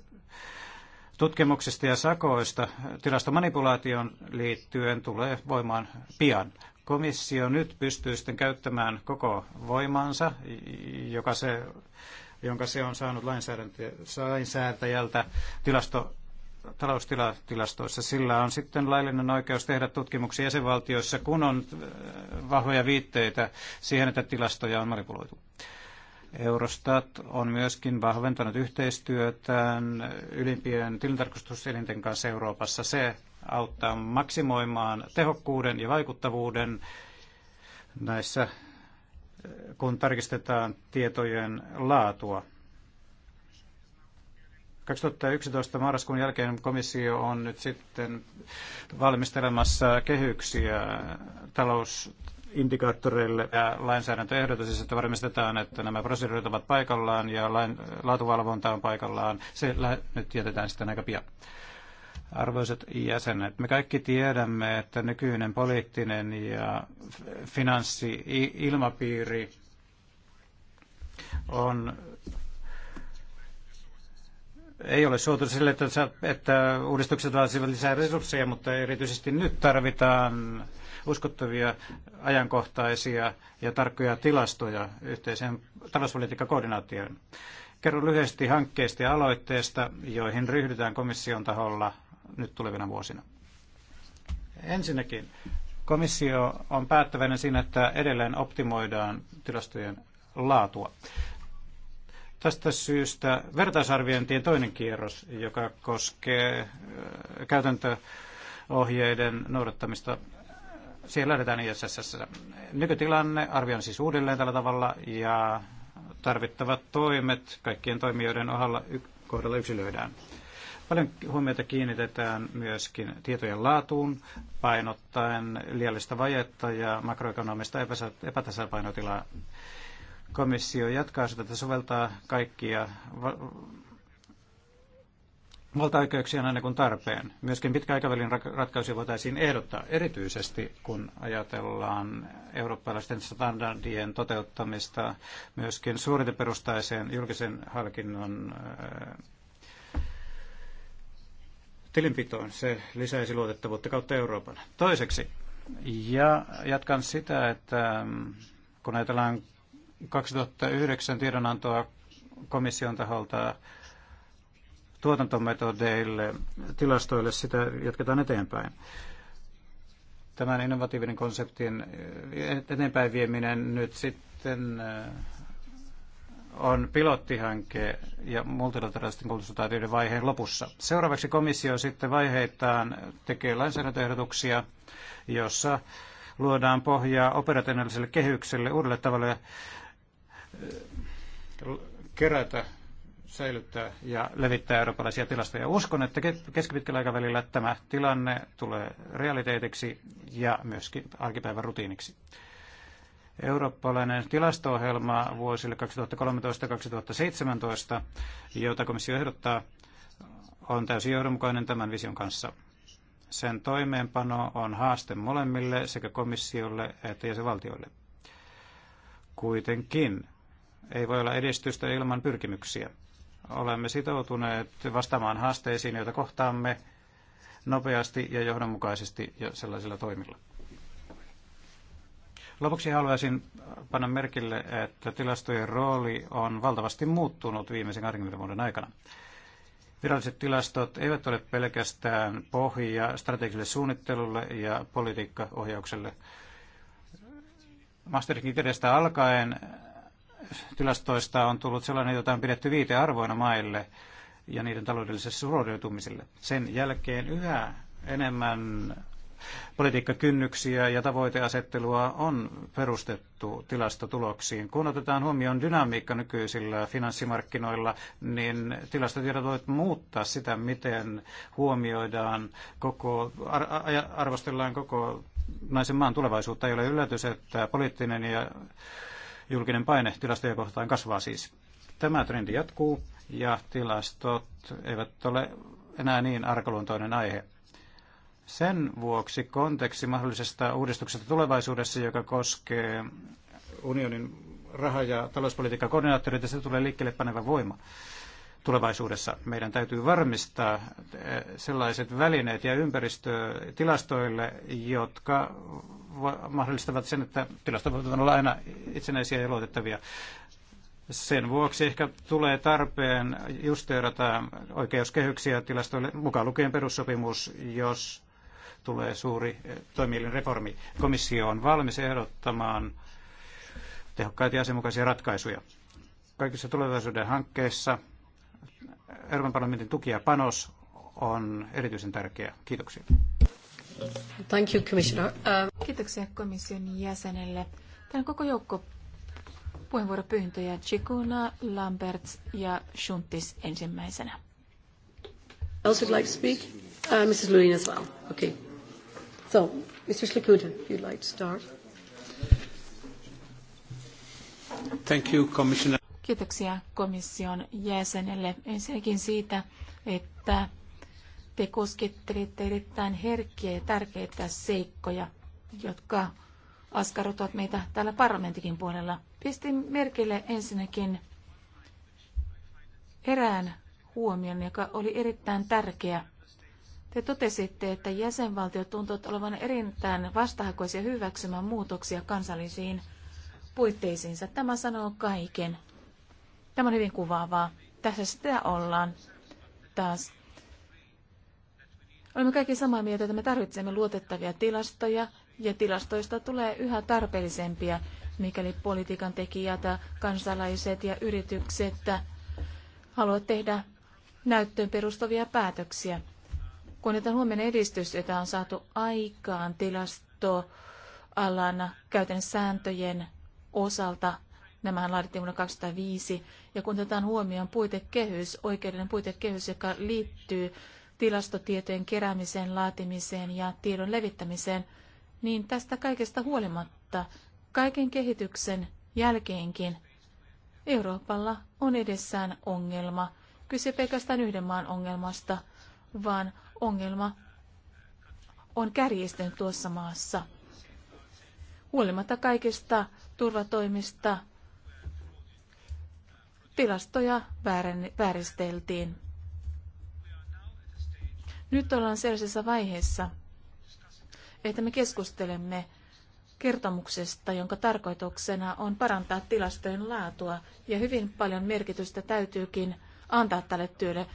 [SPEAKER 5] tutkimuksista ja sakoista tilastomanipulaation liittyen tulee voimaan pian. Komissio nyt pystyy sitten käyttämään koko voimansa, joka se, jonka se on saanut lainsäätäjältä tilasto taloustilastoissa. Sillä on sitten laillinen oikeus tehdä tutkimuksia jäsenvaltioissa, kun on äh, vahvoja viitteitä siihen, että tilastoja on manipuloitu. Eurostat on myöskin vahventanut yhteistyötään ylimpien tilintarkastuselinten kanssa Euroopassa. Se auttaa maksimoimaan tehokkuuden ja vaikuttavuuden näissä, äh, kun tarkistetaan tietojen laatua 2011 marraskuun jälkeen komissio on nyt sitten valmistelemassa kehyksiä talousindikaattoreille ja lainsäädäntöehdotus, siis että varmistetaan, että nämä proseduurit ovat paikallaan ja lain, laatuvalvonta on paikallaan. Se nyt jätetään sitten aika pian. Arvoisat jäsenet, me kaikki tiedämme, että nykyinen poliittinen ja finanssi-ilmapiiri on ei ole suotu sille, että, että uudistukset vaativat lisää resursseja, mutta erityisesti nyt tarvitaan uskottavia, ajankohtaisia ja tarkkoja tilastoja yhteiseen koordinaatioon. Kerro lyhyesti hankkeista ja aloitteista, joihin ryhdytään komission taholla nyt tulevina vuosina. Ensinnäkin komissio on päättäväinen siinä, että edelleen optimoidaan tilastojen laatua. Tästä syystä vertaisarviointien toinen kierros, joka koskee äh, käytäntöohjeiden noudattamista, siihen lähdetään ISSS. Nykytilanne arvioin siis uudelleen tällä tavalla ja tarvittavat toimet kaikkien toimijoiden ohalla kohdalla yksilöidään. Paljon huomiota kiinnitetään myöskin tietojen laatuun, painottaen liiallista vajetta ja makroekonomista epätasapainotilaa komissio jatkaa sitä, että soveltaa kaikkia valtaoikeuksia aina kun tarpeen. Myöskin pitkäaikavälin ratkaisuja voitaisiin ehdottaa, erityisesti kun ajatellaan eurooppalaisten standardien toteuttamista myöskin suoriteperustaiseen julkisen halkinnon äh, tilinpitoon. Se lisäisi luotettavuutta kautta Euroopan. Toiseksi, ja jatkan sitä, että mm, kun ajatellaan 2009 tiedonantoa komission taholta tuotantometodeille, tilastoille, sitä jatketaan eteenpäin. Tämän innovatiivinen konseptin eh, eteenpäin vieminen nyt sitten eh, on pilottihanke ja multilateraalisten konsultaatioiden vaiheen lopussa. Seuraavaksi komissio sitten vaiheittain tekee lainsäädäntöehdotuksia, jossa luodaan pohjaa operatiiviselle kehykselle uudelle tavalle kerätä, säilyttää ja levittää eurooppalaisia tilastoja. Uskon, että keskipitkällä aikavälillä tämä tilanne tulee realiteetiksi ja myöskin arkipäivän rutiiniksi. Eurooppalainen tilasto-ohjelma vuosille 2013-2017, jota komissio ehdottaa, on täysin johdonmukainen tämän vision kanssa. Sen toimeenpano on haaste molemmille sekä komissiolle että jäsenvaltioille. Kuitenkin ei voi olla edistystä ilman pyrkimyksiä. Olemme sitoutuneet vastaamaan haasteisiin, joita kohtaamme nopeasti ja johdonmukaisesti ja sellaisilla toimilla. Lopuksi haluaisin panna merkille, että tilastojen rooli on valtavasti muuttunut viimeisen 20 vuoden aikana. Viralliset tilastot eivät ole pelkästään pohja strategiselle suunnittelulle ja politiikkaohjaukselle. Masterikin kirjasta alkaen tilastoista on tullut sellainen, jota on pidetty viitearvoina maille ja niiden taloudellisessa suoriutumiselle. Sen jälkeen yhä enemmän politiikkakynnyksiä ja tavoiteasettelua on perustettu tilastotuloksiin. Kun otetaan huomioon dynamiikka nykyisillä finanssimarkkinoilla, niin tilastotiedot voivat muuttaa sitä, miten huomioidaan koko, ar- arvostellaan koko naisen maan tulevaisuutta. Ei ole yllätys, että poliittinen ja Julkinen paine tilastoja kohtaan kasvaa siis. Tämä trendi jatkuu ja tilastot eivät ole enää niin arkaluontoinen aihe. Sen vuoksi konteksti mahdollisesta uudistuksesta tulevaisuudessa, joka koskee unionin raha- ja talouspolitiikan koordinaattoreita, se tulee liikkeelle paneva voima tulevaisuudessa. Meidän täytyy varmistaa sellaiset välineet ja ympäristötilastoille, jotka mahdollistavat sen, että tilastot voivat olla aina itsenäisiä ja luotettavia. Sen vuoksi ehkä tulee tarpeen justeerata oikeuskehyksiä tilastoille mukaan lukien perussopimus, jos tulee suuri toimielin reformi. Komissio on valmis ehdottamaan tehokkaita ja asianmukaisia ratkaisuja. Kaikissa tulevaisuuden hankkeissa Euroopan parlamentin tuki ja panos on erityisen tärkeä. Kiitoksia.
[SPEAKER 1] Thank you,
[SPEAKER 4] Commissioner.
[SPEAKER 2] Um, Kiitoksia komission jäsenelle. Täällä on koko joukko puheenvuoropyyntöjä. Chikuna, Lamberts ja Shuntis ensimmäisenä. Else would like to speak? Uh, Mrs. Lulin as well. Okay. So, Mr. Schlikuta, if you'd like to start.
[SPEAKER 5] Thank you, Commissioner.
[SPEAKER 2] Kiitoksia komission jäsenelle ensinnäkin siitä, että te koskettelette erittäin herkkiä ja tärkeitä seikkoja, jotka askarruttavat meitä täällä parlamentikin puolella. Pistin merkille ensinnäkin erään huomion, joka oli erittäin tärkeä. Te totesitte, että jäsenvaltiot tuntuvat olevan erittäin vastahakoisia hyväksymään muutoksia kansallisiin puitteisiinsa. Tämä sanoo kaiken. Tämä on hyvin kuvaavaa. Tässä sitä ollaan taas Olemme kaikki samaa mieltä, että me tarvitsemme luotettavia tilastoja ja tilastoista tulee yhä tarpeellisempia, mikäli politiikan tekijät, kansalaiset ja yritykset haluavat tehdä näyttöön perustuvia päätöksiä. Kun otetaan huomenna edistys, jota on saatu aikaan tilastoalan käytän sääntöjen osalta, nämä laadittiin vuonna 2005, ja kun otetaan huomioon puitekehys, oikeudellinen puitekehys, joka liittyy tilastotietojen keräämiseen, laatimiseen ja tiedon levittämiseen, niin tästä kaikesta huolimatta, kaiken kehityksen jälkeenkin, Euroopalla on edessään ongelma. Kyse pelkästään yhden maan ongelmasta, vaan ongelma on kärjistynyt tuossa maassa. Huolimatta kaikista turvatoimista, tilastoja vääristeltiin. Nyt ollaan sellaisessa vaiheessa, että me keskustelemme kertomuksesta, jonka tarkoituksena on parantaa tilastojen laatua, ja hyvin paljon merkitystä täytyykin antaa tälle työlle.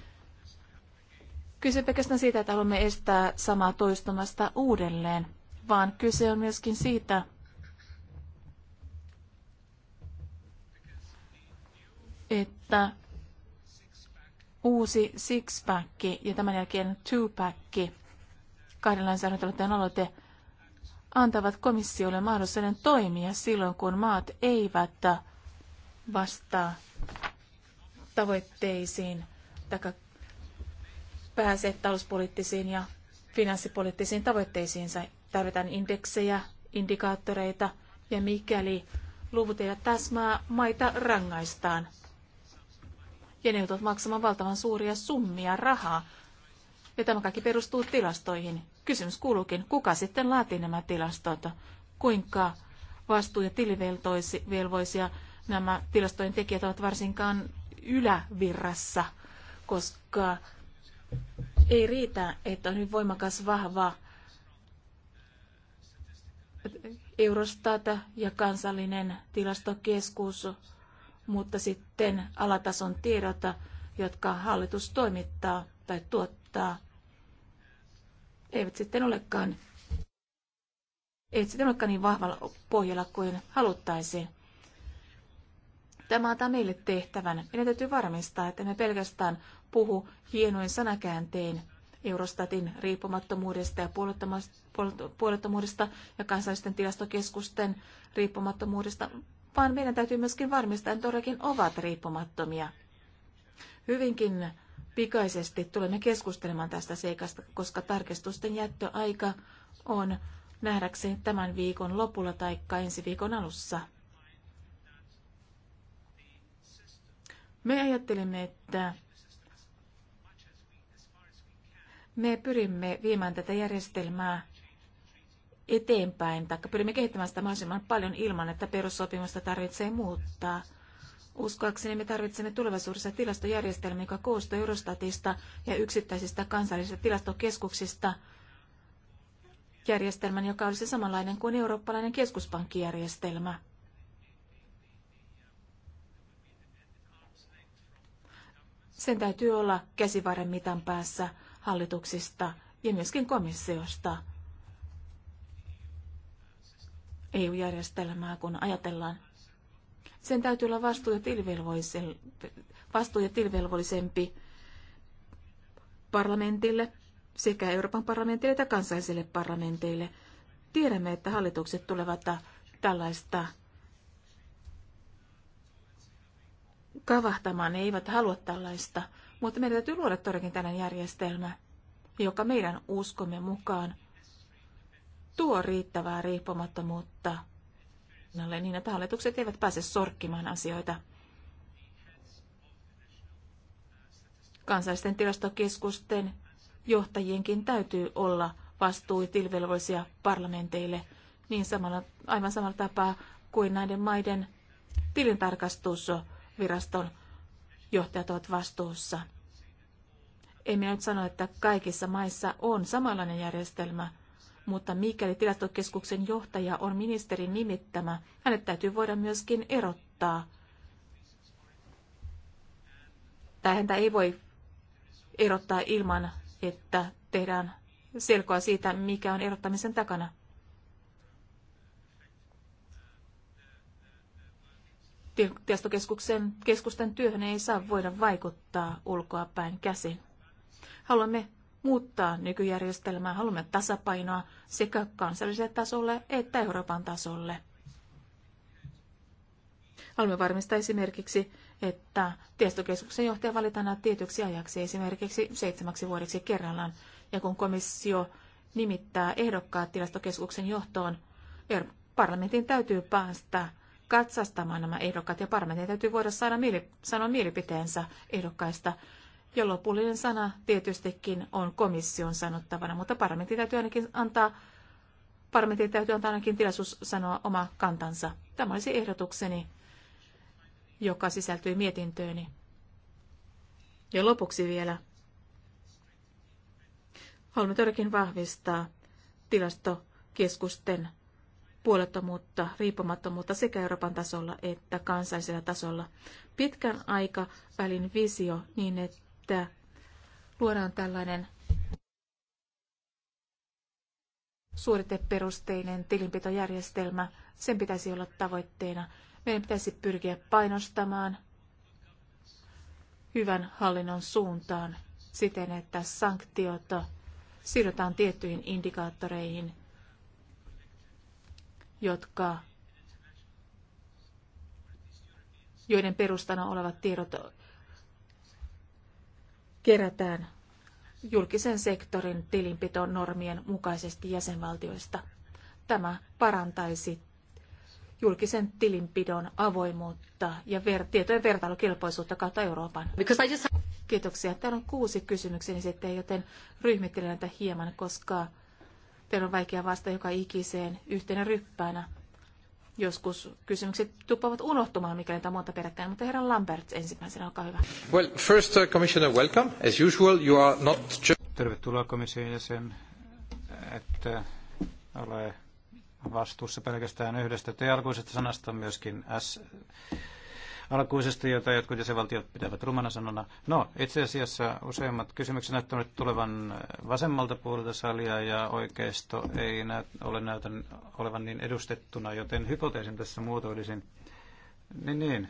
[SPEAKER 2] Kyse pelkästään siitä, että haluamme estää samaa toistumasta uudelleen, vaan kyse on myöskin siitä, että uusi six-pack ja tämän jälkeen two-pack, kahden lainsäädäntöaloitteen aloite, antavat komissiolle mahdollisuuden toimia silloin, kun maat eivät vastaa tavoitteisiin tai pääse talouspoliittisiin ja finanssipoliittisiin tavoitteisiinsa. Tarvitaan indeksejä, indikaattoreita ja mikäli luvut eivät täsmää, maita rangaistaan ja ne joutuvat maksamaan valtavan suuria summia rahaa. Ja tämä kaikki perustuu tilastoihin. Kysymys kuuluukin, kuka sitten laatii nämä tilastot? Kuinka vastuu- ja tilivelvoisia nämä tilastojen tekijät ovat varsinkaan ylävirrassa, koska ei riitä, että on hyvin voimakas, vahva Eurostat ja kansallinen tilastokeskus mutta sitten alatason tiedot, jotka hallitus toimittaa tai tuottaa, eivät sitten olekaan, eivät sitten olekaan niin vahvalla pohjalla kuin haluttaisiin. Tämä antaa meille tehtävän. Meidän täytyy varmistaa, että me pelkästään puhu hienoin sanakääntein Eurostatin riippumattomuudesta ja puolettomuudesta ja kansallisten tilastokeskusten riippumattomuudesta, vaan meidän täytyy myöskin varmistaa, että todellakin ovat riippumattomia. Hyvinkin pikaisesti tulemme keskustelemaan tästä seikasta, koska tarkistusten jättöaika on nähdäkseni tämän viikon lopulla tai ensi viikon alussa. Me ajattelimme, että me pyrimme viemään tätä järjestelmää eteenpäin, tai pyrimme kehittämään sitä mahdollisimman paljon ilman, että perussopimusta tarvitsee muuttaa. Uskoakseni me tarvitsemme tulevaisuudessa tilastojärjestelmä, joka koostuu Eurostatista ja yksittäisistä kansallisista tilastokeskuksista, järjestelmän, joka olisi samanlainen kuin eurooppalainen keskuspankkijärjestelmä. Sen täytyy olla käsivarren mitan päässä hallituksista ja myöskin komissiosta. EU-järjestelmää, kun ajatellaan. Sen täytyy olla vastuu- ja, vastuu- ja tilvelvollisempi parlamentille, sekä Euroopan parlamentille että kansallisille parlamenteille. Tiedämme, että hallitukset tulevat tällaista kavahtamaan, ne eivät halua tällaista, mutta meidän täytyy luoda todellakin tällainen järjestelmä, joka meidän uskomme mukaan – tuo riittävää riippumattomuutta no, niin, että hallitukset eivät pääse sorkkimaan asioita. Kansallisten tilastokeskusten johtajienkin täytyy olla vastuutilvelvoisia parlamenteille niin samalla, aivan samalla tapaa kuin näiden maiden tilintarkastusviraston johtajat ovat vastuussa. En minä nyt sano, että kaikissa maissa on samanlainen järjestelmä, mutta mikäli tilastokeskuksen johtaja on ministerin nimittämä, hänet täytyy voida myöskin erottaa. Tai häntä ei voi erottaa ilman, että tehdään selkoa siitä, mikä on erottamisen takana. Tilastokeskuksen keskusten työhön ei saa voida vaikuttaa ulkoapäin käsin. Haluamme muuttaa nykyjärjestelmää. Haluamme tasapainoa sekä kansalliselle tasolle että Euroopan tasolle. Haluamme varmistaa esimerkiksi, että tiestokeskuksen johtaja valitaan tietyksi ajaksi, esimerkiksi seitsemäksi vuodeksi kerrallaan. Ja kun komissio nimittää ehdokkaat tilastokeskuksen johtoon, parlamentin täytyy päästä katsastamaan nämä ehdokkaat ja parlamentin täytyy voida saada mieli, sanoa mielipiteensä ehdokkaista ja lopullinen sana tietystikin on komission sanottavana, mutta parlamentin täytyy ainakin antaa, parlamentin täytyy antaa ainakin tilaisuus sanoa oma kantansa. Tämä olisi ehdotukseni, joka sisältyi mietintööni. Ja lopuksi vielä. Haluamme todellakin vahvistaa tilastokeskusten puolettomuutta, riippumattomuutta sekä Euroopan tasolla että kansallisella tasolla. Pitkän aikavälin visio niin, että että luodaan tällainen suoriteperusteinen tilinpitojärjestelmä. Sen pitäisi olla tavoitteena. Meidän pitäisi pyrkiä painostamaan hyvän hallinnon suuntaan siten, että sanktiot siirrytään tiettyihin indikaattoreihin, jotka, joiden perustana olevat tiedot kerätään julkisen sektorin tilinpiton normien mukaisesti jäsenvaltioista. Tämä parantaisi julkisen tilinpidon avoimuutta ja ver- tietojen vertailukelpoisuutta kautta Euroopan. Just... Kiitoksia. Täällä on kuusi kysymyksen sitten, joten ryhmittelen näitä hieman, koska teillä on vaikea vastata joka ikiseen yhtenä ryppäänä joskus kysymykset tuppavat unohtumaan, mikäli niitä monta peräkkäin, mutta herra Lambert ensimmäisenä, olkaa hyvä.
[SPEAKER 5] Well, first uh, commissioner, welcome. As usual, you are not Tervetuloa komission jäsen, että ole vastuussa pelkästään yhdestä. Te alkuisesta sanasta myöskin S alkuisesti, jota jotkut jäsenvaltiot pitävät rumana sanona. No, itse asiassa useimmat kysymykset näyttävät tulevan vasemmalta puolelta salia ja oikeisto ei näyt, ole näytän olevan niin edustettuna, joten hypoteesin tässä muotoilisin. Niin, niin.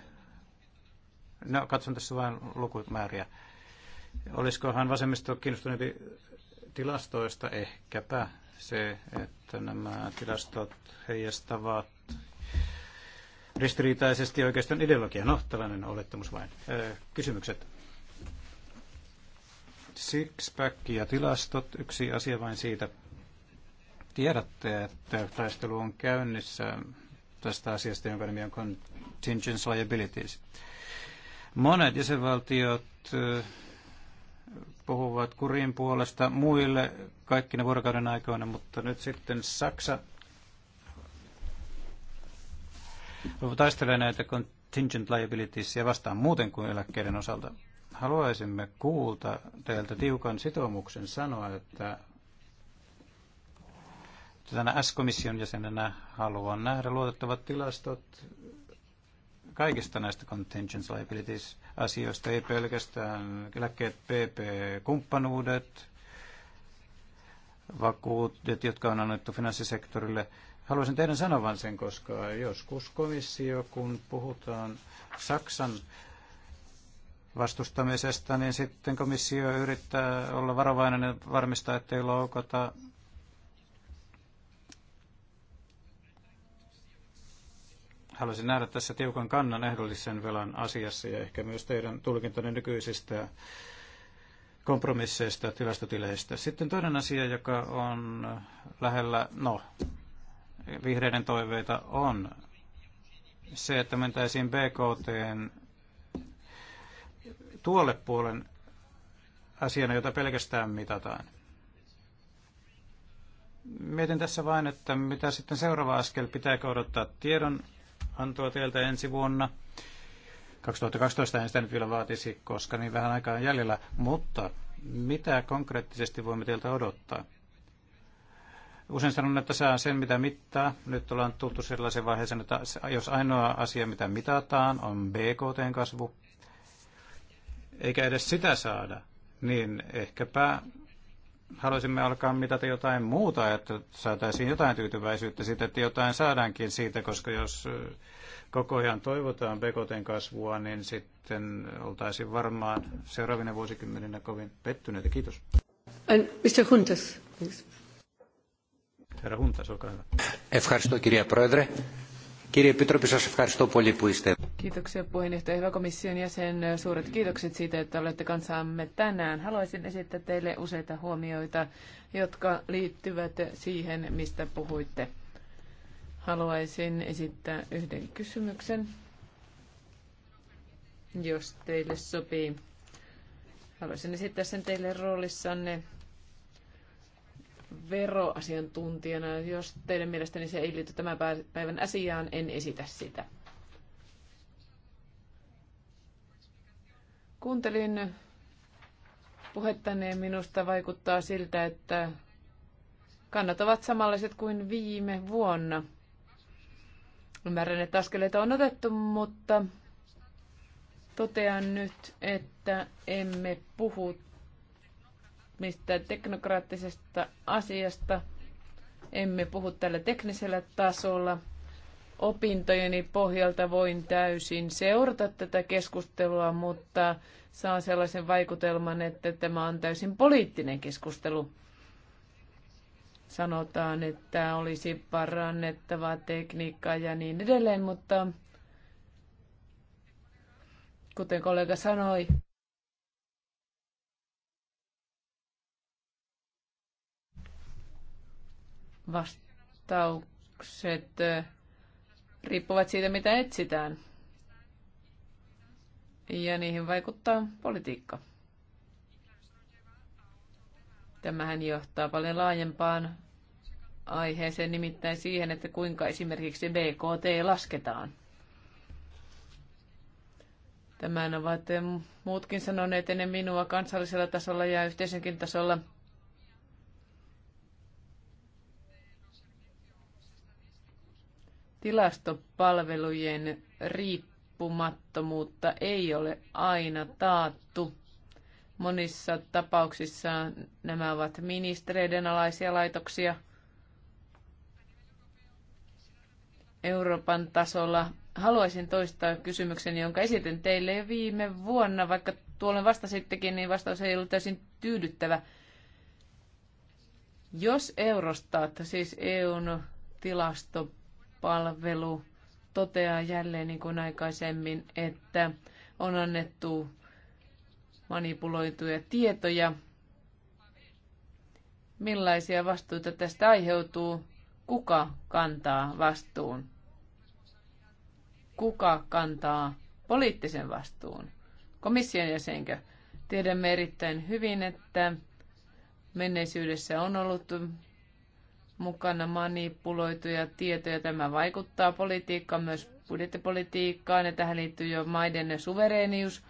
[SPEAKER 5] No, katson tässä vain lukumääriä. Olisikohan vasemmisto kiinnostuneempi tilastoista ehkäpä se, että nämä tilastot heijastavat ristiriitaisesti oikeiston ideologia. No, tällainen olettamus vain. Kysymykset. Sixpack ja tilastot. Yksi asia vain siitä. Tiedätte, että taistelu on käynnissä tästä asiasta, jonka nimi on Contingency liabilities. Monet jäsenvaltiot puhuvat kurin puolesta muille kaikkina vuorokauden aikoina, mutta nyt sitten Saksa taistelee näitä contingent liabilitiesia vastaan muuten kuin eläkkeiden osalta. Haluaisimme kuulta teiltä tiukan sitoumuksen sanoa, että tänä S-komission jäsenenä haluan nähdä luotettavat tilastot kaikista näistä contingent liabilities asioista, ei pelkästään eläkkeet, PP, kumppanuudet, vakuutet, jotka on annettu finanssisektorille. Haluaisin teidän sanovan sen, koska joskus komissio, kun puhutaan Saksan vastustamisesta, niin sitten komissio yrittää olla varovainen ja varmistaa, ettei loukata haluaisin nähdä tässä tiukan kannan ehdollisen velan asiassa ja ehkä myös teidän tulkintanne nykyisistä kompromisseista, hyvästä tileistä. Sitten toinen asia, joka on lähellä, no, vihreiden toiveita on se, että mentäisiin BKT tuolle puolen asiana, jota pelkästään mitataan. Mietin tässä vain, että mitä sitten seuraava askel pitääkö odottaa tiedon antoa teiltä ensi vuonna. 2012 en sitä nyt vielä vaatisi, koska niin vähän aikaa on jäljellä, mutta mitä konkreettisesti voimme teiltä odottaa? Usein sanon, että saa sen, mitä mittaa. Nyt ollaan tultu sellaiseen vaiheeseen, että jos ainoa asia, mitä mitataan, on bkt kasvu, eikä edes sitä saada, niin ehkäpä haluaisimme alkaa mitata jotain muuta, että saataisiin jotain tyytyväisyyttä siitä, että jotain saadaankin siitä, koska jos koko ajan toivotaan BKTn kasvua, niin sitten oltaisiin varmaan seuraavina vuosikymmeninä kovin pettyneitä. Kiitos.
[SPEAKER 1] And Mr. Huntas, please.
[SPEAKER 5] Herra Huntas, olkaa hyvä. Ευχαριστώ κυρία Πρόεδρε. Κύριε Επίτροπη, σας ευχαριστώ πολύ που είστε.
[SPEAKER 4] Kiitoksia puheenjohtaja. Hyvä komission jäsen. Suuret kiitokset siitä, että olette kanssamme tänään. Haluaisin esittää teille useita huomioita, jotka liittyvät siihen, mistä puhuitte. Haluaisin esittää yhden kysymyksen, jos teille sopii. Haluaisin esittää sen teille roolissanne veroasiantuntijana. Jos teidän mielestäni se ei liity tämän päivän asiaan, en esitä sitä. Kuuntelin puhettanne minusta vaikuttaa siltä, että kannat ovat samanlaiset kuin viime vuonna – Ymmärrän, että askeleita on otettu, mutta totean nyt, että emme puhu mistä teknokraattisesta asiasta. Emme puhu tällä teknisellä tasolla. Opintojeni pohjalta voin täysin seurata tätä keskustelua, mutta saan sellaisen vaikutelman, että tämä on täysin poliittinen keskustelu sanotaan, että olisi parannettava tekniikkaa ja niin edelleen, mutta kuten kollega sanoi, vastaukset riippuvat siitä, mitä etsitään. Ja niihin vaikuttaa politiikka. Tämähän johtaa paljon laajempaan aiheeseen, nimittäin siihen, että kuinka esimerkiksi BKT lasketaan. Tämän ovat muutkin sanoneet ennen minua kansallisella tasolla ja yhteisönkin tasolla. Tilastopalvelujen riippumattomuutta ei ole aina taattu. Monissa tapauksissa nämä ovat ministereiden alaisia laitoksia. Euroopan tasolla haluaisin toistaa kysymyksen, jonka esitin teille jo viime vuonna, vaikka tuolle vastasittekin, niin vastaus ei ollut täysin tyydyttävä. Jos Eurostat, siis EUn tilastopalvelu, toteaa jälleen niin kuin aikaisemmin, että on annettu manipuloituja tietoja. Millaisia vastuuta tästä aiheutuu? Kuka kantaa vastuun? Kuka kantaa poliittisen vastuun? Komission jäsenkö? Tiedämme erittäin hyvin, että menneisyydessä on ollut mukana manipuloituja tietoja. Tämä vaikuttaa politiikkaan, myös budjettipolitiikkaan, ja tähän liittyy jo maiden suvereenius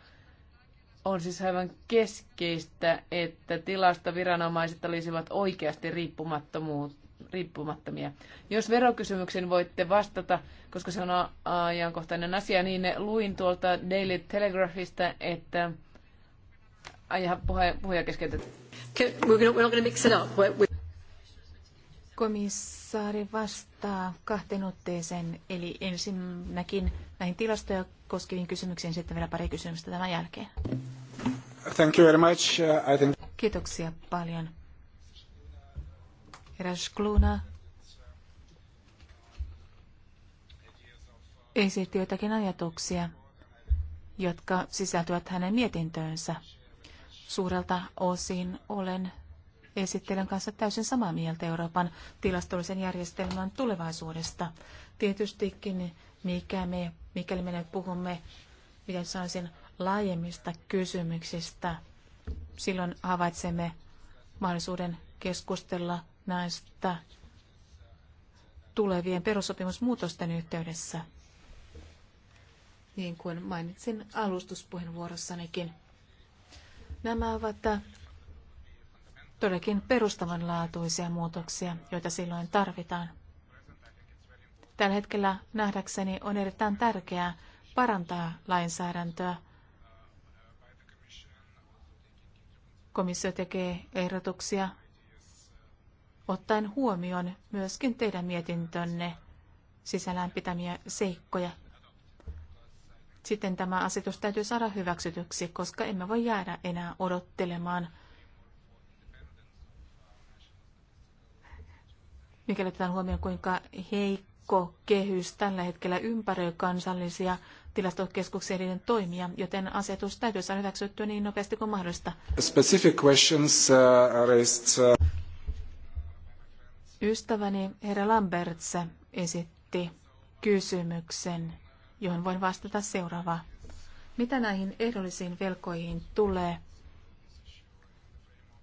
[SPEAKER 4] on siis aivan keskeistä, että tilastoviranomaiset olisivat oikeasti riippumattomia. Jos verokysymyksen voitte vastata, koska se on ajankohtainen asia, niin luin tuolta Daily Telegraphista, että... Ai jaha, puhe, puhuja keskeytetään.
[SPEAKER 1] we're not, we're not going to mix it up.
[SPEAKER 2] Komissaari vastaa kahteen otteeseen, eli ensinnäkin näihin tilastoja koskeviin kysymyksiin, sitten vielä pari kysymystä tämän jälkeen.
[SPEAKER 5] Thank you very much. I think...
[SPEAKER 2] Kiitoksia paljon. Eräs Kluna esitti joitakin ajatuksia, jotka sisältyvät hänen mietintöönsä. Suurelta osin olen esittelen kanssa täysin samaa mieltä Euroopan tilastollisen järjestelmän tulevaisuudesta. Tietystikin, mikä me, mikäli me puhumme, miten sanoisin, laajemmista kysymyksistä, silloin havaitsemme mahdollisuuden keskustella näistä tulevien perussopimusmuutosten yhteydessä, niin kuin mainitsin alustuspuheenvuorossanikin. Nämä ovat todellakin perustavanlaatuisia muutoksia, joita silloin tarvitaan. Tällä hetkellä nähdäkseni on erittäin tärkeää parantaa lainsäädäntöä. Komissio tekee ehdotuksia ottaen huomioon myöskin teidän mietintönne sisällään pitämiä seikkoja. Sitten tämä asetus täytyy saada hyväksytyksi, koska emme voi jäädä enää odottelemaan – mikäli otetaan huomioon, kuinka heikko kehys tällä hetkellä ympäröi kansallisia tilastokeskuksia niiden toimia, joten asetus täytyy saada hyväksyttyä niin nopeasti kuin mahdollista.
[SPEAKER 1] Specific questions uh, raised, uh...
[SPEAKER 2] Ystäväni herra Lamberts esitti kysymyksen, johon voin vastata seuraavaa. Mitä näihin ehdollisiin velkoihin tulee?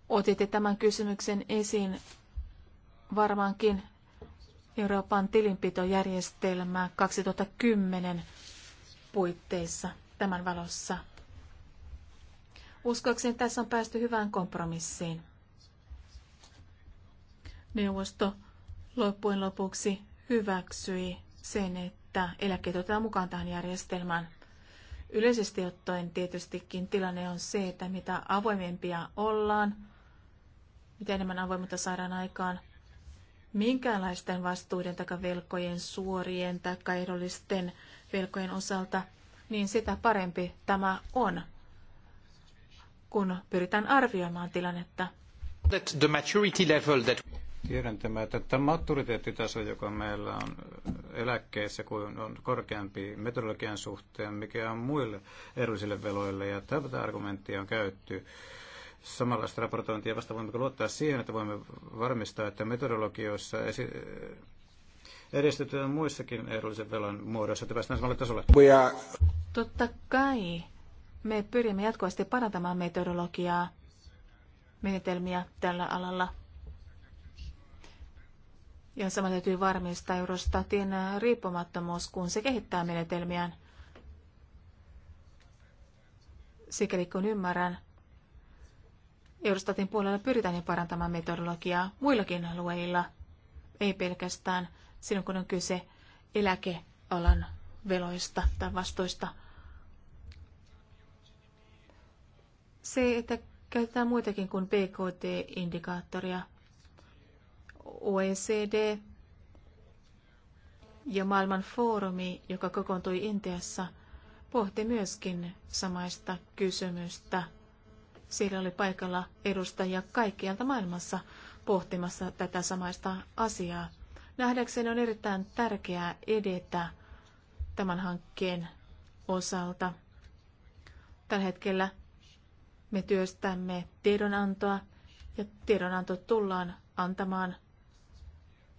[SPEAKER 2] Otitte tämän kysymyksen esiin varmaankin Euroopan tilinpitojärjestelmää 2010 puitteissa tämän valossa. Uskoakseni tässä on päästy hyvään kompromissiin. Neuvosto loppujen lopuksi hyväksyi sen, että eläkkeet otetaan mukaan tähän järjestelmään. Yleisesti ottaen tietystikin tilanne on se, että mitä avoimempia ollaan, mitä enemmän avoimuutta saadaan aikaan, minkäänlaisten vastuiden tai velkojen suorien tai ehdollisten velkojen osalta, niin sitä parempi tämä on, kun pyritään arvioimaan tilannetta.
[SPEAKER 5] The maturity level that... Tiedän tämä, että tämä maturiteettitaso, joka meillä on eläkkeessä, kun on korkeampi metodologian suhteen, mikä on muille edullisille veloille, ja tätä argumenttia on käytetty samanlaista raportointia vasta voimmeko luottaa siihen, että voimme varmistaa, että metodologioissa esi- edistytään muissakin ehdollisen velan muodoissa, että päästään samalle tasolle.
[SPEAKER 2] Totta kai. Me pyrimme jatkuvasti parantamaan metodologiaa, menetelmiä tällä alalla. Ja sama täytyy varmistaa Eurostatin riippumattomuus, kun se kehittää menetelmiään. Sikäli kun ymmärrän, Eurostatin puolella pyritään jo parantamaan metodologiaa muillakin alueilla, ei pelkästään silloin, kun on kyse eläkealan veloista tai vastoista. Se, että käytetään muitakin kuin BKT-indikaattoria, OECD ja maailman foorumi, joka kokoontui Intiassa, pohti myöskin samaista kysymystä – siellä oli paikalla edustajia kaikkialta maailmassa pohtimassa tätä samaista asiaa. Nähdäkseni on erittäin tärkeää edetä tämän hankkeen osalta. Tällä hetkellä me työstämme tiedonantoa ja tiedonanto tullaan antamaan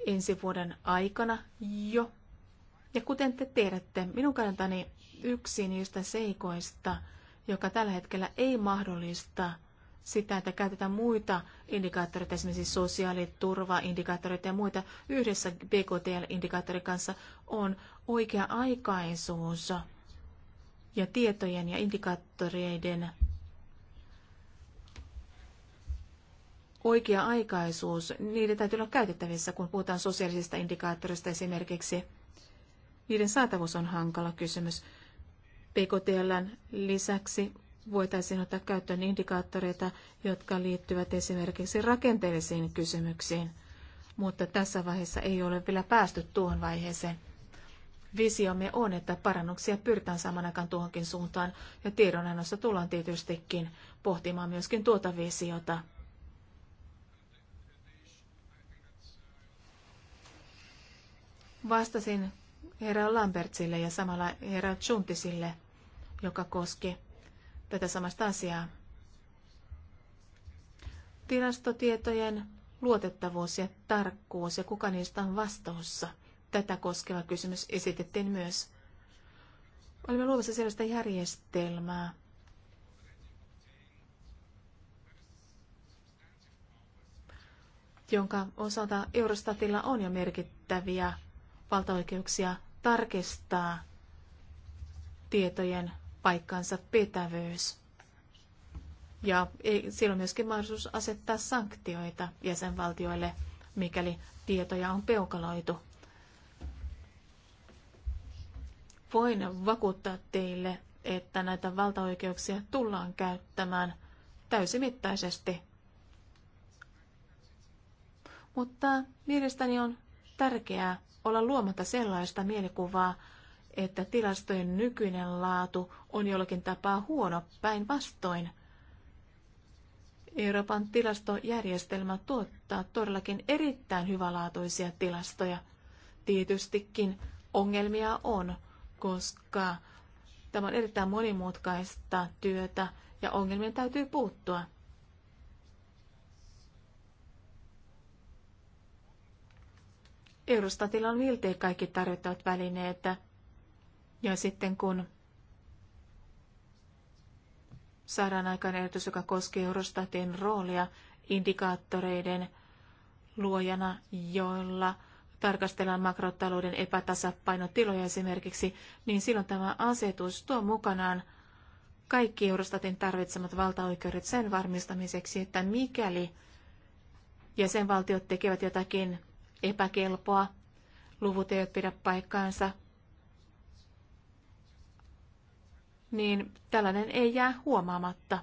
[SPEAKER 2] ensi vuoden aikana jo. Ja kuten te tiedätte, minun kannaltani yksi niistä seikoista, joka tällä hetkellä ei mahdollista sitä, että käytetään muita indikaattoreita, esimerkiksi sosiaaliturvaindikaattoreita ja muita yhdessä BKTL-indikaattorin kanssa, on oikea-aikaisuus ja tietojen ja indikaattoreiden oikea-aikaisuus, niiden täytyy olla käytettävissä, kun puhutaan sosiaalisista indikaattoreista esimerkiksi. Niiden saatavuus on hankala kysymys. PKTLn lisäksi voitaisiin ottaa käyttöön indikaattoreita, jotka liittyvät esimerkiksi rakenteellisiin kysymyksiin, mutta tässä vaiheessa ei ole vielä päästy tuohon vaiheeseen. Visiomme on, että parannuksia pyritään saman aikaan tuohonkin suuntaan, ja tiedonannossa tullaan tietystikin pohtimaan myöskin tuota visiota. Vastasin herra Lambertsille ja samalla herra Chuntisille – joka koski tätä samasta asiaa. Tilastotietojen luotettavuus ja tarkkuus ja kuka niistä on vastuussa. Tätä koskeva kysymys esitettiin myös. Olimme luomassa sellaista järjestelmää, jonka osalta Eurostatilla on jo merkittäviä valtaoikeuksia tarkistaa tietojen paikkansa pitävyys. Ja sillä on myöskin mahdollisuus asettaa sanktioita jäsenvaltioille, mikäli tietoja on peukaloitu. Voin vakuuttaa teille, että näitä valtaoikeuksia tullaan käyttämään täysimittaisesti. Mutta mielestäni on tärkeää olla luomatta sellaista mielikuvaa, että tilastojen nykyinen laatu on jollakin tapaa huono päinvastoin. Euroopan tilastojärjestelmä tuottaa todellakin erittäin hyvälaatuisia tilastoja. Tietystikin ongelmia on, koska tämä on erittäin monimutkaista työtä ja ongelmien täytyy puuttua. Eurostatilla on miltei kaikki tarvittavat välineet ja sitten kun saadaan aikaan ehdotus, joka koskee Eurostatin roolia indikaattoreiden luojana, joilla tarkastellaan makrotalouden epätasapainotiloja esimerkiksi, niin silloin tämä asetus tuo mukanaan kaikki Eurostatin tarvitsemat valtaoikeudet sen varmistamiseksi, että mikäli jäsenvaltiot tekevät jotakin epäkelpoa, luvut eivät pidä paikkaansa, niin tällainen ei jää huomaamatta.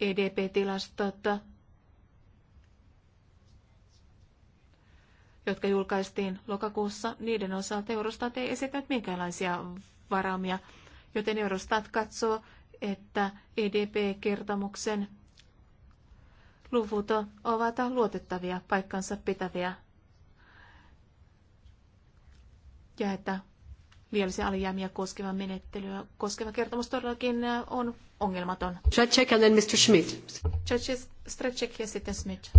[SPEAKER 2] EDP-tilastot, jotka julkaistiin lokakuussa, niiden osalta Eurostat ei esittänyt minkäänlaisia varaumia, joten Eurostat katsoo, että EDP-kertomuksen luvut ovat luotettavia, paikkansa pitäviä ja että vielä alijäämiä koskeva menettelyä koskeva kertomus todellakin äh, on ongelmaton.
[SPEAKER 5] Chacek and then Mr. Schmidt.
[SPEAKER 2] Chacek, ja sitten Schmidt.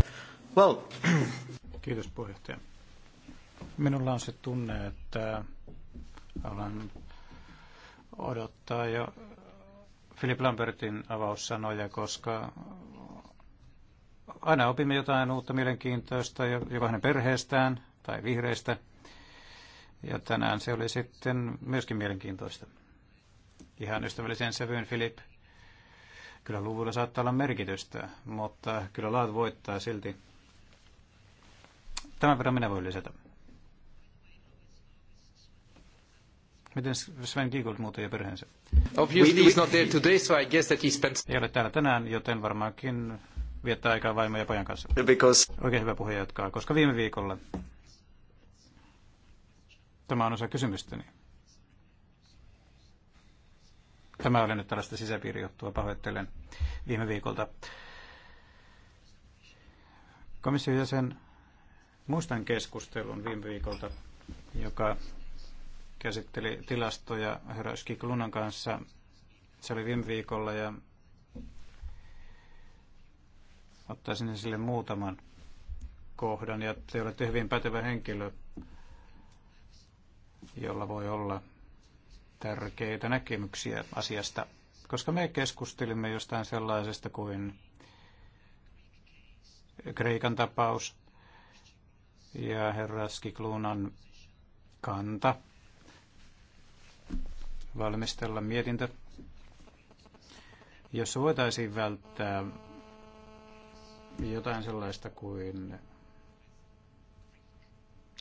[SPEAKER 5] Well. [CLEARS THROAT] Kiitos puheenjohtaja. Minulla on se tunne, että alan odottaa jo Philip Lambertin avaussanoja, koska aina opimme jotain uutta mielenkiintoista, jo hänen perheestään tai vihreistä – ja tänään se oli sitten myöskin mielenkiintoista. Ihan ystävälliseen sävyyn, Filip. Kyllä luvulla saattaa olla merkitystä, mutta kyllä laat voittaa silti. Tämän verran minä voin lisätä. Miten Sven Giggold muuttui ja perheensä? Obviously he's not there today, so I guess that he spends... Ei ole täällä tänään, joten varmaankin viettää aikaa vaimo ja pojan kanssa. Because... Oikein hyvä puheenjohtaja, koska viime viikolla Tämä on osa kysymystäni. Tämä oli nyt tällaista sisäpiirijuttua, pahoittelen viime viikolta. Komission jäsen, muistan keskustelun viime viikolta, joka käsitteli tilastoja herra Skiklunan kanssa. Se oli viime viikolla ja ottaisin sille muutaman kohdan. Ja te olette hyvin pätevä henkilö jolla voi olla tärkeitä näkemyksiä asiasta, koska me keskustelimme jostain sellaisesta kuin Kreikan tapaus ja herra Skikluunan kanta valmistella mietintö, jossa voitaisiin välttää jotain sellaista kuin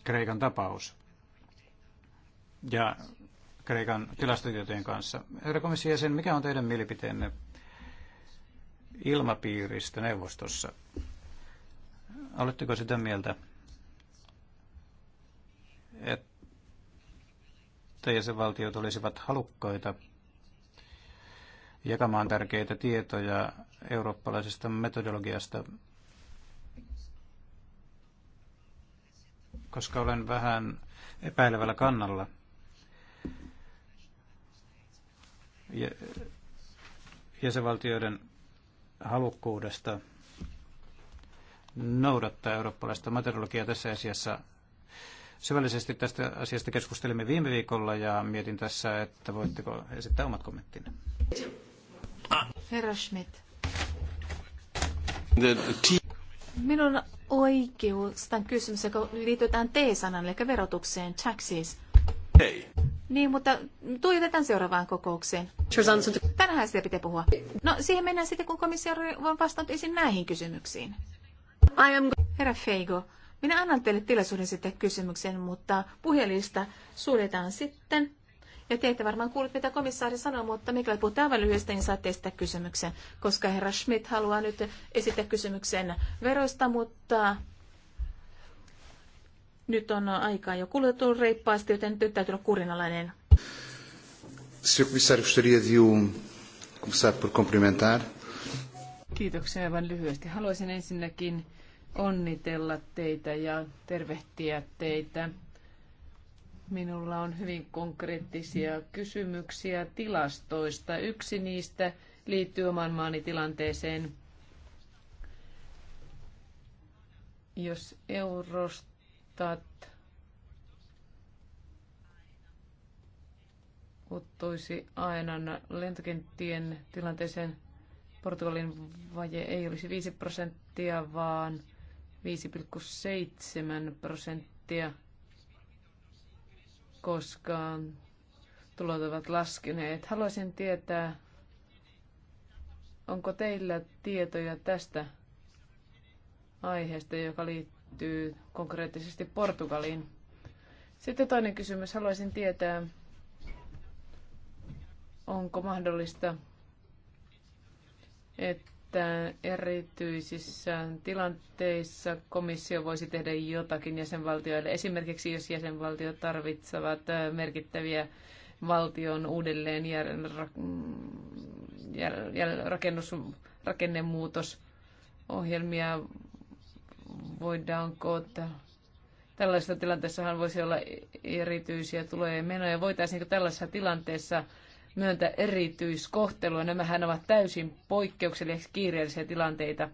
[SPEAKER 5] Kreikan tapaus ja Kreikan tilastotietojen kanssa. Herra komission jäsen, mikä on teidän mielipiteenne ilmapiiristä neuvostossa? Oletteko sitä mieltä, että jäsenvaltiot olisivat halukkaita jakamaan tärkeitä tietoja eurooppalaisesta metodologiasta, koska olen vähän epäilevällä kannalla – jäsenvaltioiden halukkuudesta noudattaa eurooppalaista materiologiaa tässä asiassa. Syvällisesti tästä asiasta keskustelimme viime viikolla ja mietin tässä, että voitteko esittää omat kommenttinne.
[SPEAKER 2] Herra Schmidt. Minun oikeustan kysymys, joka liittyy tähän T-sanan, eli verotukseen, taxis. Hei. Niin, mutta tuijotetaan seuraavaan kokoukseen. Tänähän sitä pitää puhua. No, siihen mennään sitten, kun komissio on vastannut esiin näihin kysymyksiin. I am... Herra Feigo, minä annan teille tilaisuuden sitten kysymyksen, mutta puhelista suljetaan sitten. Ja te ette varmaan kuullut, mitä komissaari sanoi, mutta mikä puhutaan aivan lyhyesti, niin saatte esittää kysymyksen, koska herra Schmidt haluaa nyt esittää kysymyksen veroista, mutta nyt on aikaa jo kulutettu reippaasti, joten nyt täytyy olla kurinalainen.
[SPEAKER 3] Sr. gostaria um, começar por cumprimentar.
[SPEAKER 4] Kiitoksia aivan lyhyesti. Haluaisin ensinnäkin onnitella teitä ja tervehtiä teitä. Minulla on hyvin konkreettisia kysymyksiä tilastoista. Yksi niistä liittyy oman maani tilanteeseen. Jos eurosta Verhofstadt ottoisi aina lentokenttien tilanteeseen Portugalin vaje ei olisi 5 prosenttia, vaan 5,7 prosenttia, koska tulot ovat laskeneet. Haluaisin tietää, onko teillä tietoja tästä aiheesta, joka liittyy liittyy konkreettisesti Portugaliin. Sitten toinen kysymys. Haluaisin tietää, onko mahdollista, että erityisissä tilanteissa komissio voisi tehdä jotakin jäsenvaltioille. Esimerkiksi jos jäsenvaltiot tarvitsevat merkittäviä valtion uudelleen jär, jär, jär, rakennemuutosohjelmia voidaanko tällaisessa tilanteessahan voisi olla erityisiä tuloja ja menoja. Voitaisiinko tällaisessa tilanteessa myöntää erityiskohtelua? Nämähän ovat täysin poikkeuksellisia kiireellisiä tilanteita.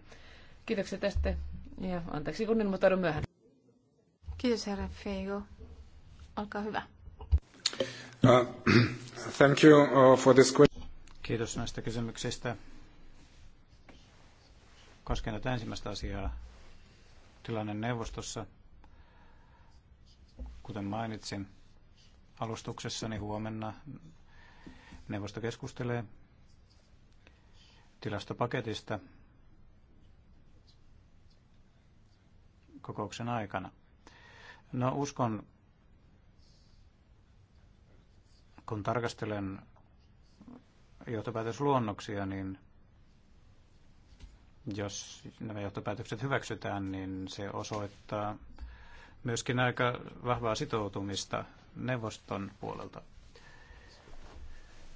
[SPEAKER 4] Kiitoksia tästä ja anteeksi kun ilmoittaudun myöhään.
[SPEAKER 2] Kiitos herra Feigo. Olkaa hyvä.
[SPEAKER 5] Uh, [CLEARS THROAT] thank you uh, for this question. Kiitos näistä kysymyksistä. Koskien tätä ensimmäistä asiaa, Tilanne neuvostossa, kuten mainitsin alustuksessani huomenna, neuvosto keskustelee tilastopaketista kokouksen aikana. No uskon, kun tarkastelen johtopäätösluonnoksia, niin jos nämä johtopäätökset hyväksytään, niin se osoittaa myöskin aika vahvaa sitoutumista neuvoston puolelta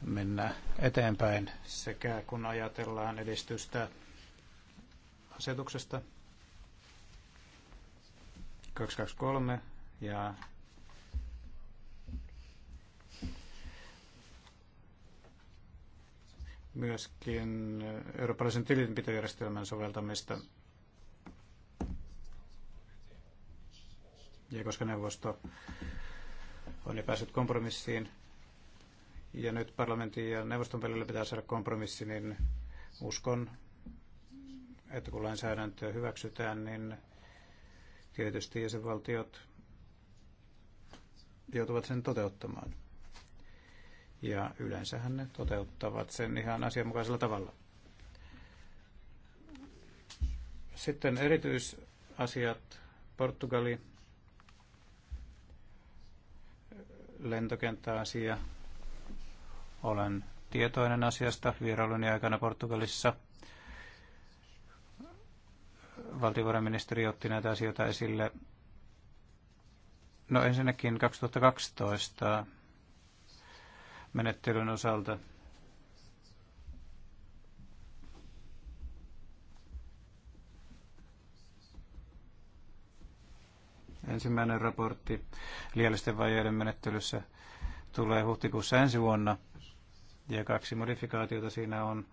[SPEAKER 5] mennä eteenpäin sekä kun ajatellaan edistystä asetuksesta 223 ja myöskin eurooppalaisen tilinpitojärjestelmän soveltamista. Ja koska neuvosto on jo päässyt kompromissiin, ja nyt parlamentin ja neuvoston välillä pitää saada kompromissi, niin uskon, että kun lainsäädäntöä hyväksytään, niin tietysti jäsenvaltiot joutuvat sen toteuttamaan. Ja yleensähän ne toteuttavat sen ihan asianmukaisella tavalla. Sitten erityisasiat. Portugali, lentokenttäasia. Olen tietoinen asiasta vierailuni aikana Portugalissa. Valtiovarainministeri otti näitä asioita esille. No ensinnäkin 2012 menettelyn osalta. Ensimmäinen raportti liiallisten vajeiden menettelyssä tulee huhtikuussa ensi vuonna ja kaksi modifikaatiota siinä on.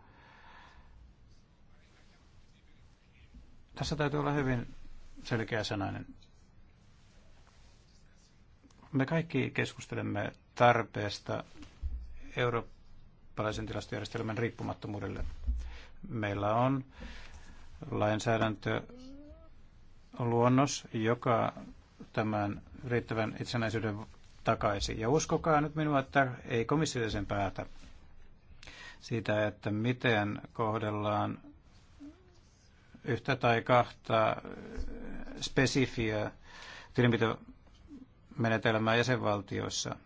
[SPEAKER 5] Tässä täytyy olla hyvin selkeä sanainen. Me kaikki keskustelemme tarpeesta eurooppalaisen tilastojärjestelmän riippumattomuudelle. Meillä on lainsäädäntö luonnos, joka tämän riittävän itsenäisyyden takaisi Ja uskokaa nyt minua, että ei komissio sen päätä siitä, että miten kohdellaan yhtä tai kahta spesifiä tilinpitomenetelmää jäsenvaltioissa –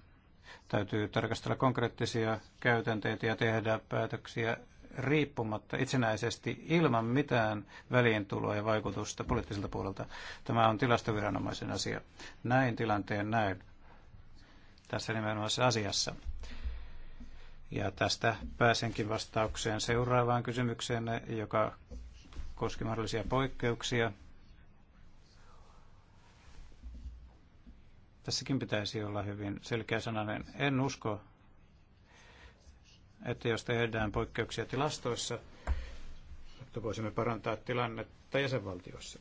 [SPEAKER 5] Täytyy tarkastella konkreettisia käytänteitä ja tehdä päätöksiä riippumatta itsenäisesti ilman mitään väliintuloa ja vaikutusta poliittiselta puolelta. Tämä on tilastoviranomaisen asia. Näin tilanteen näin tässä nimenomaisessa asiassa. Ja tästä pääsenkin vastaukseen seuraavaan kysymykseen, joka koski mahdollisia poikkeuksia Tässäkin pitäisi olla hyvin selkeä sananen. En usko, että jos tehdään poikkeuksia tilastoissa, että voisimme parantaa tilannetta jäsenvaltiossa.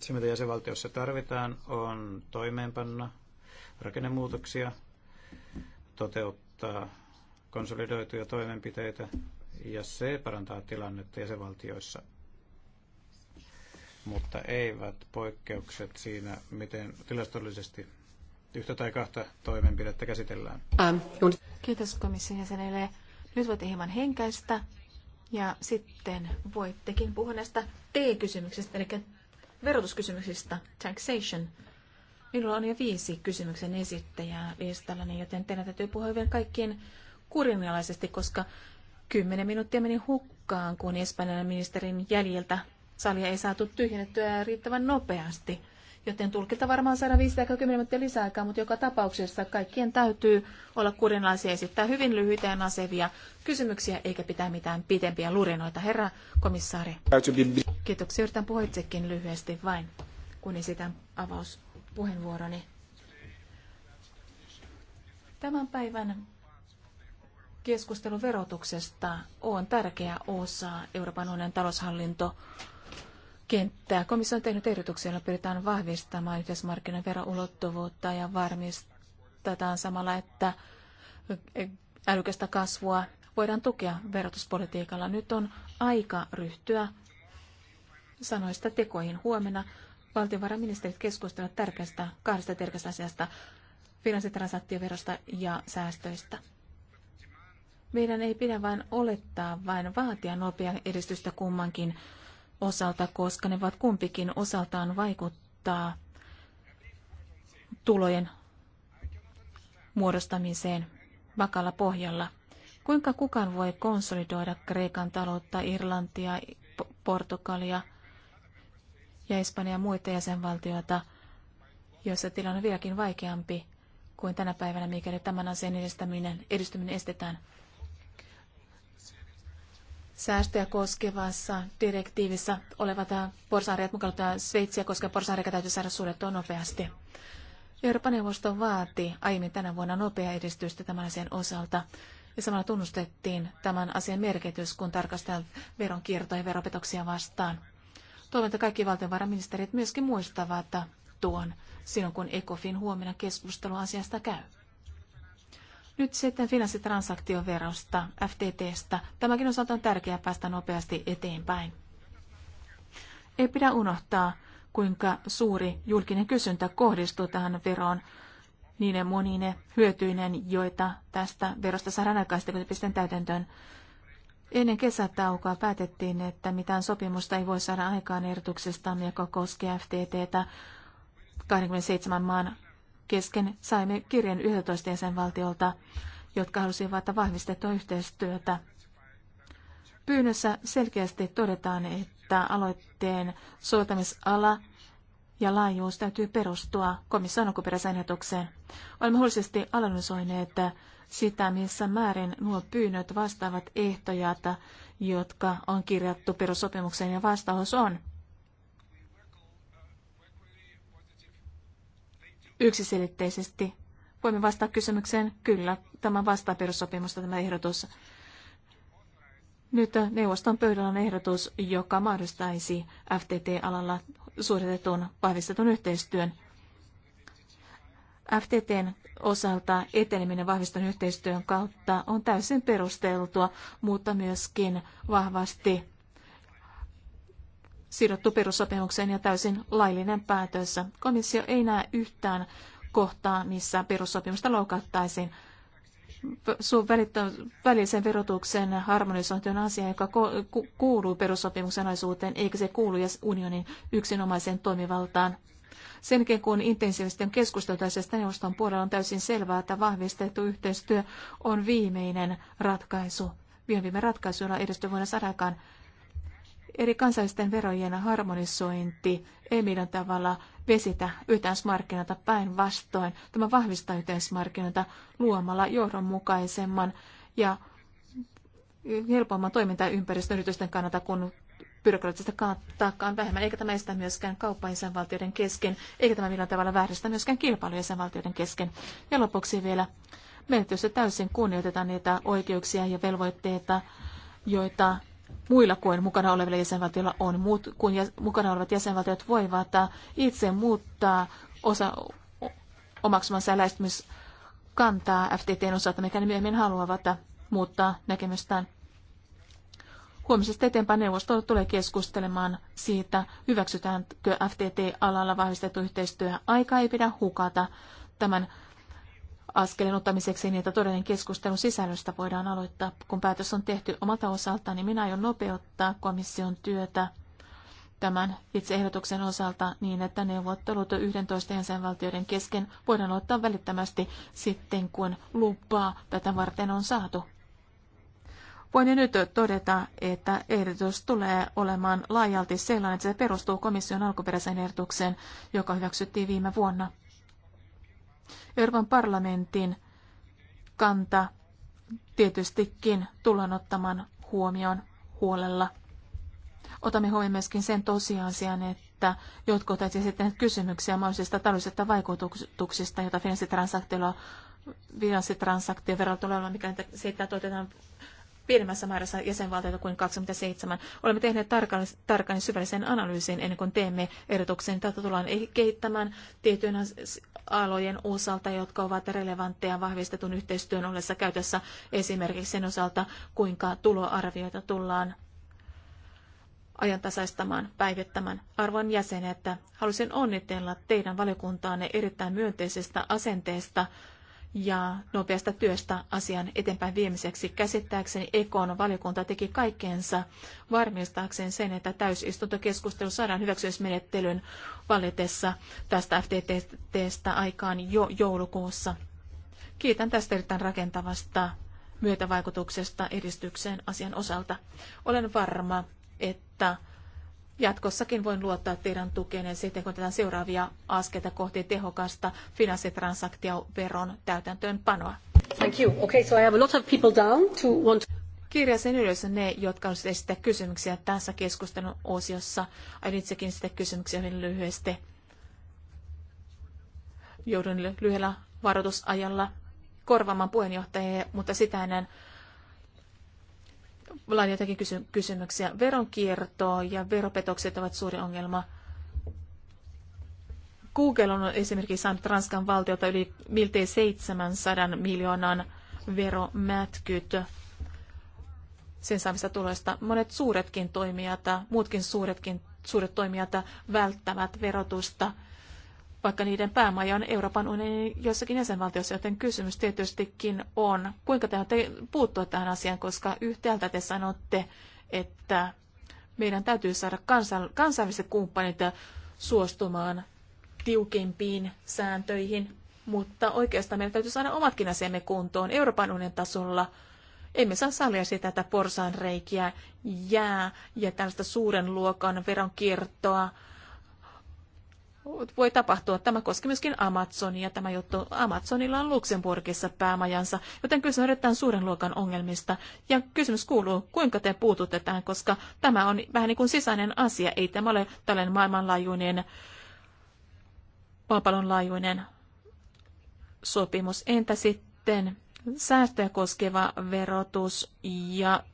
[SPEAKER 5] Se, mitä jäsenvaltiossa tarvitaan, on toimeenpanna rakennemuutoksia, toteuttaa konsolidoituja toimenpiteitä, ja se parantaa tilannetta jäsenvaltioissa mutta eivät poikkeukset siinä, miten tilastollisesti yhtä tai kahta toimenpidettä käsitellään.
[SPEAKER 2] Ähm, Kiitos komission jäsenelle. Nyt voitte hieman henkäistä ja sitten voittekin puhua näistä T-kysymyksistä, eli verotuskysymyksistä, taxation. Minulla on jo viisi kysymyksen esittäjää listallani, niin joten teidän täytyy puhua hyvin kaikkien kurinalaisesti, koska kymmenen minuuttia meni hukkaan, kun espanjalainen ministerin jäljiltä Salia ei saatu tyhjennettyä riittävän nopeasti, joten tulkinta varmaan saada 50 minuuttia lisäaikaa, mutta joka tapauksessa kaikkien täytyy olla kurinlaisia esittää hyvin lyhyitä ja nasevia kysymyksiä, eikä pitää mitään pitempiä lurinoita. Herra komissaari, kiitoksia. Yritän puhua itsekin lyhyesti vain, kun esitän avauspuheenvuoroni. Tämän päivän keskustelu verotuksesta on tärkeä osa Euroopan unionin taloushallinto kenttää. Komissio on tehnyt ehdotuksia, joilla pyritään vahvistamaan yhteismarkkinan veroulottuvuutta ja varmistetaan samalla, että älykästä kasvua voidaan tukea verotuspolitiikalla. Nyt on aika ryhtyä sanoista tekoihin huomenna. Valtiovarainministerit keskustelevat tärkeästä, kahdesta tärkeästä asiasta, finanssitransaktioverosta ja säästöistä. Meidän ei pidä vain olettaa, vain vaatia nopeaa edistystä kummankin osalta, koska ne ovat kumpikin osaltaan vaikuttaa tulojen muodostamiseen vakalla pohjalla. Kuinka kukaan voi konsolidoida Kreikan taloutta, Irlantia, Portugalia ja ja muita jäsenvaltioita, joissa tilanne on vieläkin vaikeampi kuin tänä päivänä, mikäli tämän asian edistäminen, edistyminen estetään? säästöjä koskevassa direktiivissä olevat porsaareet mukaan Sveitsiä koska porsaareita täytyy saada suljettua nopeasti. Euroopan neuvosto vaati aiemmin tänä vuonna nopeaa edistystä tämän asian osalta ja samalla tunnustettiin tämän asian merkitys, kun tarkastellaan veronkiertoa ja veropetoksia vastaan. Toivon, että kaikki valtiovarainministerit myöskin muistavat tuon silloin, kun ECOFIN huomenna keskustelu asiasta käy. Nyt sitten finanssitransaktioverosta, FTTstä. Tämäkin osalta on tärkeää päästä nopeasti eteenpäin. Ei pidä unohtaa, kuinka suuri julkinen kysyntä kohdistuu tähän veroon niin monine hyötyinen, joita tästä verosta saadaan aikaisesti, kun täytäntöön. Ennen kesätaukoa päätettiin, että mitään sopimusta ei voi saada aikaan ehdotuksestamme, joka koskee FTTtä 27 maan kesken saimme kirjan 11 jäsenvaltiolta, jotka halusivat vahvistettua yhteistyötä. Pyynnössä selkeästi todetaan, että aloitteen soveltamisala ja laajuus täytyy perustua komission alkuperäiseen ehdotukseen. Olemme huolisesti analysoineet sitä, missä määrin nuo pyynnöt vastaavat ehtoja, jotka on kirjattu perussopimukseen ja vastaus on – yksiselitteisesti. Voimme vastata kysymykseen, kyllä, tämä vastaa perussopimusta tämä ehdotus. Nyt neuvoston pöydällä on ehdotus, joka mahdollistaisi FTT-alalla suoritetun vahvistetun yhteistyön. FTTn osalta eteneminen vahvistetun yhteistyön kautta on täysin perusteltua, mutta myöskin vahvasti sidottu perussopimukseen ja täysin laillinen päätös. Komissio ei näe yhtään kohtaa, missä perussopimusta loukattaisiin. Sun välisen verotuksen harmonisointi on asia, joka kuuluu perussopimuksen alaisuuteen, eikä se kuulu unionin yksinomaiseen toimivaltaan. Sen jälkeen, kun keskusteltu asiasta neuvoston puolella on täysin selvää, että vahvistettu yhteistyö on viimeinen ratkaisu. Viime ratkaisu, jolla edestä voidaan aikaan eri kansallisten verojen harmonisointi ei millään tavalla vesitä yhteismarkkinoita päinvastoin. Tämä vahvistaa yhteismarkkinoita luomalla johdonmukaisemman ja helpomman toimintaympäristön yritysten kannalta, kun byrokraattista taakkaa on vähemmän, eikä tämä estä myöskään kauppaa valtioiden kesken, eikä tämä millään tavalla vääristä myöskään kilpailu valtioiden kesken. Ja lopuksi vielä menettelyssä täysin kunnioitetaan niitä oikeuksia ja velvoitteita, joita muilla kuin mukana olevilla jäsenvaltioilla on. Muut kuin jä, mukana olevat jäsenvaltiot voivat itse muuttaa osa omaksumansa lähestymiskantaa FTTn osalta, mikä ne myöhemmin haluavat muuttaa näkemystään. Huomisesta eteenpäin neuvosto tulee keskustelemaan siitä, hyväksytäänkö FTT-alalla vahvistettu yhteistyö. Aika ei pidä hukata tämän askelen ottamiseksi niin, että todellinen keskustelu sisällöstä voidaan aloittaa. Kun päätös on tehty omalta osalta, niin minä aion nopeuttaa komission työtä tämän itse ehdotuksen osalta niin, että neuvottelut 11 jäsenvaltioiden kesken voidaan aloittaa välittömästi sitten, kun lupaa tätä varten on saatu. Voin nyt todeta, että ehdotus tulee olemaan laajalti sellainen, että se perustuu komission alkuperäiseen ehdotukseen, joka hyväksyttiin viime vuonna. Euroopan parlamentin kanta tietystikin tullaan ottamaan huomioon huolella. Otamme huomioon myöskin sen tosiasian, että jotkut ovat esittäneet kysymyksiä mahdollisista taloudellisista vaikutuksista, joita finanssitransaktioilla finanssitransaktioverolla tulee olla, mikä siitä toteutetaan pienemmässä määrässä jäsenvaltioita kuin 27. Olemme tehneet tarkan, tarkan syvällisen analyysin ennen kuin teemme ehdotuksen. Tätä tullaan eh- kehittämään tiettyjen alojen osalta, jotka ovat relevantteja vahvistetun yhteistyön ollessa käytössä esimerkiksi sen osalta, kuinka tuloarvioita tullaan ajantasaistamaan, päivittämään. Arvon jäsenet, halusin onnitella teidän valiokuntaanne erittäin myönteisestä asenteesta ja nopeasta työstä asian eteenpäin viemiseksi. Käsittääkseni Ekon valiokunta teki kaikkeensa varmistaakseen sen, että täysistuntokeskustelu saadaan hyväksymismenettelyn valitessa tästä FTTstä aikaan jo joulukuussa. Kiitän tästä erittäin rakentavasta myötävaikutuksesta edistykseen asian osalta. Olen varma, että Jatkossakin voin luottaa teidän tukeenne sitten, kun otetaan seuraavia askelta kohti tehokasta finanssitransaktioveron täytäntöönpanoa. Thank you. Okay, so I have a lot of people down to want kirjasin ylös ne, jotka olisivat esittää kysymyksiä tässä keskustelun osiossa. Aion itsekin sitä kysymyksiä hyvin lyhyesti. Joudun lyhyellä varoitusajalla korvaamaan puheenjohtajia, mutta sitä ennen Mulla on jotakin kysy- kysymyksiä. Veronkierto ja veropetokset ovat suuri ongelma. Google on esimerkiksi saanut Ranskan valtiota yli miltei 700 miljoonan veromätkyt sen saamista tuloista. Monet suuretkin toimijat, muutkin suuretkin, suuret toimijat välttävät verotusta vaikka niiden päämaja on Euroopan unionin jossakin jäsenvaltiossa, joten kysymys tietystikin on, kuinka te olette puuttua tähän asiaan, koska yhtäältä te sanotte, että meidän täytyy saada kansan, kansainväliset kumppanit suostumaan tiukempiin sääntöihin, mutta oikeastaan meidän täytyy saada omatkin asiamme kuntoon Euroopan unionin tasolla. Emme saa sallia sitä, että porsaan reikiä jää ja tällaista suuren luokan veronkiertoa voi tapahtua. Tämä koski myöskin Amazonia. Tämä juttu Amazonilla on Luxemburgissa päämajansa, joten kyse on erittäin suuren luokan ongelmista. Ja kysymys kuuluu, kuinka te puututte tähän, koska tämä on vähän niin kuin sisäinen asia. Ei tämä ole tällainen maailmanlaajuinen, maapallonlaajuinen sopimus. Entä sitten säästöjä koskeva verotus ja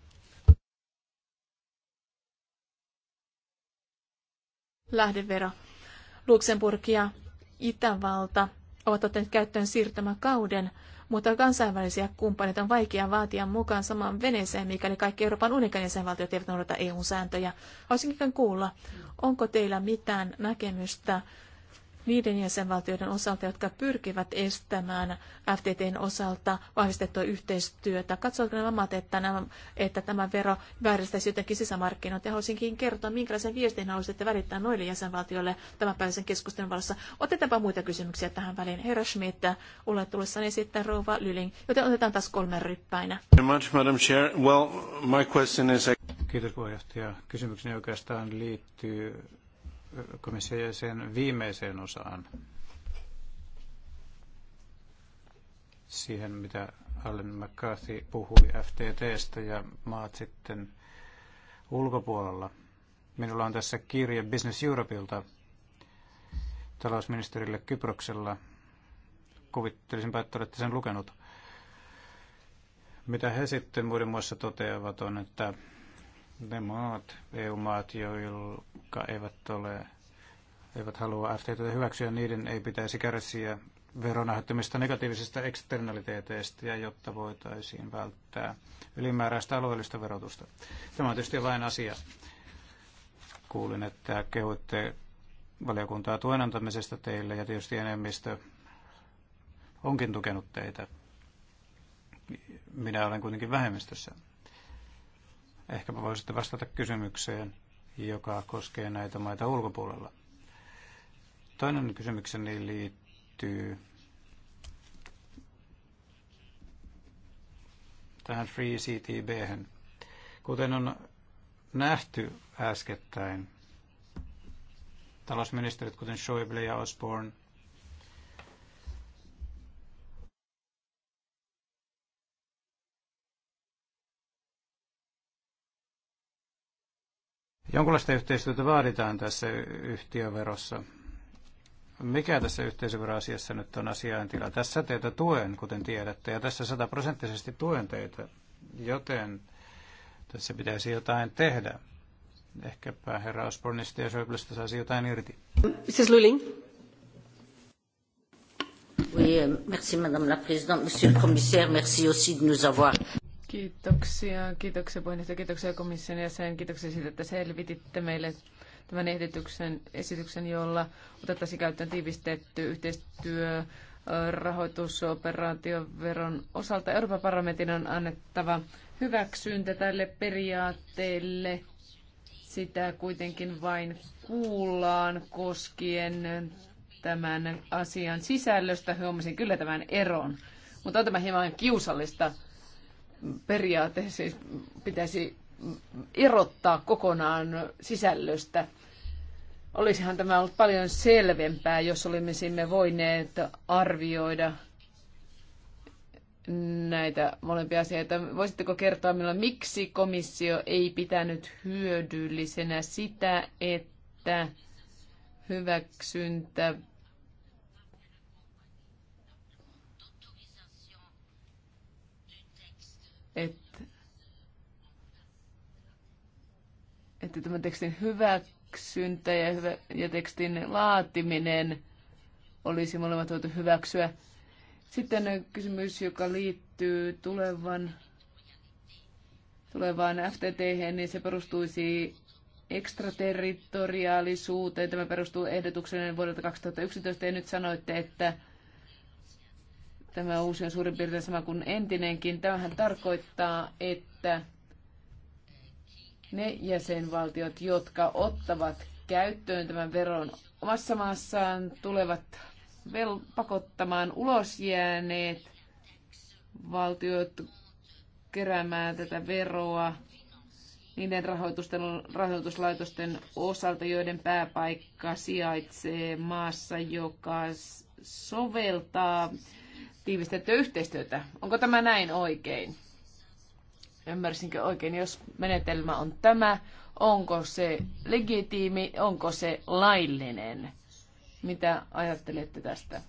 [SPEAKER 2] lähdevero? Luxemburg ja Itävalta ovat ottaneet käyttöön siirtymäkauden, mutta kansainvälisiä kumppaneita on vaikea vaatia mukaan samaan veneeseen, mikäli kaikki Euroopan unionin jäsenvaltiot eivät noudata EU-sääntöjä. Haluaisinkin kuulla, onko teillä mitään näkemystä niiden jäsenvaltioiden osalta, jotka pyrkivät estämään FTTn osalta vahvistettua yhteistyötä. Katsovatko nämä maat, että, nämä, että tämä vero vääristäisi jotenkin sisämarkkinoita? Ja haluaisinkin kertoa, minkälaisen viestin haluaisitte välittää noille jäsenvaltioille tämän päivän keskustelun valossa. Otetaanpa muita kysymyksiä tähän väliin. Herra Schmidt, olet tullessani sitten rouva Lyling, joten otetaan taas kolme ryppäinä.
[SPEAKER 5] Kiitos puheenjohtaja. Kysymykseni oikeastaan liittyy komission sen viimeiseen osaan, siihen mitä Allen McCarthy puhui FTTstä ja maat sitten ulkopuolella. Minulla on tässä kirje Business Europeilta talousministerille Kyproksella. Kuvittelisin että olette sen lukenut. Mitä he sitten muiden muassa toteavat on, että ne maat, EU-maat, jotka eivät ole eivät halua FTT hyväksyä, niiden ei pitäisi kärsiä veronahdottomista negatiivisista eksternaliteeteista, ja jotta voitaisiin välttää ylimääräistä alueellista verotusta. Tämä on tietysti vain asia. Kuulin, että kehuitte valiokuntaa tuen antamisesta teille, ja tietysti enemmistö onkin tukenut teitä. Minä olen kuitenkin vähemmistössä. Ehkäpä voisitte vastata kysymykseen, joka koskee näitä maita ulkopuolella. Toinen kysymykseni liittyy tähän Free ctb -hän. Kuten on nähty äskettäin, talousministerit kuten Schäuble ja Osborne Jonkinlaista yhteistyötä vaaditaan tässä yhtiöverossa. Mikä tässä yhteisöveroasiassa nyt on asiaintila? Tässä teitä tuen, kuten tiedätte, ja tässä sataprosenttisesti tuen teitä, joten tässä pitäisi jotain tehdä. Ehkäpä herra Osbornista ja Schäublesta saisi jotain irti.
[SPEAKER 2] Mrs. Lulling.
[SPEAKER 1] Oui, euh, merci Madame la Présidente. Monsieur le Commissaire, merci aussi de nous avoir
[SPEAKER 4] Kiitoksia, kiitoksia puheenjohtaja, kiitoksia komission jäsen, kiitoksia siitä, että selvititte meille tämän ehdotuksen, esityksen, jolla otettaisiin käyttöön tiivistetty yhteistyö rahoitusoperaatioveron osalta. Euroopan parlamentin on annettava hyväksyntä tälle periaatteelle. Sitä kuitenkin vain kuullaan koskien tämän asian sisällöstä. Huomasin kyllä tämän eron, mutta on tämä hieman kiusallista periaate siis pitäisi irrottaa kokonaan sisällöstä. Olisihan tämä ollut paljon selvempää, jos olimme sinne voineet arvioida näitä molempia asioita. Voisitteko kertoa minulle, miksi komissio ei pitänyt hyödyllisenä sitä, että hyväksyntä että, että tämän tekstin hyväksyntä ja, hyvä, ja tekstin laatiminen olisi molemmat voitu hyväksyä. Sitten kysymys, joka liittyy tulevan, tulevaan FTT, niin se perustuisi ekstraterritoriaalisuuteen. Tämä perustuu ehdotukseen vuodelta 2011 ja nyt sanoitte, että Tämä uusi on suurin piirtein sama kuin entinenkin. Tämähän tarkoittaa, että ne jäsenvaltiot, jotka ottavat käyttöön tämän veron omassa maassaan, tulevat vel- pakottamaan jääneet valtiot keräämään tätä veroa niiden rahoituslaitosten osalta, joiden pääpaikka sijaitsee maassa, joka soveltaa tiivistettyä yhteistyötä. Onko tämä näin oikein? Ymmärsinkö oikein, jos menetelmä on tämä, onko se legitiimi, onko se laillinen? Mitä ajattelette tästä?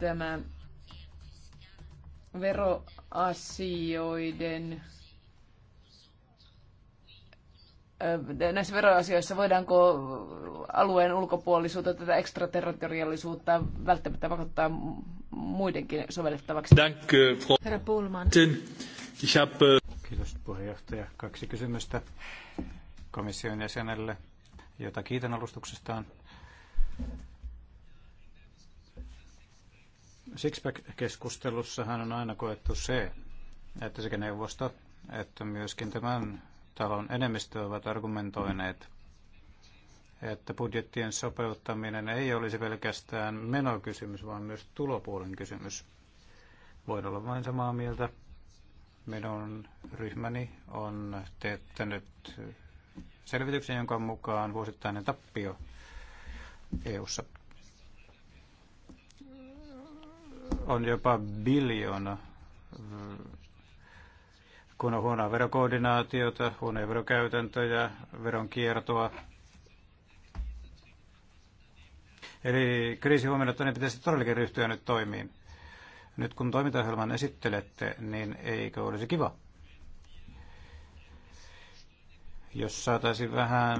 [SPEAKER 4] Tämä veroasioiden näissä veroasioissa, voidaanko alueen ulkopuolisuutta, tätä ekstraterritoriallisuutta välttämättä pakottaa muidenkin
[SPEAKER 5] sovellettavaksi? Dank, äh, Herra Pullman. Äh, Kiitos puheenjohtaja. Kaksi kysymystä komission jäsenelle, jota kiitän alustuksestaan. Sixpack-keskustelussahan on aina koettu se, että sekä neuvosto että myöskin tämän talon enemmistö ovat argumentoineet, että budjettien sopeuttaminen ei olisi pelkästään menokysymys, vaan myös tulopuolen kysymys. Voin olla vain samaa mieltä. Minun ryhmäni on teettänyt selvityksen, jonka mukaan vuosittainen tappio EU-ssa on jopa biljoona kun on huonoa verokoordinaatiota, huonoja verokäytäntöjä, veronkiertoa. Eli kriisi huomioon, että ne pitäisi todellakin ryhtyä nyt toimiin. Nyt kun toimintaohjelman esittelette, niin eikö olisi kiva? Jos saataisiin vähän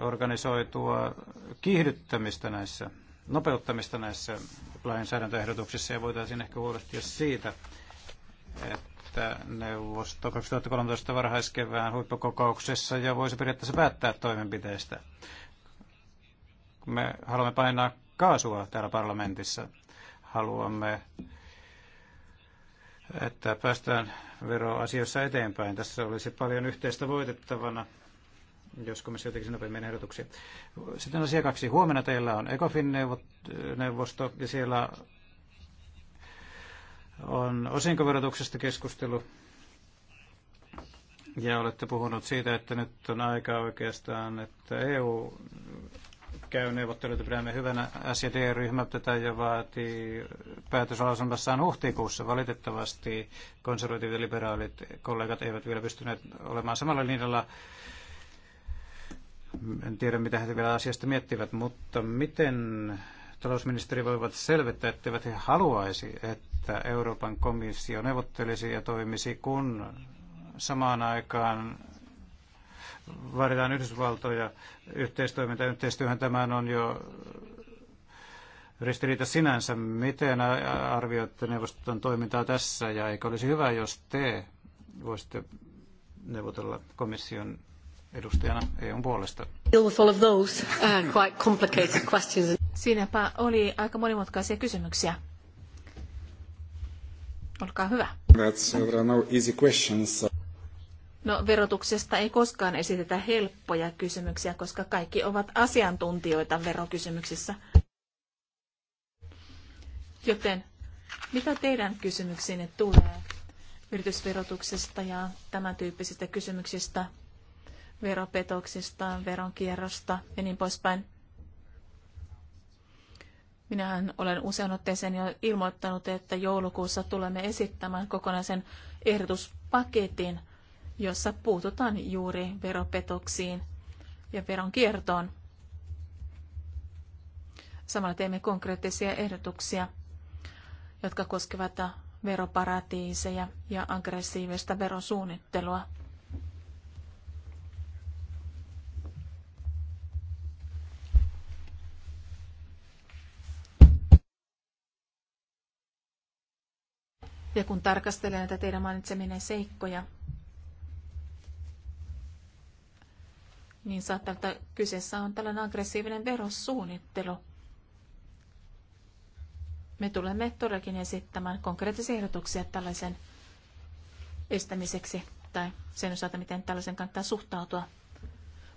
[SPEAKER 5] organisoitua kiihdyttämistä näissä, nopeuttamista näissä lainsäädäntöehdotuksissa ja voitaisiin ehkä huolehtia siitä, että että neuvosto 2013 varhaiskevään huippukokouksessa ja voisi periaatteessa päättää toimenpiteistä. Me haluamme painaa kaasua täällä parlamentissa. Haluamme, että päästään veroasioissa eteenpäin. Tässä olisi paljon yhteistä voitettavana jos komissio tekisi nopeammin ehdotuksia. Sitten asia kaksi. Huomenna teillä on ECOFIN-neuvosto ja siellä on osinkoverotuksesta keskustelu. Ja olette puhunut siitä, että nyt on aika oikeastaan, että EU käy neuvotteluita pidämme hyvänä. SJD-ryhmä tätä jo vaatii päätöslausunnossaan huhtikuussa. Valitettavasti konservatiivit ja liberaalit kollegat eivät vielä pystyneet olemaan samalla linjalla. En tiedä, mitä he vielä asiasta miettivät, mutta miten talousministeri voivat selvittää, etteivät he haluaisi, että että Euroopan komissio neuvottelisi ja toimisi, kun samaan aikaan vaaditaan Yhdysvaltoja yhteistoiminta. Yhteistyöhön tämän on jo ristiriita sinänsä. Miten arvioitte neuvoston toimintaa tässä ja eikö olisi hyvä, jos te voisitte neuvotella komission edustajana EUn puolesta?
[SPEAKER 2] Uh, Siinäpä oli aika monimutkaisia kysymyksiä. Olkaa hyvä.
[SPEAKER 1] That's no easy questions.
[SPEAKER 2] No verotuksesta ei koskaan esitetä helppoja kysymyksiä, koska kaikki ovat asiantuntijoita verokysymyksissä. Joten mitä teidän kysymyksiinne tulee yritysverotuksesta ja tämän tyyppisistä kysymyksistä, veropetoksista, veronkierrosta ja niin poispäin? Minähän olen usein otteeseen jo ilmoittanut, että joulukuussa tulemme esittämään kokonaisen ehdotuspaketin, jossa puututaan juuri veropetoksiin ja veronkiertoon. Samalla teemme konkreettisia ehdotuksia, jotka koskevat veroparatiiseja ja aggressiivista verosuunnittelua. Ja kun tarkastelen näitä teidän mainitseminen seikkoja, niin saattaa, että kyseessä on tällainen aggressiivinen verosuunnittelu. Me tulemme todellakin esittämään konkreettisia ehdotuksia tällaisen estämiseksi tai sen osalta, miten tällaisen kannattaa suhtautua.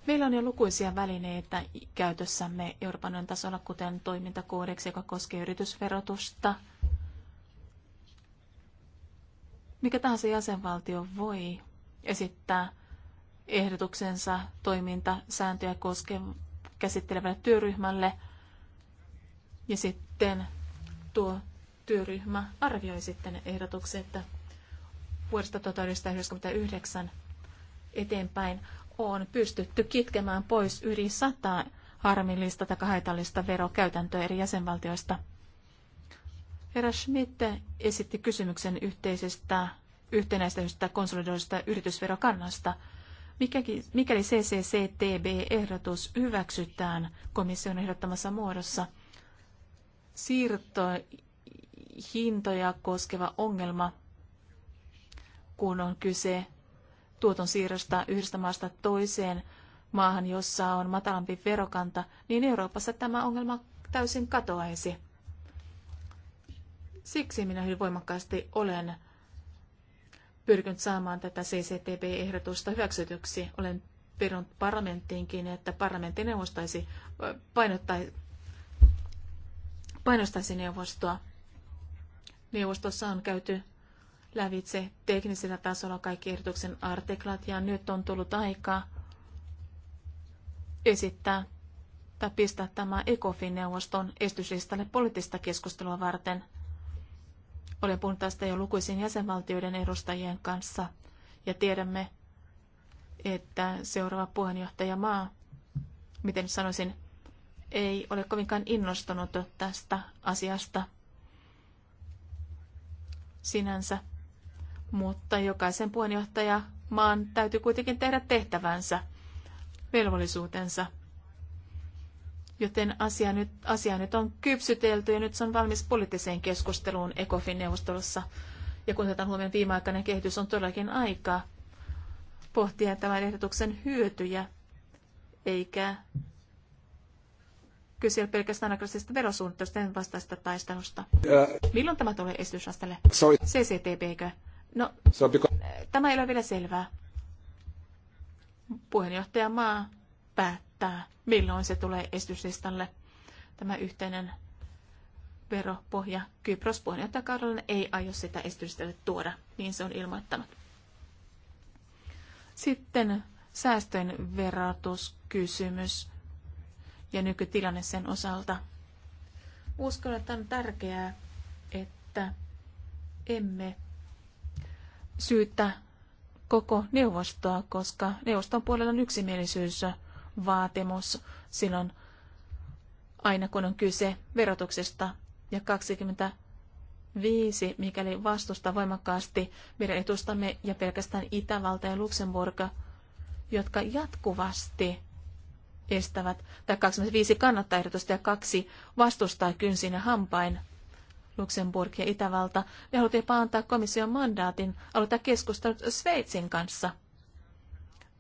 [SPEAKER 2] Meillä on jo lukuisia välineitä käytössämme Euroopan tasolla, kuten toimintakoodeksi, joka koskee yritysverotusta – mikä tahansa jäsenvaltio voi esittää ehdotuksensa toimintasääntöjä koskevan käsittelevälle työryhmälle ja sitten tuo työryhmä arvioi sitten ehdotukset vuodesta 1999 eteenpäin on pystytty kitkemään pois yli sata harmillista tai haitallista verokäytäntöä eri jäsenvaltioista – Herra Schmidt esitti kysymyksen yhteisestä yhtenäistä konsolidoidusta yritysverokannasta. Mikäli, mikäli CCCTB-ehdotus hyväksytään komission ehdottamassa muodossa, siirtohintoja koskeva ongelma, kun on kyse tuoton siirrosta yhdestä maasta toiseen maahan, jossa on matalampi verokanta, niin Euroopassa tämä ongelma täysin katoaisi. Siksi minä hyvin voimakkaasti olen pyrkinyt saamaan tätä CCTB-ehdotusta hyväksytyksi. Olen pyrkinyt parlamenttiinkin, että parlamentti neuvostaisi, painottaisi, painostaisi neuvostoa. Neuvostossa on käyty lävitse teknisellä tasolla kaikki ehdotuksen artiklat ja nyt on tullut aika esittää tai pistää tämä ECOFIN-neuvoston estyslistalle poliittista keskustelua varten – olen puhunut tästä jo lukuisin jäsenvaltioiden edustajien kanssa ja tiedämme, että seuraava puheenjohtajamaa, miten sanoisin, ei ole kovinkaan innostunut tästä asiasta sinänsä, mutta jokaisen puheenjohtajamaan täytyy kuitenkin tehdä tehtävänsä, velvollisuutensa – Joten asia nyt, asia nyt on kypsytelty ja nyt se on valmis poliittiseen keskusteluun ECOFIN-neuvostelussa. Ja kun otetaan huomioon viimeaikainen kehitys, on todellakin aika pohtia tämän ehdotuksen hyötyjä, eikä kyse pelkästään aggressiivisesta verosuunnittelusta ja vastaista taistelusta. Äh. Milloin tämä tulee esitysastalle? Sorry. CCTBkö? No, so because... tämä ei ole vielä selvää. Puheenjohtaja maa päättää päättää, milloin se tulee esityslistalle, tämä yhteinen veropohja. Kypros puheenjohtajakaudella ei aio sitä esitystä tuoda, niin se on ilmoittanut. Sitten säästöjen verotuskysymys ja nykytilanne sen osalta. Uskon, että on tärkeää, että emme syytä koko neuvostoa, koska neuvoston puolella on yksimielisyys vaatimus silloin aina kun on kyse verotuksesta ja 25, mikäli vastustaa voimakkaasti meidän etustamme ja pelkästään Itävalta ja Luxemburga, jotka jatkuvasti estävät, tai 25 kannattaa ehdotusta ja kaksi vastustaa kynsin ja hampain Luxemburg ja Itävalta, ja haluttiin antaa komission mandaatin aloittaa keskustelut Sveitsin kanssa –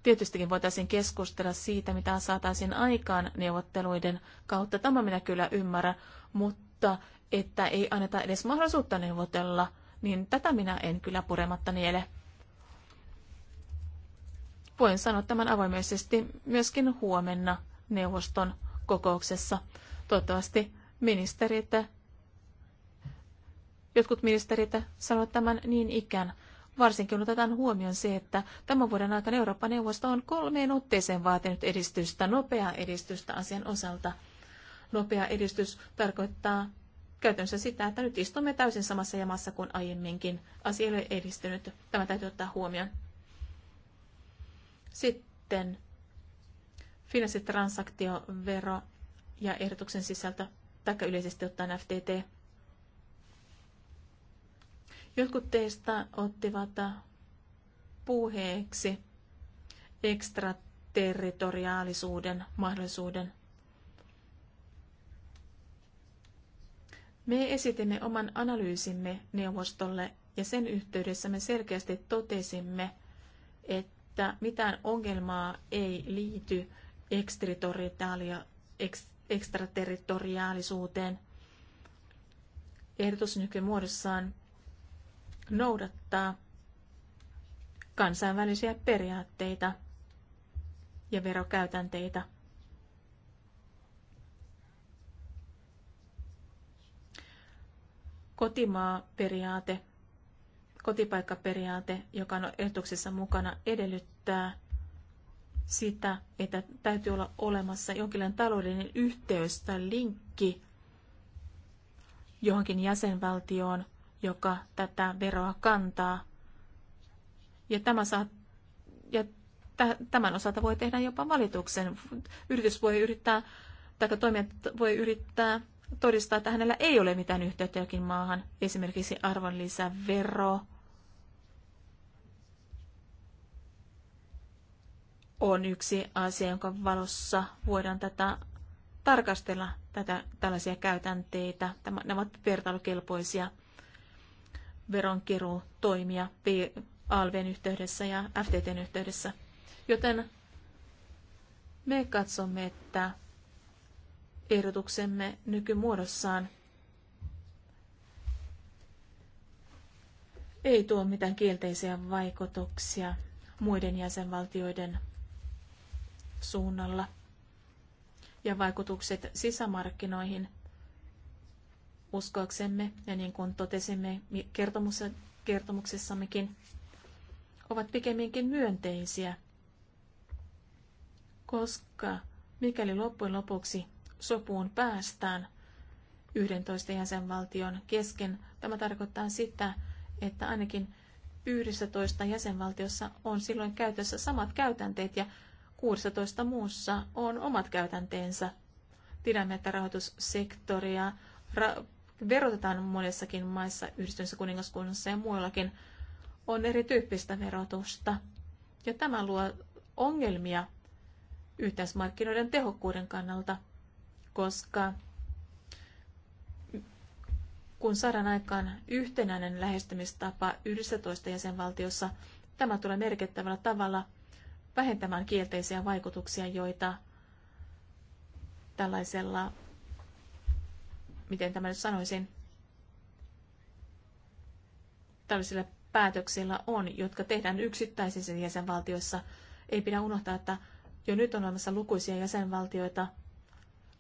[SPEAKER 2] Tietystikin voitaisiin keskustella siitä, mitä saataisiin aikaan neuvotteluiden kautta. Tämä minä kyllä ymmärrän, mutta että ei anneta edes mahdollisuutta neuvotella, niin tätä minä en kyllä purematta niele. Voin sanoa tämän avoimesti myöskin huomenna neuvoston kokouksessa. Toivottavasti ministerit, jotkut ministerit sanovat tämän niin ikään varsinkin kun otetaan huomioon se, että tämän vuoden aikana Euroopan neuvosto on kolmeen otteeseen vaatinut edistystä, nopeaa edistystä asian osalta. Nopea edistys tarkoittaa käytännössä sitä, että nyt istumme täysin samassa jamassa kuin aiemminkin. Asia ei ole edistynyt. Tämä täytyy ottaa huomioon. Sitten finanssitransaktiovero ja ehdotuksen sisältö, taikka yleisesti ottaen FTT Jotkut teistä ottivat puheeksi ekstraterritoriaalisuuden mahdollisuuden. Me esitimme oman analyysimme neuvostolle ja sen yhteydessä me selkeästi totesimme, että mitään ongelmaa ei liity ekstraterritoriaalisuuteen. Ehdotus nykymuodossaan noudattaa kansainvälisiä periaatteita ja verokäytänteitä. Kotimaaperiaate, kotipaikkaperiaate, joka on ehdotuksessa mukana, edellyttää sitä, että täytyy olla olemassa jonkinlainen taloudellinen yhteys tai linkki johonkin jäsenvaltioon – joka tätä veroa kantaa. Ja, tämä saa, ja tämän osalta voi tehdä jopa valituksen. Yritys voi yrittää, tai toimija voi yrittää todistaa, että hänellä ei ole mitään yhteyttä jokin maahan, esimerkiksi arvonlisävero on yksi asia, jonka valossa voidaan tätä tarkastella tätä, tällaisia käytänteitä. Tämä, nämä ovat vertailukelpoisia veronkeruutoimia ALVn yhteydessä ja FTTn yhteydessä. Joten me katsomme, että ehdotuksemme nykymuodossaan ei tuo mitään kielteisiä vaikutuksia muiden jäsenvaltioiden suunnalla. Ja vaikutukset sisämarkkinoihin uskoaksemme, ja niin kuin totesimme kertomuksessammekin, ovat pikemminkin myönteisiä, koska mikäli loppujen lopuksi sopuun päästään 11 jäsenvaltion kesken, tämä tarkoittaa sitä, että ainakin 11 jäsenvaltiossa on silloin käytössä samat käytänteet ja 16 muussa on omat käytänteensä. Pidämme, että rahoitussektoria ra- verotetaan monessakin maissa, yhdistyneessä kuningaskunnassa ja muillakin, on erityyppistä verotusta. Ja tämä luo ongelmia yhteismarkkinoiden tehokkuuden kannalta, koska kun saadaan aikaan yhtenäinen lähestymistapa 11 jäsenvaltiossa, tämä tulee merkittävällä tavalla vähentämään kielteisiä vaikutuksia, joita tällaisella miten tämä nyt sanoisin, tällaisilla päätöksillä on, jotka tehdään yksittäisissä jäsenvaltioissa. Ei pidä unohtaa, että jo nyt on olemassa lukuisia jäsenvaltioita,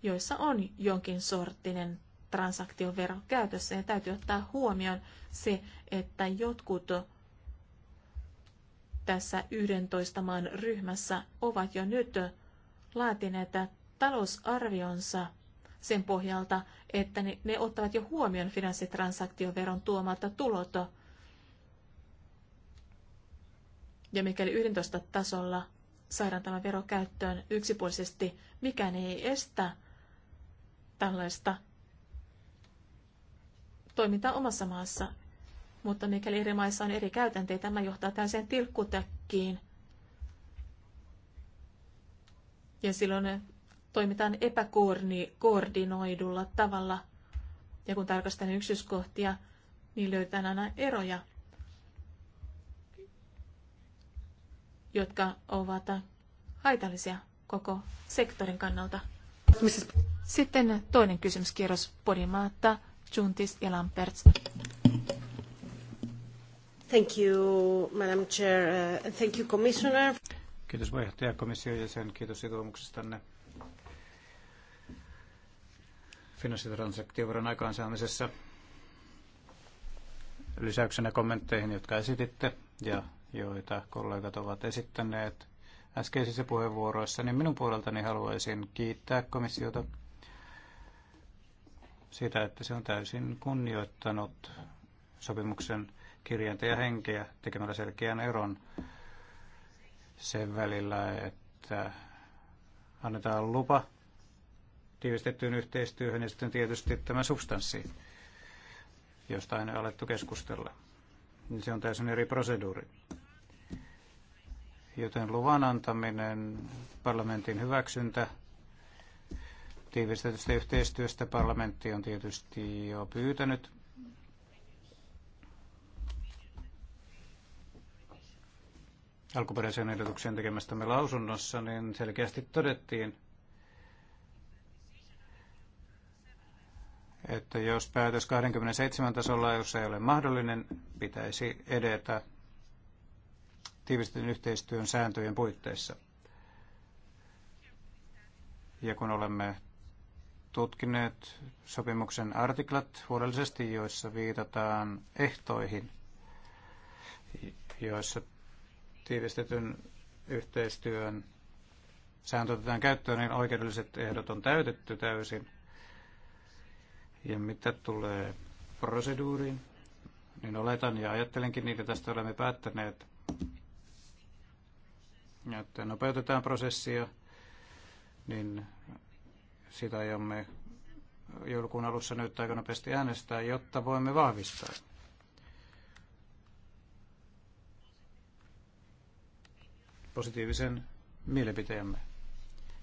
[SPEAKER 2] joissa on jonkin sorttinen transaktiovero käytössä. Ja täytyy ottaa huomioon se, että jotkut tässä 11 maan ryhmässä ovat jo nyt laatineet talousarvionsa – sen pohjalta, että ne, ne ottavat jo huomioon finanssitransaktioveron tuomalta tulot. Ja mikäli 11 tasolla saadaan tämä vero käyttöön yksipuolisesti, mikään ei estä tällaista toimintaa omassa maassa. Mutta mikäli eri maissa on eri käytänteitä, tämä johtaa täysin tilkkutäkkiin. Ja silloin toimitaan epäkoordinoidulla tavalla. Ja kun tarkastan yksityiskohtia, niin löydetään aina eroja, jotka ovat haitallisia koko sektorin kannalta. Sitten toinen kysymyskierros Podimaatta, Juntis ja Lamperts. Thank you, Madam Chair, thank you, Commissioner.
[SPEAKER 5] Kiitos puheenjohtaja komission jäsen, kiitos sitoumuksestanne finanssitransaktioveron aikaansaamisessa lisäyksenä kommentteihin, jotka esititte ja joita kollegat ovat esittäneet äskeisissä puheenvuoroissa, niin minun puoleltani haluaisin kiittää komissiota siitä, että se on täysin kunnioittanut sopimuksen kirjainta ja henkeä tekemällä selkeän eron sen välillä, että annetaan lupa tiivistettyyn yhteistyöhön ja sitten tietysti tämä substanssi, josta aina on alettu keskustella. Niin se on täysin eri proseduuri. Joten luvan antaminen, parlamentin hyväksyntä, tiivistetystä yhteistyöstä parlamentti on tietysti jo pyytänyt alkuperäisen ehdotuksen tekemästämme lausunnossa, niin selkeästi todettiin, että jos päätös 27 tasolla, jos ei ole mahdollinen, pitäisi edetä tiivistetyn yhteistyön sääntöjen puitteissa. Ja kun olemme tutkineet sopimuksen artiklat huolellisesti, joissa viitataan ehtoihin, joissa tiivistetyn yhteistyön sääntö otetaan käyttöön, niin oikeudelliset ehdot on täytetty täysin – ja mitä tulee proseduuriin, niin oletan ja ajattelenkin niitä tästä olemme päättäneet, että nopeutetaan prosessia, niin sitä aiomme joulukuun alussa nyt aika nopeasti äänestää, jotta voimme vahvistaa. positiivisen mielipiteemme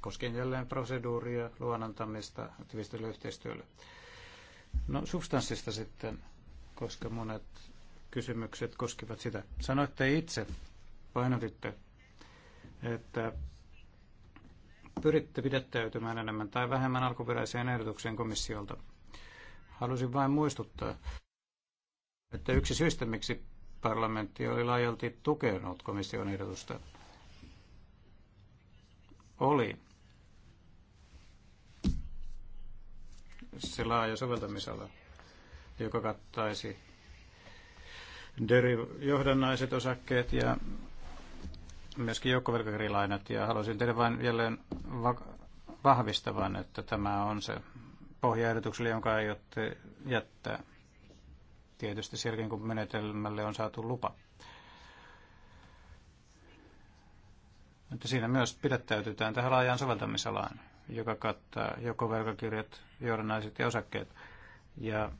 [SPEAKER 5] koskien jälleen proseduuria luonantamista aktiiviselle yhteistyölle. No substanssista sitten, koska monet kysymykset koskivat sitä. Sanoitte itse, painotitte, että pyritte pidättäytymään enemmän tai vähemmän alkuperäiseen ehdotukseen komissiolta. Halusin vain muistuttaa, että yksi syystä, miksi parlamentti oli laajalti tukenut komission ehdotusta, oli, se laaja soveltamisala, joka kattaisi johdannaiset osakkeet ja myöskin joukkovelkakirjalainat. Ja haluaisin teille vain jälleen vahvistavan, että tämä on se pohjaehdotukselle, jonka aiotte jättää. Tietysti sielläkin, kun menetelmälle on saatu lupa. Että siinä myös pidättäytytään tähän laajaan soveltamisalaan joka kattaa joko velkakirjat, johdannaiset ja osakkeet. Ja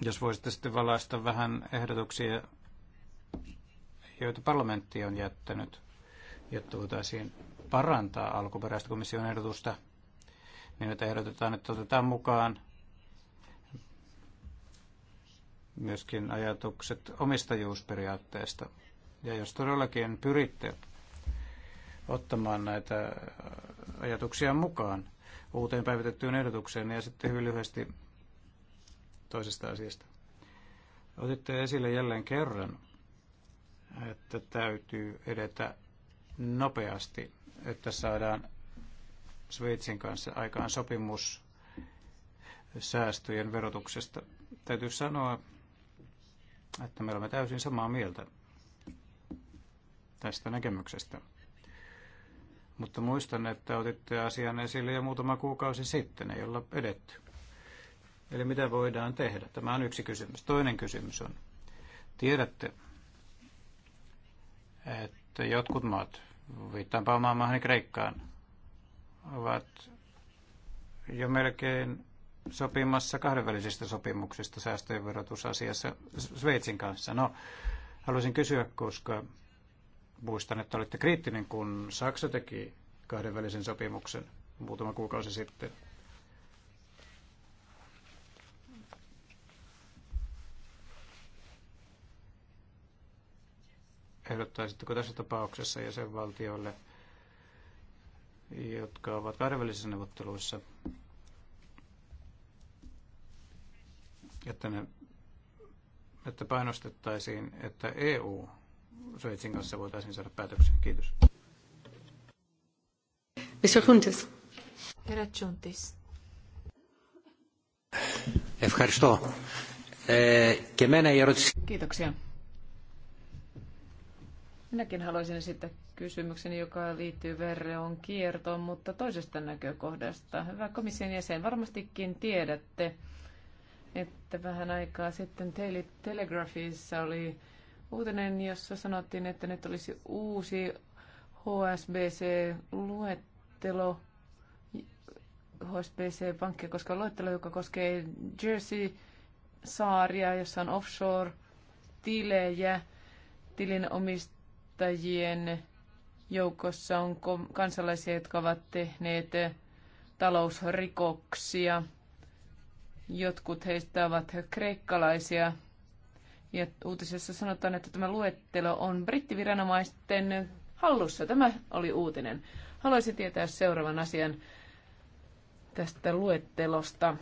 [SPEAKER 5] jos voisitte sitten valaista vähän ehdotuksia, joita parlamentti on jättänyt, jotta voitaisiin parantaa alkuperäistä komission ehdotusta, niin että ehdotetaan, että otetaan mukaan myöskin ajatukset omistajuusperiaatteesta. Ja jos todellakin pyritte ottamaan näitä ajatuksia mukaan uuteen päivitettyyn ehdotukseen. Ja sitten hyvin lyhyesti toisesta asiasta. Otitte esille jälleen kerran, että täytyy edetä nopeasti, että saadaan Sveitsin kanssa aikaan sopimus säästöjen verotuksesta. Täytyy sanoa, että me olemme täysin samaa mieltä tästä näkemyksestä. Mutta muistan, että otitte asian esille jo muutama kuukausi sitten, ei olla edetty. Eli mitä voidaan tehdä? Tämä on yksi kysymys. Toinen kysymys on, tiedätte, että jotkut maat, viittaanpa omaan maahan Kreikkaan, ovat jo melkein sopimassa kahdenvälisistä sopimuksista säästöjen verotusasiassa Sveitsin kanssa. No, haluaisin kysyä, koska Muistan, että olitte kriittinen, kun Saksa teki kahdenvälisen sopimuksen muutama kuukausi sitten. Ehdottaisitteko tässä tapauksessa jäsenvaltioille, jotka ovat kahdenvälisissä neuvotteluissa, että, ne, että painostettaisiin, että EU Sveitsin kanssa voitaisiin saada päätöksiä. Kiitos.
[SPEAKER 2] Mr. Huntis. Herra Chuntis.
[SPEAKER 4] Kiitoksia. Minäkin haluaisin esittää kysymyksen, joka liittyy verreon kiertoon, mutta toisesta näkökohdasta. Hyvä komission jäsen, varmastikin tiedätte, että vähän aikaa sitten Telegraphissa oli uutinen, jossa sanottiin, että nyt olisi uusi HSBC-luettelo, HSBC-pankkia koska luettelo, joka koskee Jersey-saaria, jossa on offshore-tilejä. Tilin omistajien joukossa on kansalaisia, jotka ovat tehneet talousrikoksia. Jotkut heistä ovat kreikkalaisia ja uutisessa sanotaan, että tämä luettelo on brittiviranomaisten hallussa. Tämä oli uutinen. Haluaisin tietää seuraavan asian tästä luettelosta.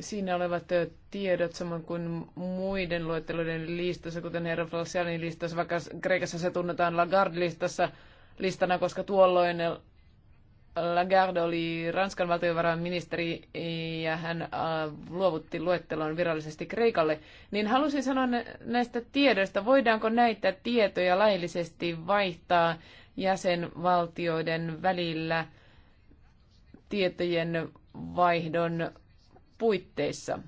[SPEAKER 4] Siinä olevat tiedot, samoin kuin muiden luetteloiden listassa, kuten herra Flassianin listassa, vaikka Kreikassa se tunnetaan Lagarde-listassa listana, koska tuolloin Lagarde oli Ranskan valtiovarainministeri ja hän äh, luovutti luettelon virallisesti Kreikalle, niin halusin sanoa näistä tiedoista, voidaanko näitä tietoja laillisesti vaihtaa jäsenvaltioiden välillä tietojen vaihdon puitteissa.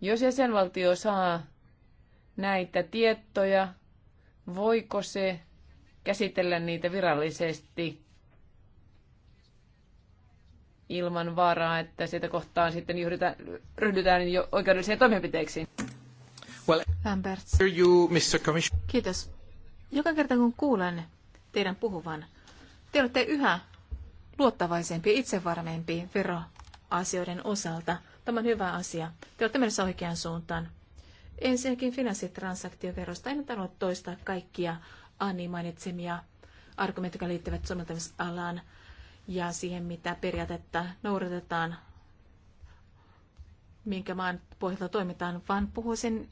[SPEAKER 4] Jos jäsenvaltio saa näitä tietoja, voiko se käsitellä niitä virallisesti ilman vaaraa, että siitä kohtaan sitten ryhdytään
[SPEAKER 2] jo oikeudellisiin toimenpiteisiin. Well, Lamberts. You, Mr. Kiitos. Joka kerta kun kuulen teidän puhuvan, te olette yhä luottavaisempi, itsevarmempi veroasioiden osalta. Tämä on hyvä asia. Te olette menossa oikeaan suuntaan. Ensinnäkin finanssitransaktioverosta en halua toistaa kaikkia Anni mainitsemia argumentteja, jotka liittyvät soveltamisalaan ja siihen, mitä periaatetta noudatetaan, minkä maan pohjalta toimitaan, vaan puhuisin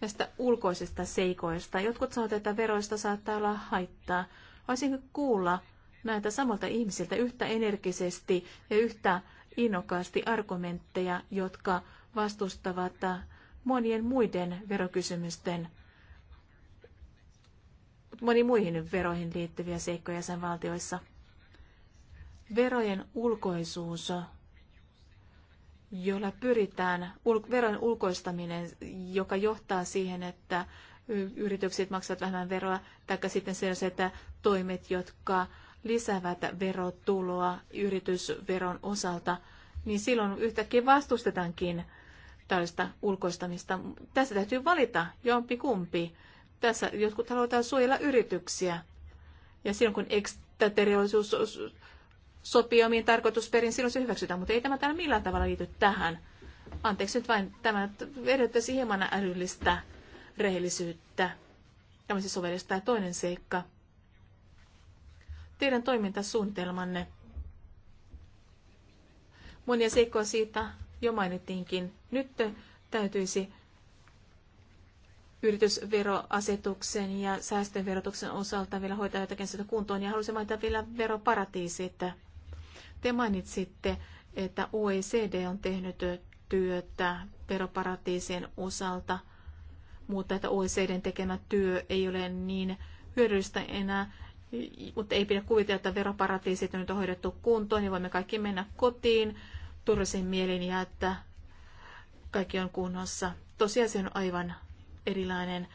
[SPEAKER 2] näistä ulkoisista seikoista. Jotkut sanovat, että veroista saattaa olla haittaa. Voisinko kuulla näitä samalta ihmisiltä yhtä energisesti ja yhtä innokkaasti argumentteja, jotka vastustavat monien muiden verokysymysten moniin muihin veroihin liittyviä seikkoja sen valtioissa. Verojen ulkoisuus, jolla pyritään verojen ulkoistaminen, joka johtaa siihen, että yritykset maksavat vähemmän veroa, tai sitten se että toimet, jotka lisäävät verotuloa yritysveron osalta, niin silloin yhtäkkiä vastustetaankin tällaista ulkoistamista. Tässä täytyy valita jompi kumpi. Tässä jotkut halutaan suojella yrityksiä. Ja silloin kun ekstraterioisuus sopii omiin tarkoitusperin, silloin se hyväksytään, mutta ei tämä täällä millään tavalla liity tähän. Anteeksi nyt vain, tämä edellyttäisi hieman älyllistä rehellisyyttä. Tämä siis tämä toinen seikka. Teidän toimintasuunnitelmanne. Monia seikkoja siitä jo mainittiinkin. Nyt täytyisi yritysveroasetuksen ja säästöverotuksen osalta vielä hoitaa jotakin sitä kuntoon. Ja haluaisin mainita vielä veroparatiisit. Te mainitsitte, että OECD on tehnyt työtä veroparatiisien osalta, mutta että OECDn tekemä työ ei ole niin hyödyllistä enää, mutta ei pidä kuvitella, että veroparatiisit on nyt hoidettu kuntoon, niin voimme kaikki mennä kotiin turvallisin mielin ja että kaikki on kunnossa. se on aivan erilainen.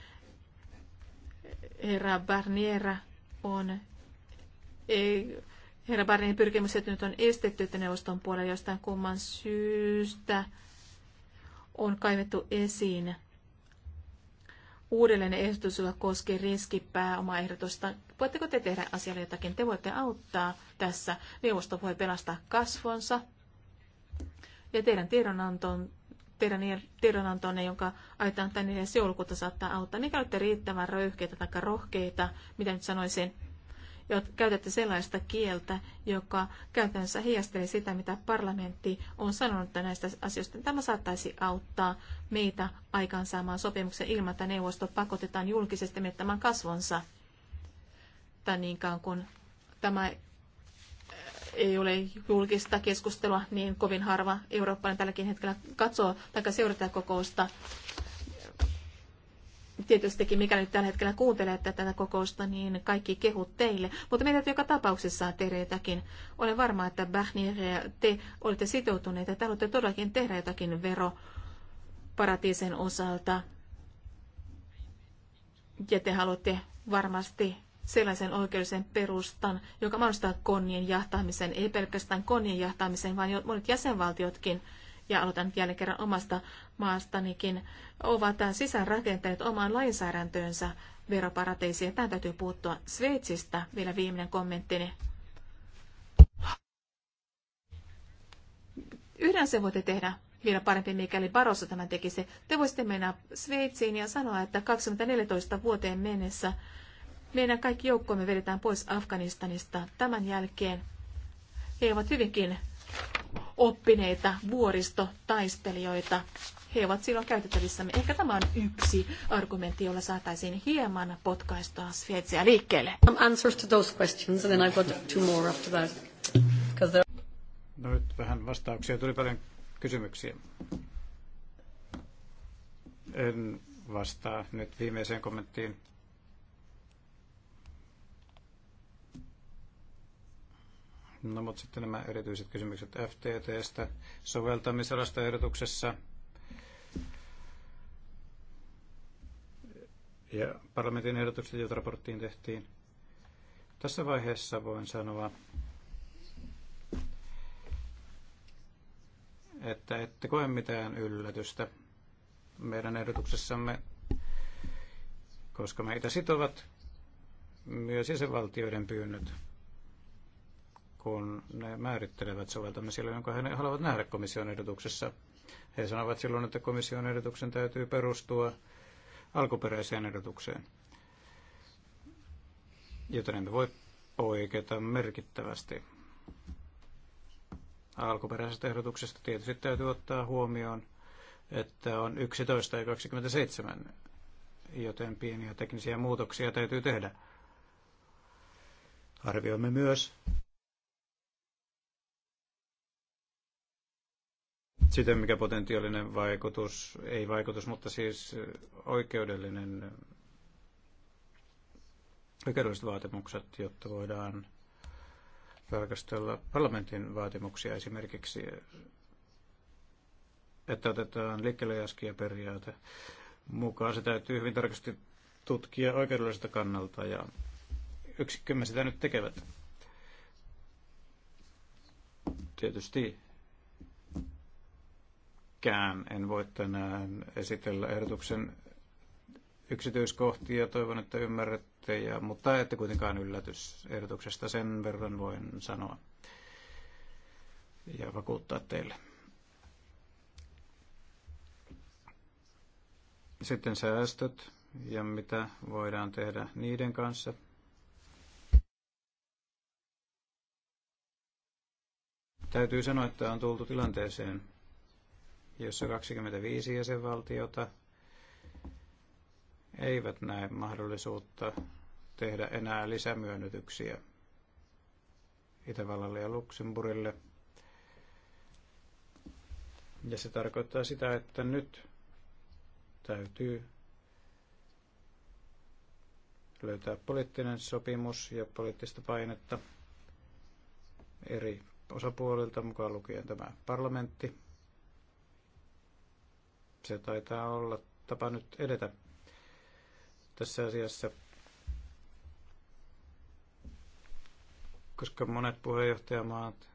[SPEAKER 2] Herra Barnier on ei, Herra Barnin pyrkimykset nyt on estetty, että neuvoston puolella jostain kumman syystä on kaivettu esiin uudelleen ehdotus, joka koskee riskipääomaehdotusta. Voitteko te tehdä asialle jotakin? Te voitte auttaa tässä. Neuvosto voi pelastaa kasvonsa. Ja teidän tiedonanton, teidän tiedonantonne, jonka aitaan tänne edes joulukuuta saattaa auttaa. Mikä olette riittävän röyhkeitä tai rohkeita, mitä nyt sanoisin, käytätte sellaista kieltä, joka käytännössä heijastelee sitä, mitä parlamentti on sanonut näistä asioista. Tämä saattaisi auttaa meitä aikaansaamaan sopimuksen ilman, että neuvosto pakotetaan julkisesti miettämään kasvonsa. Tai niin kun tämä äh, ei ole julkista keskustelua, niin kovin harva eurooppalainen tälläkin hetkellä katsoo tai seuraa kokousta tietystikin, mikä nyt tällä hetkellä kuuntelee tätä kokousta, niin kaikki kehut teille. Mutta meidän joka tapauksessa tehdä jotakin. Olen varma, että Bähnir ja te olette sitoutuneet, että haluatte todellakin tehdä jotakin paratiisen osalta. Ja te haluatte varmasti sellaisen oikeudellisen perustan, joka mahdollistaa konnien jahtaamisen, ei pelkästään konnien jahtaamisen, vaan monet jäsenvaltiotkin – ja aloitan jälleen kerran omasta maastanikin, ovat sisäänrakentaneet omaan lainsäädäntöönsä veroparateisiin. Tämä täytyy puuttua Sveitsistä. Vielä viimeinen kommenttini. Yhden se voitte tehdä vielä parempi, mikäli Barossa tämän tekisi. Te voisitte mennä Sveitsiin ja sanoa, että 2014 vuoteen mennessä meidän kaikki joukkomme vedetään pois Afganistanista. Tämän jälkeen he ovat hyvinkin oppineita vuoristotaistelijoita. He ovat silloin käytettävissämme. Ehkä tämä on yksi argumentti, jolla saataisiin hieman potkaistua Sveitsiä liikkeelle. Answers to those questions and then I've got two more after that. There...
[SPEAKER 5] No nyt vähän vastauksia. Tuli paljon kysymyksiä. En vastaa nyt viimeiseen kommenttiin No mutta sitten nämä erityiset kysymykset FTTstä soveltamisalasta ehdotuksessa. Ja parlamentin ehdotukset, joita raporttiin tehtiin. Tässä vaiheessa voin sanoa, että ette koe mitään yllätystä meidän ehdotuksessamme, koska meitä sitovat myös jäsenvaltioiden pyynnöt kun ne määrittelevät soveltamisilla, jonka he haluavat nähdä komission ehdotuksessa. He sanovat silloin, että komission ehdotuksen täytyy perustua alkuperäiseen ehdotukseen, joten emme voi poiketa merkittävästi. Alkuperäisestä ehdotuksesta tietysti täytyy ottaa huomioon, että on 11 ja 27, joten pieniä teknisiä muutoksia täytyy tehdä. Arvioimme myös, Siten mikä potentiaalinen vaikutus, ei vaikutus, mutta siis oikeudellinen, oikeudelliset vaatimukset, jotta voidaan tarkastella parlamentin vaatimuksia esimerkiksi, että otetaan liikkeelle jaskia periaate mukaan. Se täytyy hyvin tarkasti tutkia oikeudelliselta kannalta ja yksikkömme sitä nyt tekevät. Tietysti pitkään en voi tänään esitellä ehdotuksen yksityiskohtia, toivon, että ymmärrätte, ja, mutta ette kuitenkaan yllätys ehdotuksesta, sen verran voin sanoa ja vakuuttaa teille. Sitten säästöt ja mitä voidaan tehdä niiden kanssa. Täytyy sanoa, että on tultu tilanteeseen, jossa 25 jäsenvaltiota eivät näe mahdollisuutta tehdä enää lisämyönnytyksiä Itävallalle ja Luxemburille. Ja se tarkoittaa sitä, että nyt täytyy löytää poliittinen sopimus ja poliittista painetta eri osapuolilta, mukaan lukien tämä parlamentti, se taitaa olla tapa nyt edetä tässä asiassa, koska monet puheenjohtajamaat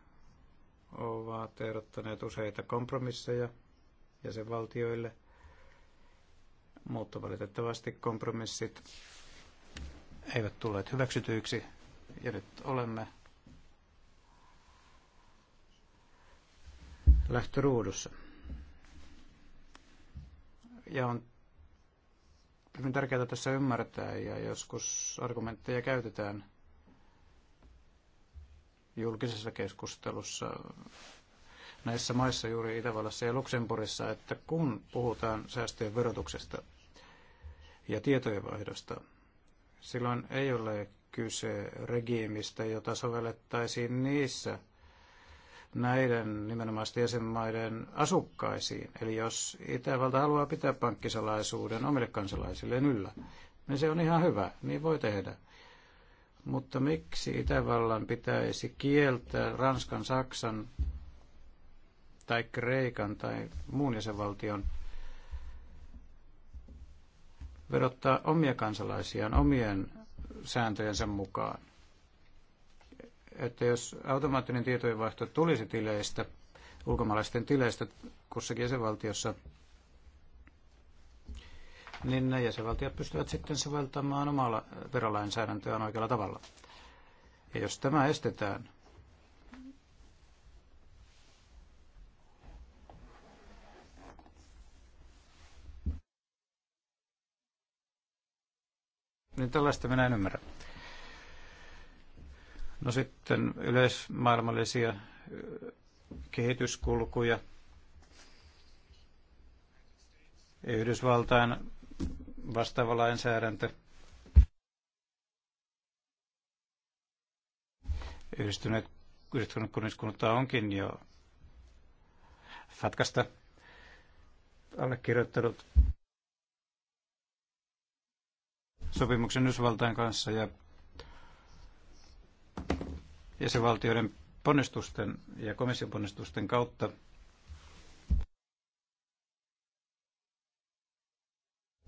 [SPEAKER 5] ovat ehdottaneet useita kompromisseja jäsenvaltioille, mutta valitettavasti kompromissit eivät tulleet hyväksytyiksi ja nyt olemme lähtöruudussa. Ja on hyvin tärkeää tässä ymmärtää ja joskus argumentteja käytetään julkisessa keskustelussa näissä maissa, juuri Itävallassa ja Luxemburgissa, että kun puhutaan säästöjen verotuksesta ja tietojenvaihdosta, silloin ei ole kyse regiimistä, jota sovellettaisiin niissä – näiden nimenomaan jäsenmaiden asukkaisiin. Eli jos Itävalta haluaa pitää pankkisalaisuuden omille kansalaisilleen yllä, niin se on ihan hyvä, niin voi tehdä. Mutta miksi Itävallan pitäisi kieltää Ranskan, Saksan tai Kreikan tai muun jäsenvaltion verottaa omia kansalaisiaan omien sääntöjensä mukaan? että jos automaattinen tietojenvaihto tulisi tileistä, ulkomaalaisten tileistä kussakin jäsenvaltiossa, niin ne jäsenvaltiot pystyvät sitten soveltamaan omalla verolainsäädäntöään oikealla tavalla. Ja jos tämä estetään, niin tällaista minä en ymmärrä. No sitten yleismaailmallisia kehityskulkuja. Yhdysvaltain vastaava lainsäädäntö. Yhdistyneet kunniskunta onkin jo Fatkasta allekirjoittanut sopimuksen Yhdysvaltain kanssa ja jäsenvaltioiden ponnistusten ja komission ponnistusten kautta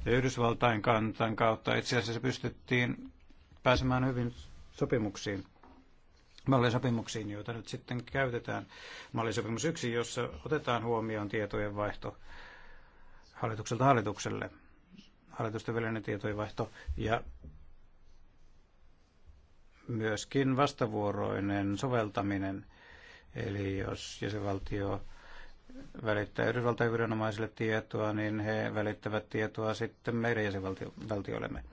[SPEAKER 5] ja Yhdysvaltain kantan kautta itse asiassa pystyttiin pääsemään hyvin sopimuksiin, mallisopimuksiin, joita nyt sitten käytetään. Mallisopimus yksi, jossa otetaan huomioon tietojen vaihto hallitukselta hallitukselle, hallitusten välinen tietojen vaihto ja myöskin vastavuoroinen soveltaminen. Eli jos jäsenvaltio välittää Yhdysvaltain viranomaisille tietoa, niin he välittävät tietoa sitten meidän jäsenvaltioillemme.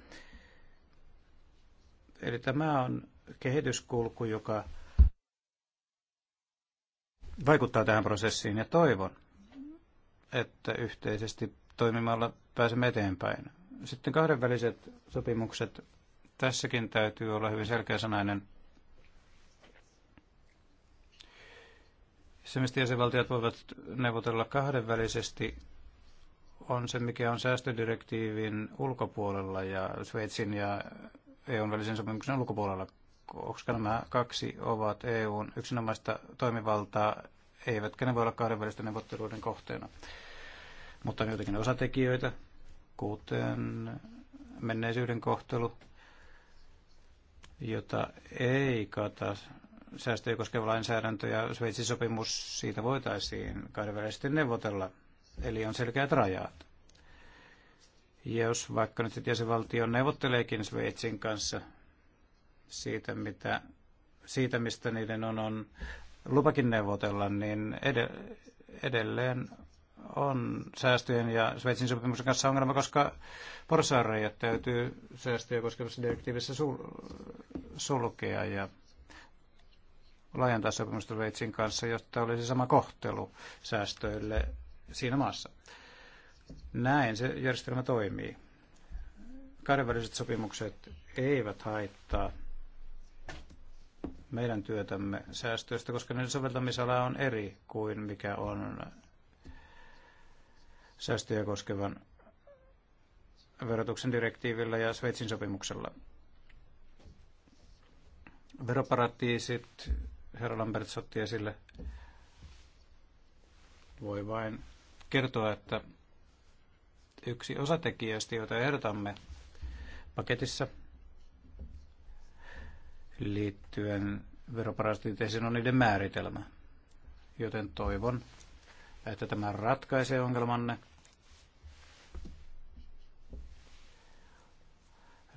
[SPEAKER 5] Eli tämä on kehityskulku, joka vaikuttaa tähän prosessiin ja toivon, että yhteisesti toimimalla pääsemme eteenpäin. Sitten kahdenväliset sopimukset Tässäkin täytyy olla hyvin selkeäsanainen. Se, mistä jäsenvaltiot voivat neuvotella kahdenvälisesti, on se, mikä on säästödirektiivin ulkopuolella ja Sveitsin ja EUn välisen sopimuksen ulkopuolella, koska nämä kaksi ovat EUn yksinomaista toimivaltaa, eivätkä ne voi olla kahdenvälisten neuvotteluiden kohteena. Mutta on jotenkin osatekijöitä, kuten menneisyyden kohtelu, jota ei kata säästöjä koskeva lainsäädäntö ja Sveitsin sopimus, siitä voitaisiin kahdenvälisesti neuvotella. Eli on selkeät rajat. Ja jos vaikka nyt jäsenvaltio neuvotteleekin Sveitsin kanssa siitä, mitä, siitä mistä niiden on, on lupakin neuvotella, niin edelleen on säästöjen ja Sveitsin sopimuksen kanssa ongelma, koska porsaanreijat täytyy säästöjä koskevassa direktiivissä sul- sulkea ja laajentaa sopimusta Sveitsin kanssa, jotta olisi sama kohtelu säästöille siinä maassa. Näin se järjestelmä toimii. Kahdenväliset sopimukset eivät haittaa meidän työtämme säästöistä, koska niiden soveltamisala on eri kuin mikä on säästöjä koskevan verotuksen direktiivillä ja Sveitsin sopimuksella. Veroparatiisit, herra Lambert otti esille, voi vain kertoa, että yksi osatekijöistä, joita ehdotamme paketissa liittyen veroparatiiteihin on niiden määritelmä. Joten toivon, että tämä ratkaisee ongelmanne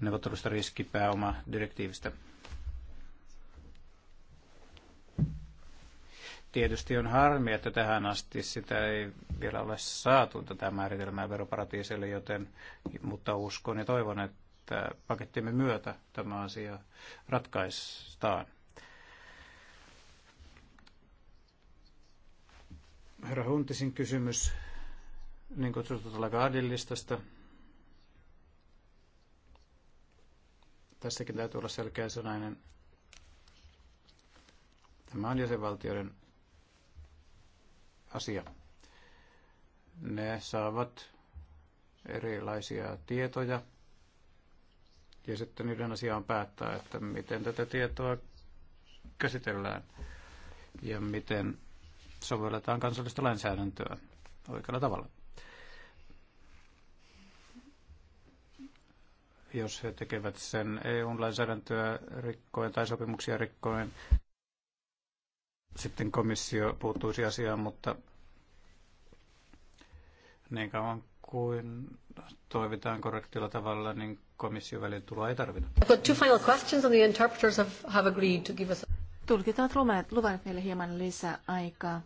[SPEAKER 5] neuvottelusta riskipääoma direktiivistä. Tietysti on harmi, että tähän asti sitä ei vielä ole saatu tätä määritelmää veroparatiiseille, joten, mutta uskon ja toivon, että pakettimme myötä tämä asia ratkaistaan. Herra Huntisin kysymys niin kutsutusta lagardin listasta. Tässäkin täytyy olla selkeä sanainen. Tämä on jäsenvaltioiden asia. Ne saavat erilaisia tietoja ja sitten niiden asia on päättää, että miten tätä tietoa käsitellään ja miten sovelletaan kansallista lainsäädäntöä oikealla tavalla. jos he tekevät sen EU-lainsäädäntöä rikkoen tai sopimuksia rikkoen. Sitten komissio puuttuisi asiaan, mutta niin kauan kuin toivitaan korrektilla tavalla, niin komission välin tuloa ei tarvita.
[SPEAKER 2] two final questions and the interpreters have, have agreed to give us... ovat luvanneet, meille hieman lisää aikaa,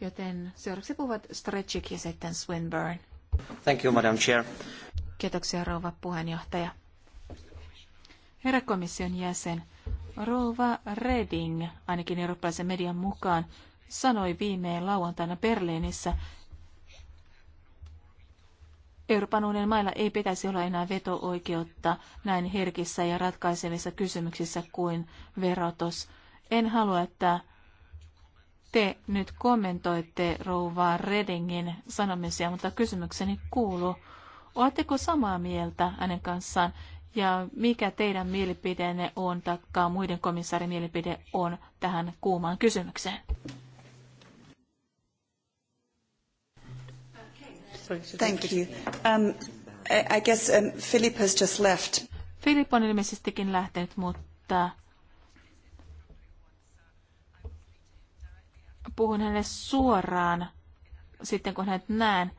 [SPEAKER 2] joten seuraavaksi puhuvat Stretchik ja sitten Swinburne.
[SPEAKER 5] Thank you, Madam Chair.
[SPEAKER 2] Kiitoksia rouva puheenjohtaja. Herra komission jäsen, Rova Reding, ainakin eurooppalaisen median mukaan, sanoi viimein lauantaina Berliinissä, Euroopan unionin mailla ei pitäisi olla enää veto-oikeutta näin herkissä ja ratkaisevissa kysymyksissä kuin verotus. En halua, että te nyt kommentoitte rouva Redingin sanomisia, mutta kysymykseni kuuluu, oletteko samaa mieltä hänen kanssaan, ja mikä teidän mielipiteenne on, taikka muiden komissaarin mielipide on tähän kuumaan kysymykseen? Thank you. Um, I guess um, Philip has just left. Philip on ilmeisestikin lähtenyt, mutta puhun hänelle suoraan sitten, kun hänet näen.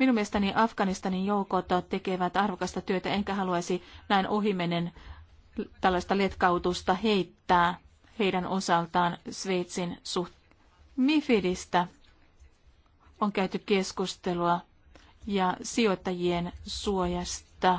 [SPEAKER 2] Minun mielestäni Afganistanin joukot tekevät arvokasta työtä, enkä haluaisi näin ohimenen tällaista letkautusta heittää heidän osaltaan Sveitsin suhteen. Mifidistä on käyty keskustelua ja sijoittajien suojasta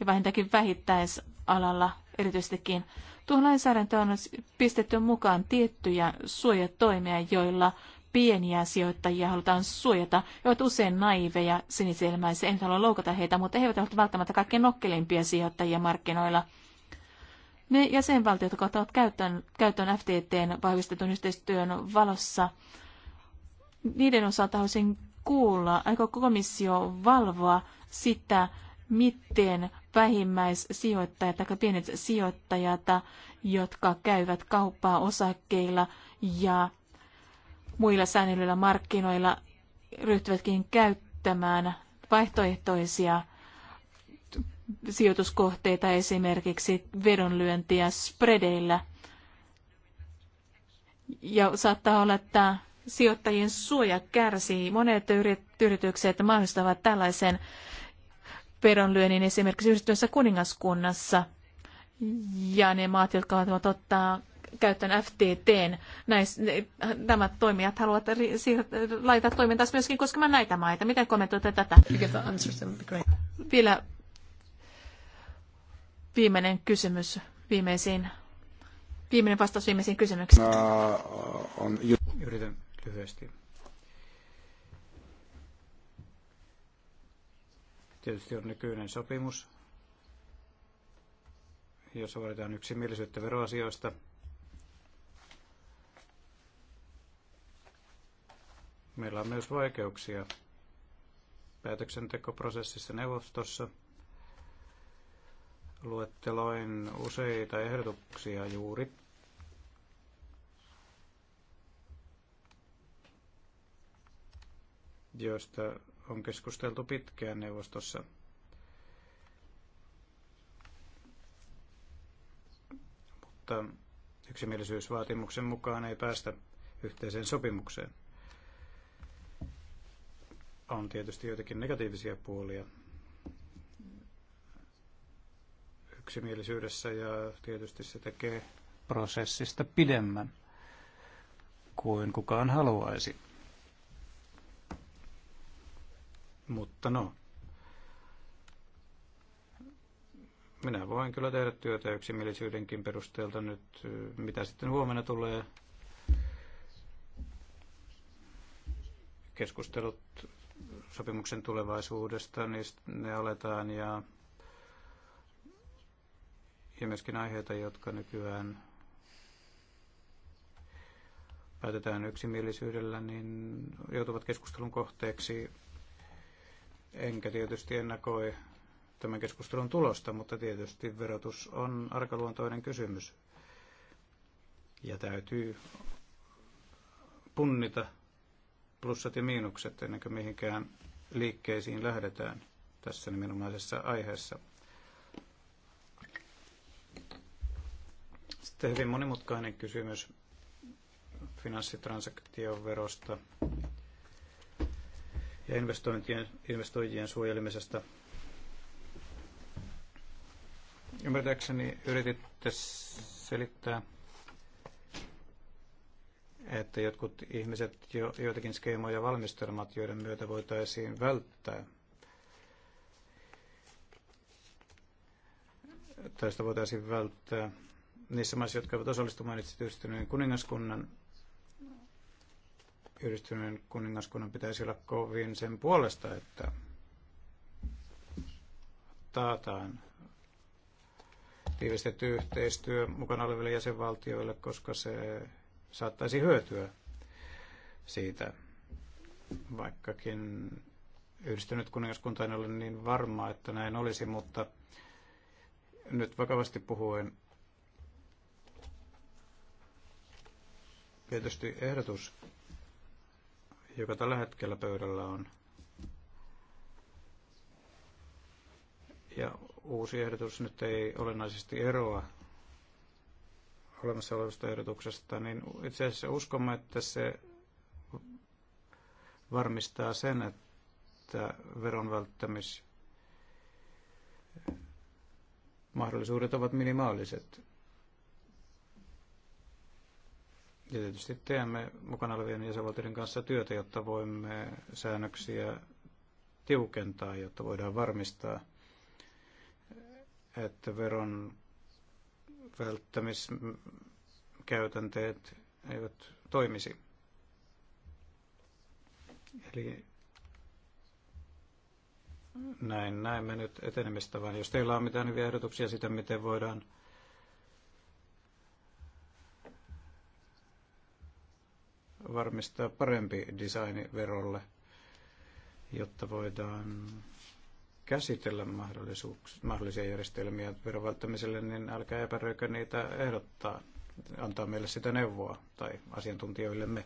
[SPEAKER 2] ja vähintäänkin vähittäisalalla erityisestikin. Tuohon lainsäädäntöön on pistetty mukaan tiettyjä suojatoimia, joilla pieniä sijoittajia halutaan suojata, he ovat usein naiveja, sinisilmäisiä, en halua loukata heitä, mutta he eivät ole välttämättä kaikkein nokkelimpia sijoittajia markkinoilla. Ne jäsenvaltiot, jotka ottavat käyttöön, käyttöön FTTn vahvistetun yhteistyön valossa, niiden osalta haluaisin kuulla, aiko komissio valvoa sitä, miten vähimmäissijoittajat tai pienet sijoittajat, jotka käyvät kauppaa osakkeilla ja muilla säännöillä markkinoilla ryhtyvätkin käyttämään vaihtoehtoisia sijoituskohteita, esimerkiksi vedonlyöntiä spredeillä. Ja saattaa olla, että sijoittajien suoja kärsii. Monet yritykset mahdollistavat tällaisen vedonlyönnin esimerkiksi yhdistyössä kuningaskunnassa. Ja ne maat, jotka ovat ottaa käyttöön FTTn. Näis, nämä toimijat haluavat siirtää, laittaa toimintaansa myöskin koskemaan näitä maita. Miten kommentoitte tätä? Vielä viimeinen kysymys viimeisiin. Viimeinen vastaus viimeisiin kysymyksiin.
[SPEAKER 5] Äh, on... Yritän lyhyesti. Tietysti on nykyinen sopimus, jossa vaaditaan yksimielisyyttä veroasioista – Meillä on myös vaikeuksia päätöksentekoprosessissa neuvostossa. Luetteloin useita ehdotuksia juuri. joista on keskusteltu pitkään neuvostossa. Mutta yksimielisyysvaatimuksen mukaan ei päästä yhteiseen sopimukseen on tietysti joitakin negatiivisia puolia yksimielisyydessä ja tietysti se tekee prosessista pidemmän kuin kukaan haluaisi. Mutta no, minä voin kyllä tehdä työtä yksimielisyydenkin perusteelta nyt, mitä sitten huomenna tulee. Keskustelut sopimuksen tulevaisuudesta, niin ne aletaan ja, ja myöskin aiheita, jotka nykyään päätetään yksimielisyydellä, niin joutuvat keskustelun kohteeksi. Enkä tietysti ennakoi tämän keskustelun tulosta, mutta tietysti verotus on arkaluontoinen kysymys. Ja täytyy punnita plussat ja miinukset ennen kuin mihinkään liikkeisiin lähdetään tässä nimenomaisessa aiheessa. Sitten hyvin monimutkainen kysymys finanssitransaktioverosta ja investointien, investoijien suojelemisesta. Ymmärtääkseni yrititte selittää että jotkut ihmiset jo, joitakin skeemoja valmistelmat, joiden myötä voitaisiin välttää. Tästä voitaisiin välttää niissä maissa, jotka ovat osallistumaan niin yhdistyneen kuningaskunnan. Yhdistyneen kuningaskunnan pitäisi olla kovin sen puolesta, että taataan tiivistetty yhteistyö mukana oleville jäsenvaltioille, koska se saattaisi hyötyä siitä, vaikkakin yhdistynyt kuningaskunta ei ole niin varma, että näin olisi, mutta nyt vakavasti puhuen tietysti ehdotus, joka tällä hetkellä pöydällä on, ja uusi ehdotus nyt ei olennaisesti eroa olemassa olevasta ehdotuksesta, niin itse asiassa uskomme, että se varmistaa sen, että veron välttämis mahdollisuudet ovat minimaaliset. Ja tietysti teemme mukana olevien jäsenvaltioiden kanssa työtä, jotta voimme säännöksiä tiukentaa, jotta voidaan varmistaa, että veron välttämiskäytänteet eivät toimisi. Eli näin näemme nyt etenemistä, vaan jos teillä on mitään hyviä ehdotuksia sitä, miten voidaan varmistaa parempi design verolle, jotta voidaan käsitellä mahdollisia järjestelmiä veron välttämiselle, niin älkää epäröikö niitä ehdottaa antaa meille sitä neuvoa tai asiantuntijoillemme.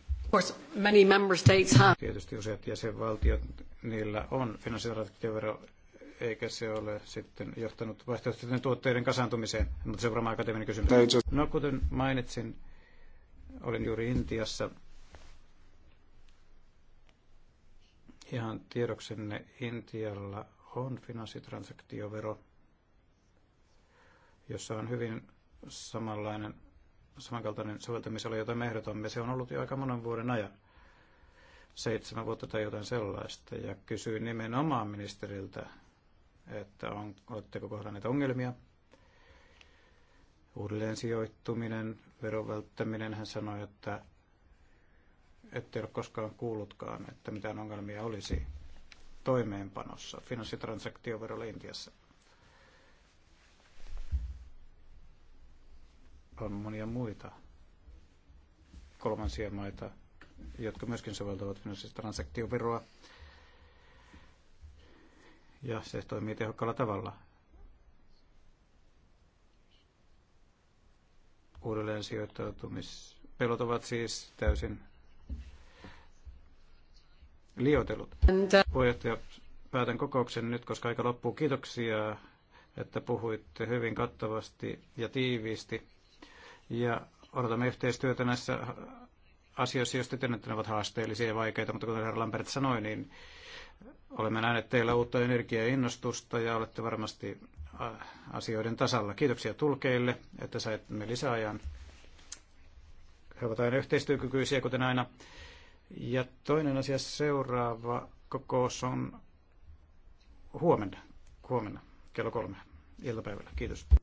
[SPEAKER 1] Many member states have.
[SPEAKER 5] Tietysti useat jäsenvaltiot, niillä on finanssitransaktiovero, eikä se ole sitten johtanut vaihtoehtoisten tuotteiden kasaantumiseen, mutta se on varmaan akateeminen kysymys. No kuten mainitsin, olin juuri Intiassa. Ihan tiedoksenne Intialla on finanssitransaktiovero, jossa on hyvin samanlainen, samankaltainen soveltamisala, jota me ehdotamme. Se on ollut jo aika monen vuoden ajan, seitsemän vuotta tai jotain sellaista, ja kysyin nimenomaan ministeriltä, että on, oletteko kohdanneet ongelmia. Uudelleen sijoittuminen, veron välttäminen, hän sanoi, että ettei ole koskaan kuullutkaan, että mitään ongelmia olisi toimeenpanossa finanssitransaktioverolla Intiassa. On monia muita kolmansia maita, jotka myöskin soveltavat finanssitransaktioveroa. Ja se toimii tehokkaalla tavalla. Uudelleen sijoittautumispelot ovat siis täysin lioitellut. Puheenjohtaja, päätän kokouksen nyt, koska aika loppuu. Kiitoksia, että puhuitte hyvin kattavasti ja tiiviisti. Ja odotamme yhteistyötä näissä asioissa, jos te ne ovat haasteellisia ja vaikeita, mutta kuten herra Lambert sanoi, niin olemme nähneet teillä uutta energiaa ja innostusta ja olette varmasti asioiden tasalla. Kiitoksia tulkeille, että saimme lisäajan. He ovat aina yhteistyökykyisiä, kuten aina. Ja toinen asia seuraava kokous on huomenna, huomenna kello kolme iltapäivällä. Kiitos.